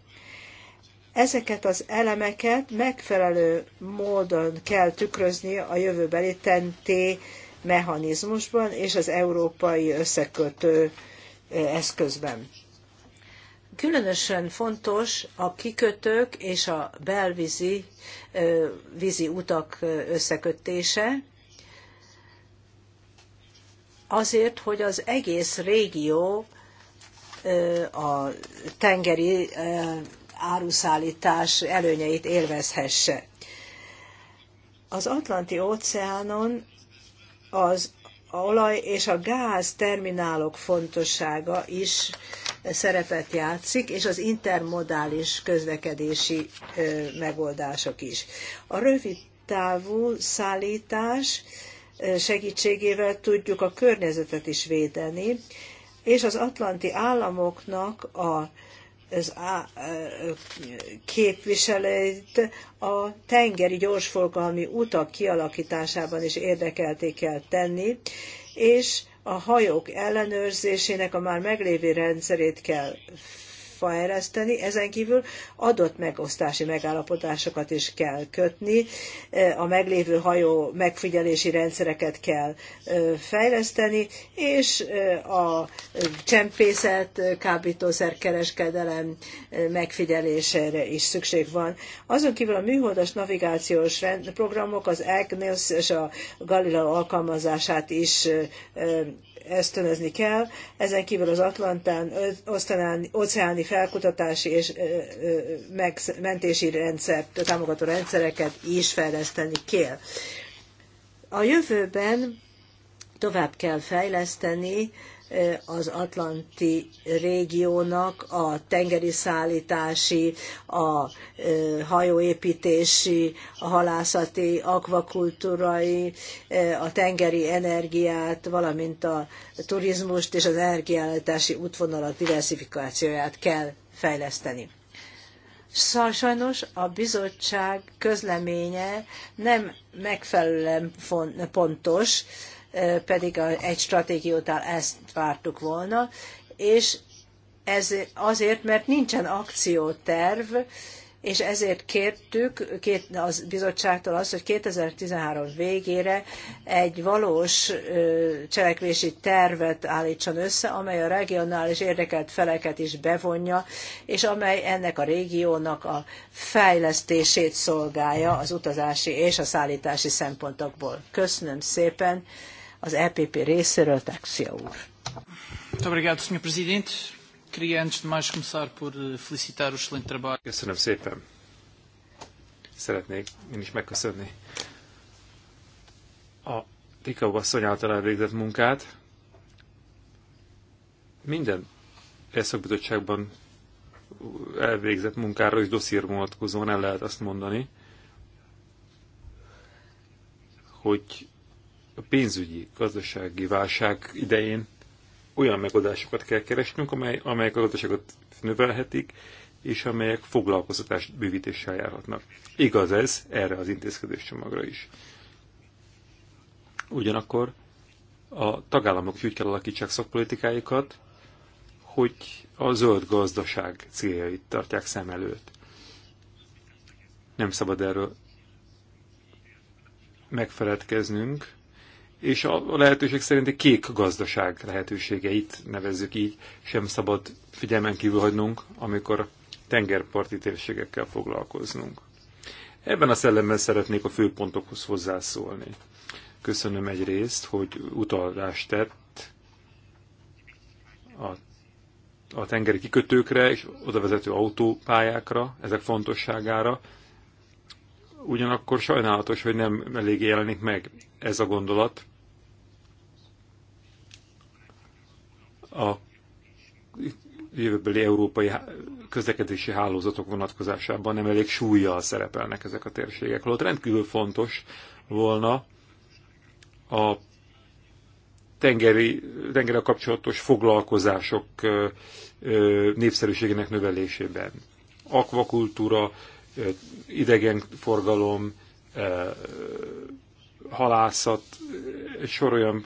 Ezeket az elemeket megfelelő módon kell tükrözni a jövőbeli TNT mechanizmusban és az európai összekötő eszközben. Különösen fontos a kikötők és a belvízi vízi utak összekötése, azért, hogy az egész régió a tengeri áruszállítás előnyeit élvezhesse. Az Atlanti óceánon az olaj és a gáz terminálok fontossága is szerepet játszik, és az intermodális közlekedési megoldások is. A rövid távú szállítás segítségével tudjuk a környezetet is védeni, és az atlanti államoknak a az á, képviselőt a tengeri gyorsforgalmi utak kialakításában is érdekelté kell tenni, és a hajók ellenőrzésének a már meglévő rendszerét kell fejleszteni, ezen kívül adott megosztási megállapodásokat is kell kötni, e, a meglévő hajó megfigyelési rendszereket kell e, fejleszteni, és e, a csempészet, kereskedelem megfigyelésére is szükség van. Azon kívül a műholdas navigációs programok, az EGNOS és a Galileo alkalmazását is ösztönözni kell, ezen kívül az Atlantán óceáni felkutatási és mentési rendszert, támogató rendszereket is fejleszteni kell. A jövőben tovább kell fejleszteni az Atlanti régiónak a tengeri szállítási, a hajóépítési, a halászati, akvakultúrai, a tengeri energiát, valamint a turizmust és az energiállítási útvonalat diversifikációját kell fejleszteni. Sajnos a bizottság közleménye nem megfelelően pontos, pedig egy stratégiótól ezt vártuk volna, és ez azért, mert nincsen akcióterv, és ezért kértük két, az bizottságtól azt, hogy 2013 végére egy valós cselekvési tervet állítson össze, amely a regionális érdekelt feleket is bevonja, és amely ennek a régiónak a fejlesztését szolgálja az utazási és a szállítási szempontokból. Köszönöm szépen! az EPP részéről Texia úr. Köszönöm szépen. Szeretnék én is megköszönni a Tikau asszony által elvégzett munkát. Minden elszakbizottságban elvégzett munkára és dosszír vonatkozóan el lehet azt mondani, hogy a pénzügyi, gazdasági válság idején olyan megoldásokat kell keresnünk, amely, amelyek a gazdaságot növelhetik, és amelyek foglalkoztatás bővítéssel járhatnak. Igaz ez erre az intézkedés csomagra is. Ugyanakkor a tagállamok is úgy kell alakítsák szakpolitikáikat, hogy a zöld gazdaság céljait tartják szem előtt. Nem szabad erről megfeledkeznünk, és a lehetőség szerinti kék gazdaság lehetőségeit, nevezzük így, sem szabad figyelmen kívül hagynunk, amikor tengerparti térségekkel foglalkoznunk. Ebben a szellemben szeretnék a főpontokhoz hozzászólni. Köszönöm egyrészt, hogy utalást tett a, a tengeri kikötőkre és vezető autópályákra, ezek fontosságára, ugyanakkor sajnálatos, hogy nem elég jelenik meg ez a gondolat a jövőbeli európai közlekedési hálózatok vonatkozásában nem elég súlyjal szerepelnek ezek a térségek. Holott rendkívül fontos volna a tengeri, tengerrel kapcsolatos foglalkozások népszerűségének növelésében. Akvakultúra, idegenforgalom, halászat, sor olyan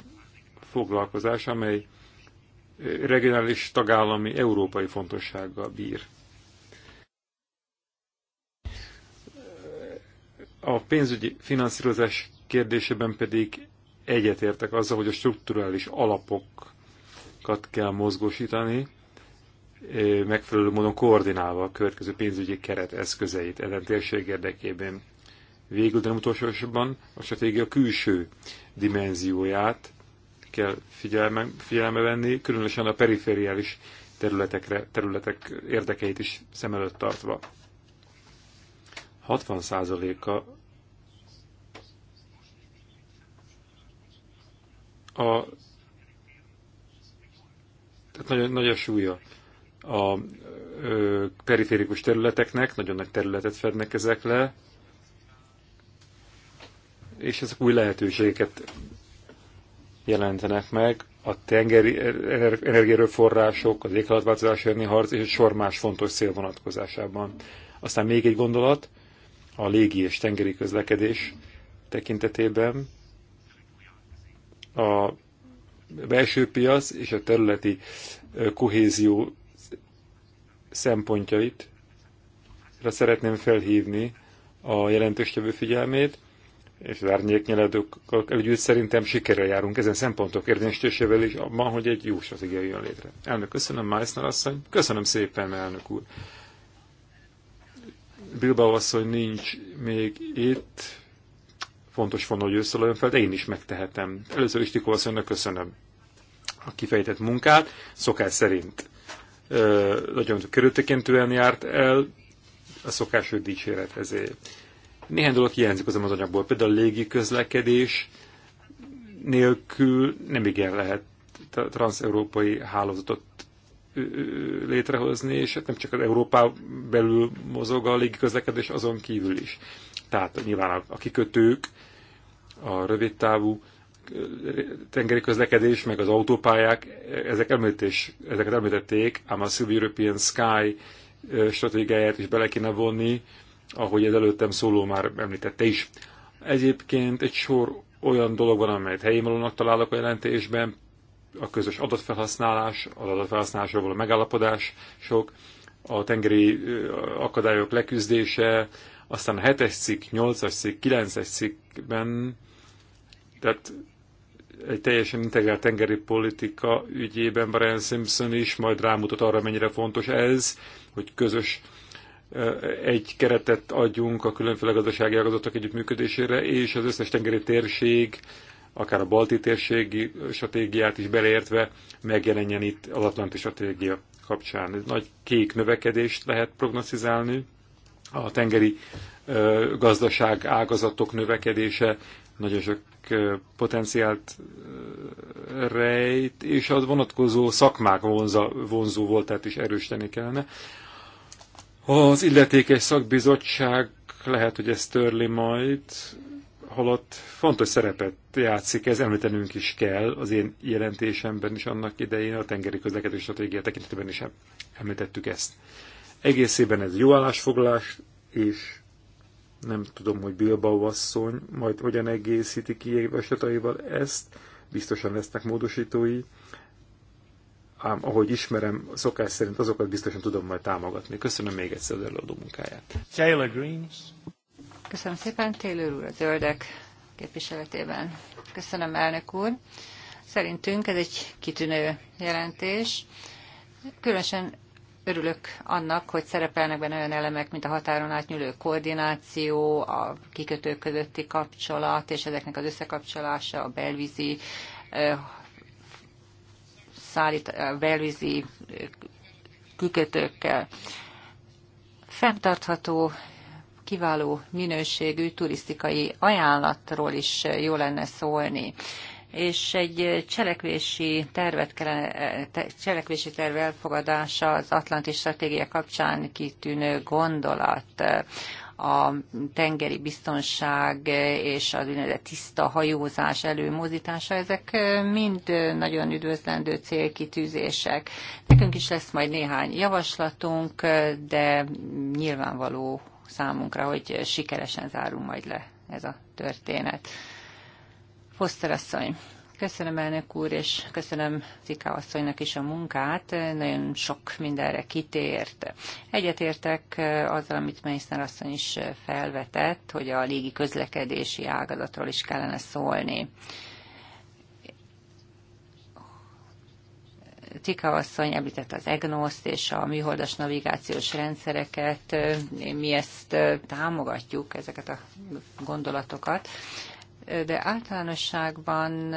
foglalkozás, amely regionális, tagállami, európai fontossággal bír. A pénzügyi finanszírozás kérdésében pedig egyetértek azzal, hogy a strukturális alapokat kell mozgósítani, megfelelő módon koordinálva a következő pénzügyi keret eszközeit ezen térség érdekében. Végül, de nem utolsósorban a stratégia külső dimenzióját kell figyelme, figyelme venni, különösen a perifériális területekre, területek érdekeit is szem előtt tartva. 60%-a a tehát nagyon nagy a súlya a ö, periférikus területeknek, nagyon nagy területet fednek ezek le, és ezek új lehetőségeket jelentenek meg, a tengeri energiaerőforrások, az éghajlatváltozás elleni harc és egy sor más fontos cél vonatkozásában. Aztán még egy gondolat, a légi és tengeri közlekedés tekintetében a belső piac és a területi kohézió szempontjait szeretném felhívni a jelentős figyelmét, és az árnyéknyeledőkkel együtt szerintem sikerrel járunk ezen szempontok érvényesítésével is abban, hogy egy jó stratégia jön létre. Elnök, köszönöm, Meissner asszony. Köszönöm szépen, elnök úr. Bilbao asszony nincs még itt. Fontos volna, hogy ő fel, de én is megtehetem. Először is Tikó asszonynak köszönöm a kifejtett munkát. Szokás szerint nagyon körültekintően járt el, a szokás, dicséret ezért néhány dolog hiányzik az anyagból, például a légi közlekedés nélkül nem igen lehet transeurópai hálózatot létrehozni, és hát nem csak az Európá belül mozog a légiközlekedés, azon kívül is. Tehát nyilván a kikötők, a rövidtávú tengeri közlekedés, meg az autópályák, ezek említés, ezeket említették, ám a Silver European Sky stratégiáját is bele kéne vonni, ahogy az előttem szóló már említette is. Egyébként egy sor olyan dolog van, amelyet helyénvalónak találok a jelentésben, a közös adatfelhasználás, az adatfelhasználásról való megállapodás, sok, a tengeri akadályok leküzdése, aztán a 7-es cikk, 8-as cikk, 9-es cikkben, tehát egy teljesen integrált tengeri politika ügyében Brian Simpson is majd rámutat arra, mennyire fontos ez, hogy közös egy keretet adjunk a különféle gazdasági ágazatok együttműködésére, és az összes tengeri térség, akár a balti térség stratégiát is beleértve megjelenjen itt az Atlanti stratégia kapcsán. Ez nagy kék növekedést lehet prognosztizálni, a tengeri gazdaság ágazatok növekedése nagyon sok potenciált rejt, és az vonatkozó szakmák vonza, vonzó voltát is erősíteni kellene. Az illetékes szakbizottság lehet, hogy ez törli majd, holott fontos szerepet játszik, ez említenünk is kell, az én jelentésemben is annak idején, a tengeri közlekedés stratégia tekintetében is említettük ezt. Egészében ez jó állásfoglalás, és nem tudom, hogy Bilbao asszony majd hogyan egészíti ki javaslataival ezt, biztosan lesznek módosítói, ám ahogy ismerem, szokás szerint azokat biztosan tudom majd támogatni. Köszönöm még egyszer az előadó munkáját. Taylor Greens. Köszönöm szépen, Taylor úr, a zöldek képviseletében. Köszönöm, elnök úr. Szerintünk ez egy kitűnő jelentés. Különösen örülök annak, hogy szerepelnek benne olyan elemek, mint a határon átnyúló koordináció, a kikötők közötti kapcsolat, és ezeknek az összekapcsolása, a belvízi szállít, eh, belvízi eh, kükötőkkel. Fenntartható, kiváló minőségű turisztikai ajánlatról is eh, jó lenne szólni és egy cselekvési, tervet kellene, cselekvési terv elfogadása az Atlanti stratégia kapcsán kitűnő gondolat a tengeri biztonság és az úgynevezett tiszta hajózás előmozítása, ezek mind nagyon üdvözlendő célkitűzések. Nekünk is lesz majd néhány javaslatunk, de nyilvánvaló számunkra, hogy sikeresen zárul majd le ez a történet. Foster asszony. Köszönöm elnök úr, és köszönöm Zika asszonynak is a munkát. Nagyon sok mindenre kitért. Egyetértek eh, azzal, amit Meissner asszony is eh, felvetett, hogy a légi közlekedési ágazatról is kellene szólni. Tika asszony említett az EGNOSZ-t és a műholdas navigációs rendszereket. Eh, mi ezt támogatjuk, ezeket a gondolatokat de általánosságban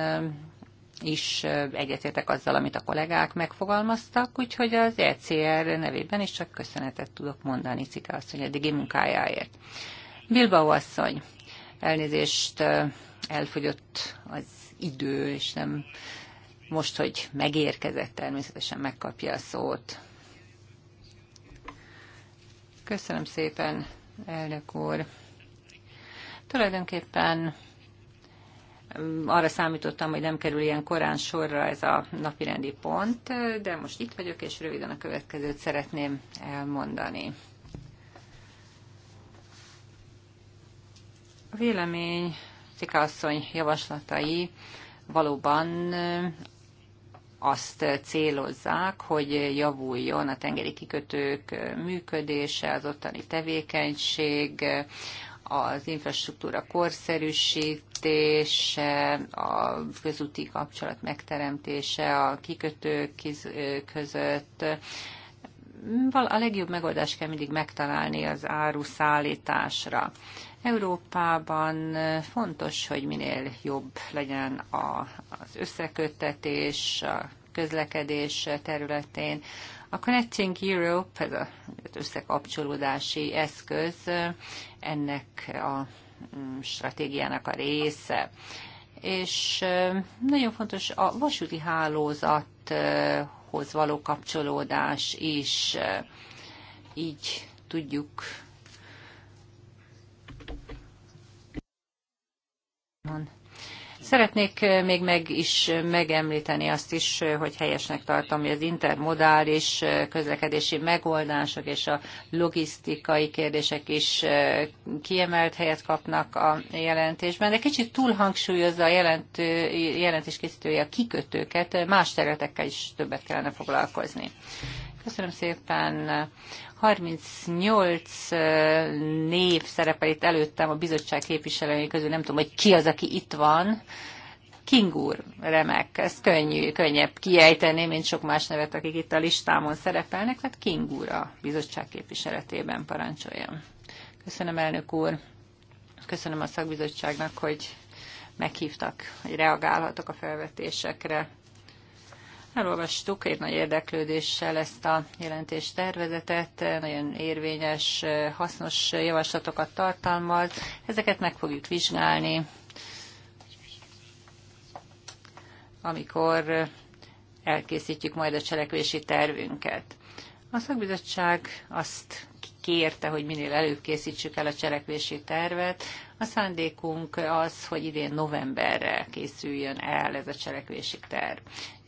is egyetértek azzal, amit a kollégák megfogalmaztak, úgyhogy az ECR nevében is csak köszönetet tudok mondani Cika asszony eddigi munkájáért. Bilbao asszony, elnézést, elfogyott az idő, és nem most, hogy megérkezett, természetesen megkapja a szót. Köszönöm szépen, elnök úr. Tulajdonképpen arra számítottam, hogy nem kerül ilyen korán sorra ez a napirendi pont, de most itt vagyok, és röviden a következőt szeretném elmondani. A vélemény cikasszony javaslatai valóban azt célozzák, hogy javuljon a tengeri kikötők működése, az ottani tevékenység, az infrastruktúra korszerűsít, megteremtése, a közúti kapcsolat megteremtése a kikötők között. A legjobb megoldást kell mindig megtalálni az áru szállításra. Európában fontos, hogy minél jobb legyen a, az összeköttetés, a közlekedés területén. A Connecting Europe, ez az összekapcsolódási eszköz, ennek a Mm, stratégiának a része. És nagyon fontos a vasúti hálózathoz való kapcsolódás is. Így tudjuk van. Szeretnék eh, még meg is eh, megemlíteni azt is, eh, hogy helyesnek tartom, hogy az intermodális közlekedési megoldások és a logisztikai kérdések is kiemelt helyet kapnak a jelentésben, de kicsit túlhangsúlyozza a jelentő, készítője a kikötőket, más területekkel is többet kellene foglalkozni. Köszönöm szépen. 38 név szerepel itt előttem a bizottság képviselői közül, nem tudom, hogy ki az, aki itt van. King úr, remek, ez könnyű, könnyebb kiejteni, mint sok más nevet, akik itt a listámon szerepelnek, tehát King úr a bizottság képviseletében parancsoljam. Köszönöm, elnök úr, köszönöm a szakbizottságnak, hogy meghívtak, hogy reagálhatok a felvetésekre. Elolvastuk egy nagy érdeklődéssel ezt a jelentés tervezetet, nagyon érvényes, hasznos javaslatokat tartalmaz, ezeket meg fogjuk vizsgálni, amikor elkészítjük majd a cselekvési tervünket. A szakbizottság azt kérte, hogy minél előbb készítsük el a cselekvési tervet. A szándékunk az, hogy idén novemberre készüljön el ez a cselekvési terv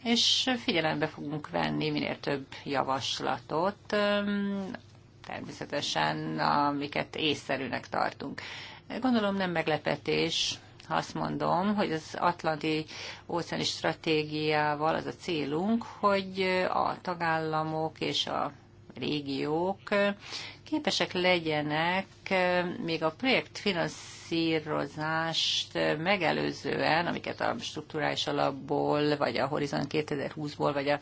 és figyelembe fogunk venni minél több javaslatot, természetesen, amiket észszerűnek tartunk. Gondolom nem meglepetés, ha azt mondom, hogy az Atlanti óceáni stratégiával az a célunk, hogy a tagállamok és a régiók képesek legyenek még a projekt finanszírozást megelőzően, amiket a strukturális alapból, vagy a Horizon 2020-ból, vagy a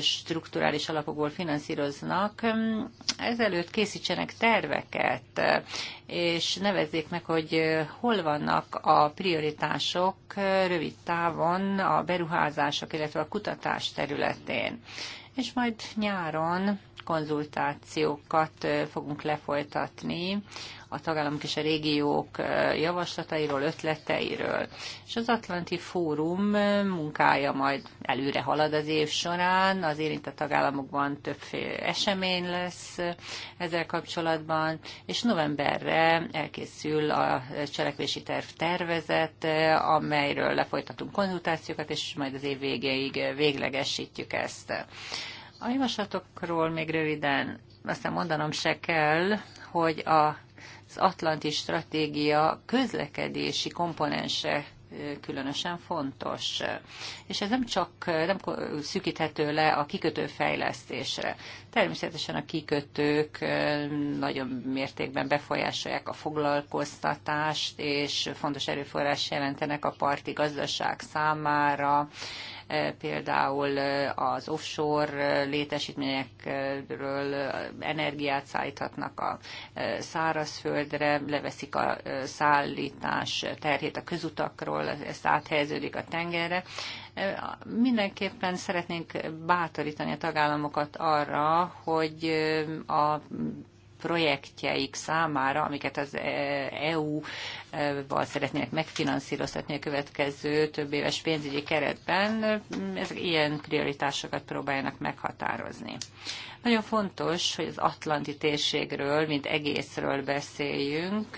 strukturális alapokból finanszíroznak, ezelőtt készítsenek terveket, és nevezzék meg, hogy hol vannak a prioritások rövid távon a beruházások, illetve a kutatás területén és majd nyáron konzultációkat fogunk lefolytatni a tagállamok és a régiók javaslatairól, ötleteiről. És az Atlanti Fórum munkája majd előre halad az év során, az érintett tagállamokban több esemény lesz ezzel kapcsolatban, és novemberre elkészül a cselekvési terv tervezet, amelyről lefolytatunk konzultációkat, és majd az év végéig véglegesítjük ezt. A javaslatokról még röviden aztán mondanom se kell, hogy a az Atlanti stratégia közlekedési komponense különösen fontos. És ez nem csak nem szűkíthető le a kikötő fejlesztésre. Természetesen a kikötők nagyon mértékben befolyásolják a foglalkoztatást, és fontos erőforrás jelentenek a parti gazdaság számára, E, például e, az offshore e, létesítményekről energiát szállíthatnak a szárazföldre, leveszik a szállítás terhét a közutakról, ezt áthelyeződik a tengerre. Mindenképpen szeretnénk bátorítani a tagállamokat arra, hogy a projektjeik számára, amiket az EU-val e szeretnének megfinanszíroztatni a következő több éves pénzügyi keretben, ezek ilyen prioritásokat próbáljanak meghatározni. Nagyon fontos, hogy az Atlanti térségről, mint egészről beszéljünk.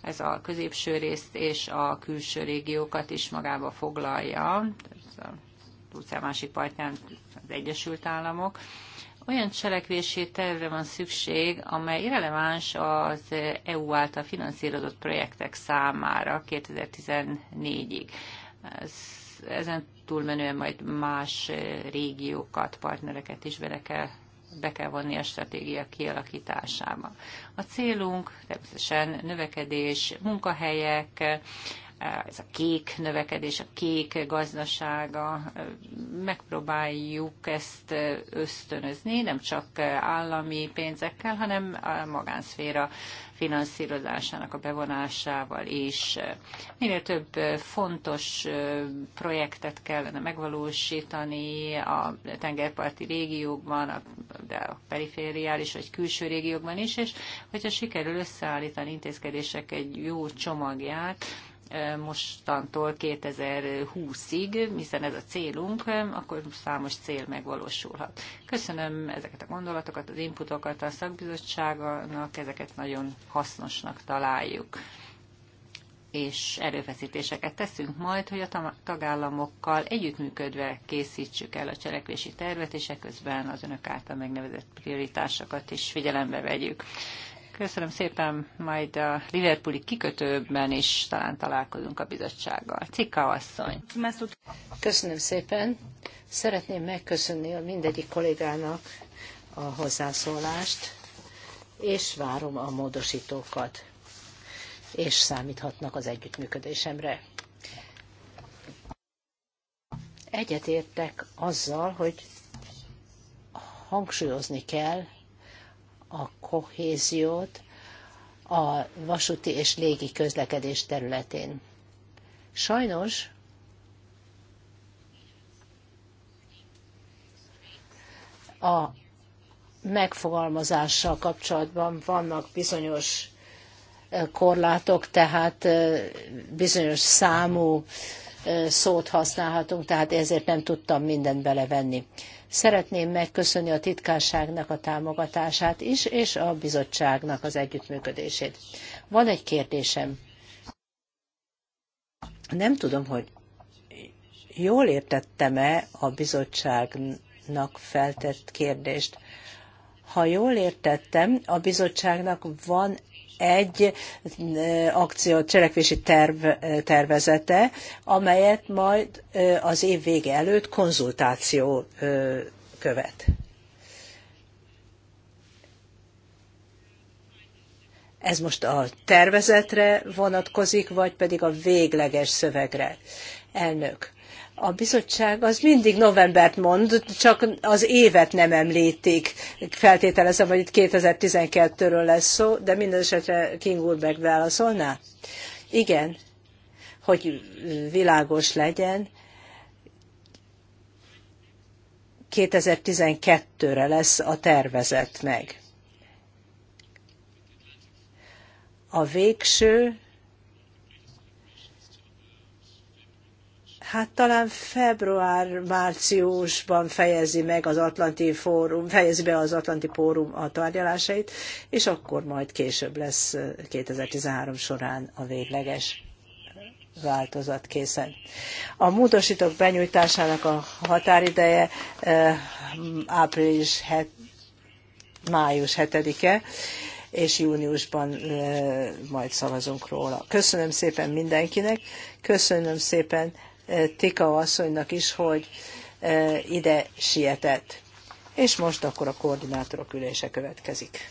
Ez a középső részt és a külső régiókat is magába foglalja. Ez a másik partján az Egyesült Államok olyan cselekvési tervre van szükség, amely releváns az EU által finanszírozott projektek számára 2014-ig. Ezen túlmenően majd más régiókat, partnereket is bele kell be kell vonni a stratégia kialakításába. A célunk természetesen növekedés, munkahelyek, ez a kék növekedés, a kék gazdasága, megpróbáljuk ezt ösztönözni, nem csak állami pénzekkel, hanem a magánszféra finanszírozásának a bevonásával is. Minél több fontos projektet kellene megvalósítani a tengerparti régiókban, de a perifériális vagy külső régiókban is, és hogyha sikerül összeállítani intézkedések egy jó csomagját, mostantól 2020-ig, hiszen ez a célunk, akkor számos cél megvalósulhat. Köszönöm ezeket a gondolatokat, az inputokat a szakbizottságnak, ezeket nagyon hasznosnak találjuk és erőfeszítéseket teszünk majd, hogy a tagállamokkal együttműködve készítsük el a cselekvési tervet, és eközben az önök által megnevezett prioritásokat is figyelembe vegyük. Köszönöm szépen, majd a Liverpooli kikötőben is talán találkozunk a bizottsággal. Cika asszony. Köszönöm szépen. Szeretném megköszönni a mindegyik kollégának a hozzászólást, és várom a módosítókat, és számíthatnak az együttműködésemre. Egyetértek azzal, hogy hangsúlyozni kell a kohéziót a vasúti és légi közlekedés területén. Sajnos a megfogalmazással kapcsolatban vannak bizonyos eh, korlátok, tehát eh, bizonyos számú eh, szót használhatunk, tehát ezért nem tudtam mindent belevenni. Szeretném megköszönni a titkárságnak a támogatását is, és a bizottságnak az együttműködését. Van egy kérdésem. Nem tudom, hogy jól értettem-e a bizottságnak feltett kérdést. Ha jól értettem, a bizottságnak van egy akció cselekvési terv, tervezete, amelyet majd az év vége előtt konzultáció követ. Ez most a tervezetre vonatkozik, vagy pedig a végleges szövegre? Elnök, a bizottság az mindig novembert mond, csak az évet nem említik. Feltételezem, hogy itt 2012-ről lesz szó, de minden esetre King úr megválaszolná. Igen, hogy világos legyen, 2012-re lesz a tervezet meg. A végső Hát talán február-márciusban fejezi meg az Atlanti Fórum, fejezi be az Atlanti Fórum a tárgyalásait, és akkor majd később lesz 2013 során a végleges változat készen. A módosítók benyújtásának a határideje április 7, május 7-e, és júniusban majd szavazunk róla. Köszönöm szépen mindenkinek, köszönöm szépen Tikao asszonynak is, hogy e, ide sietett. És most akkor a koordinátorok ülése következik.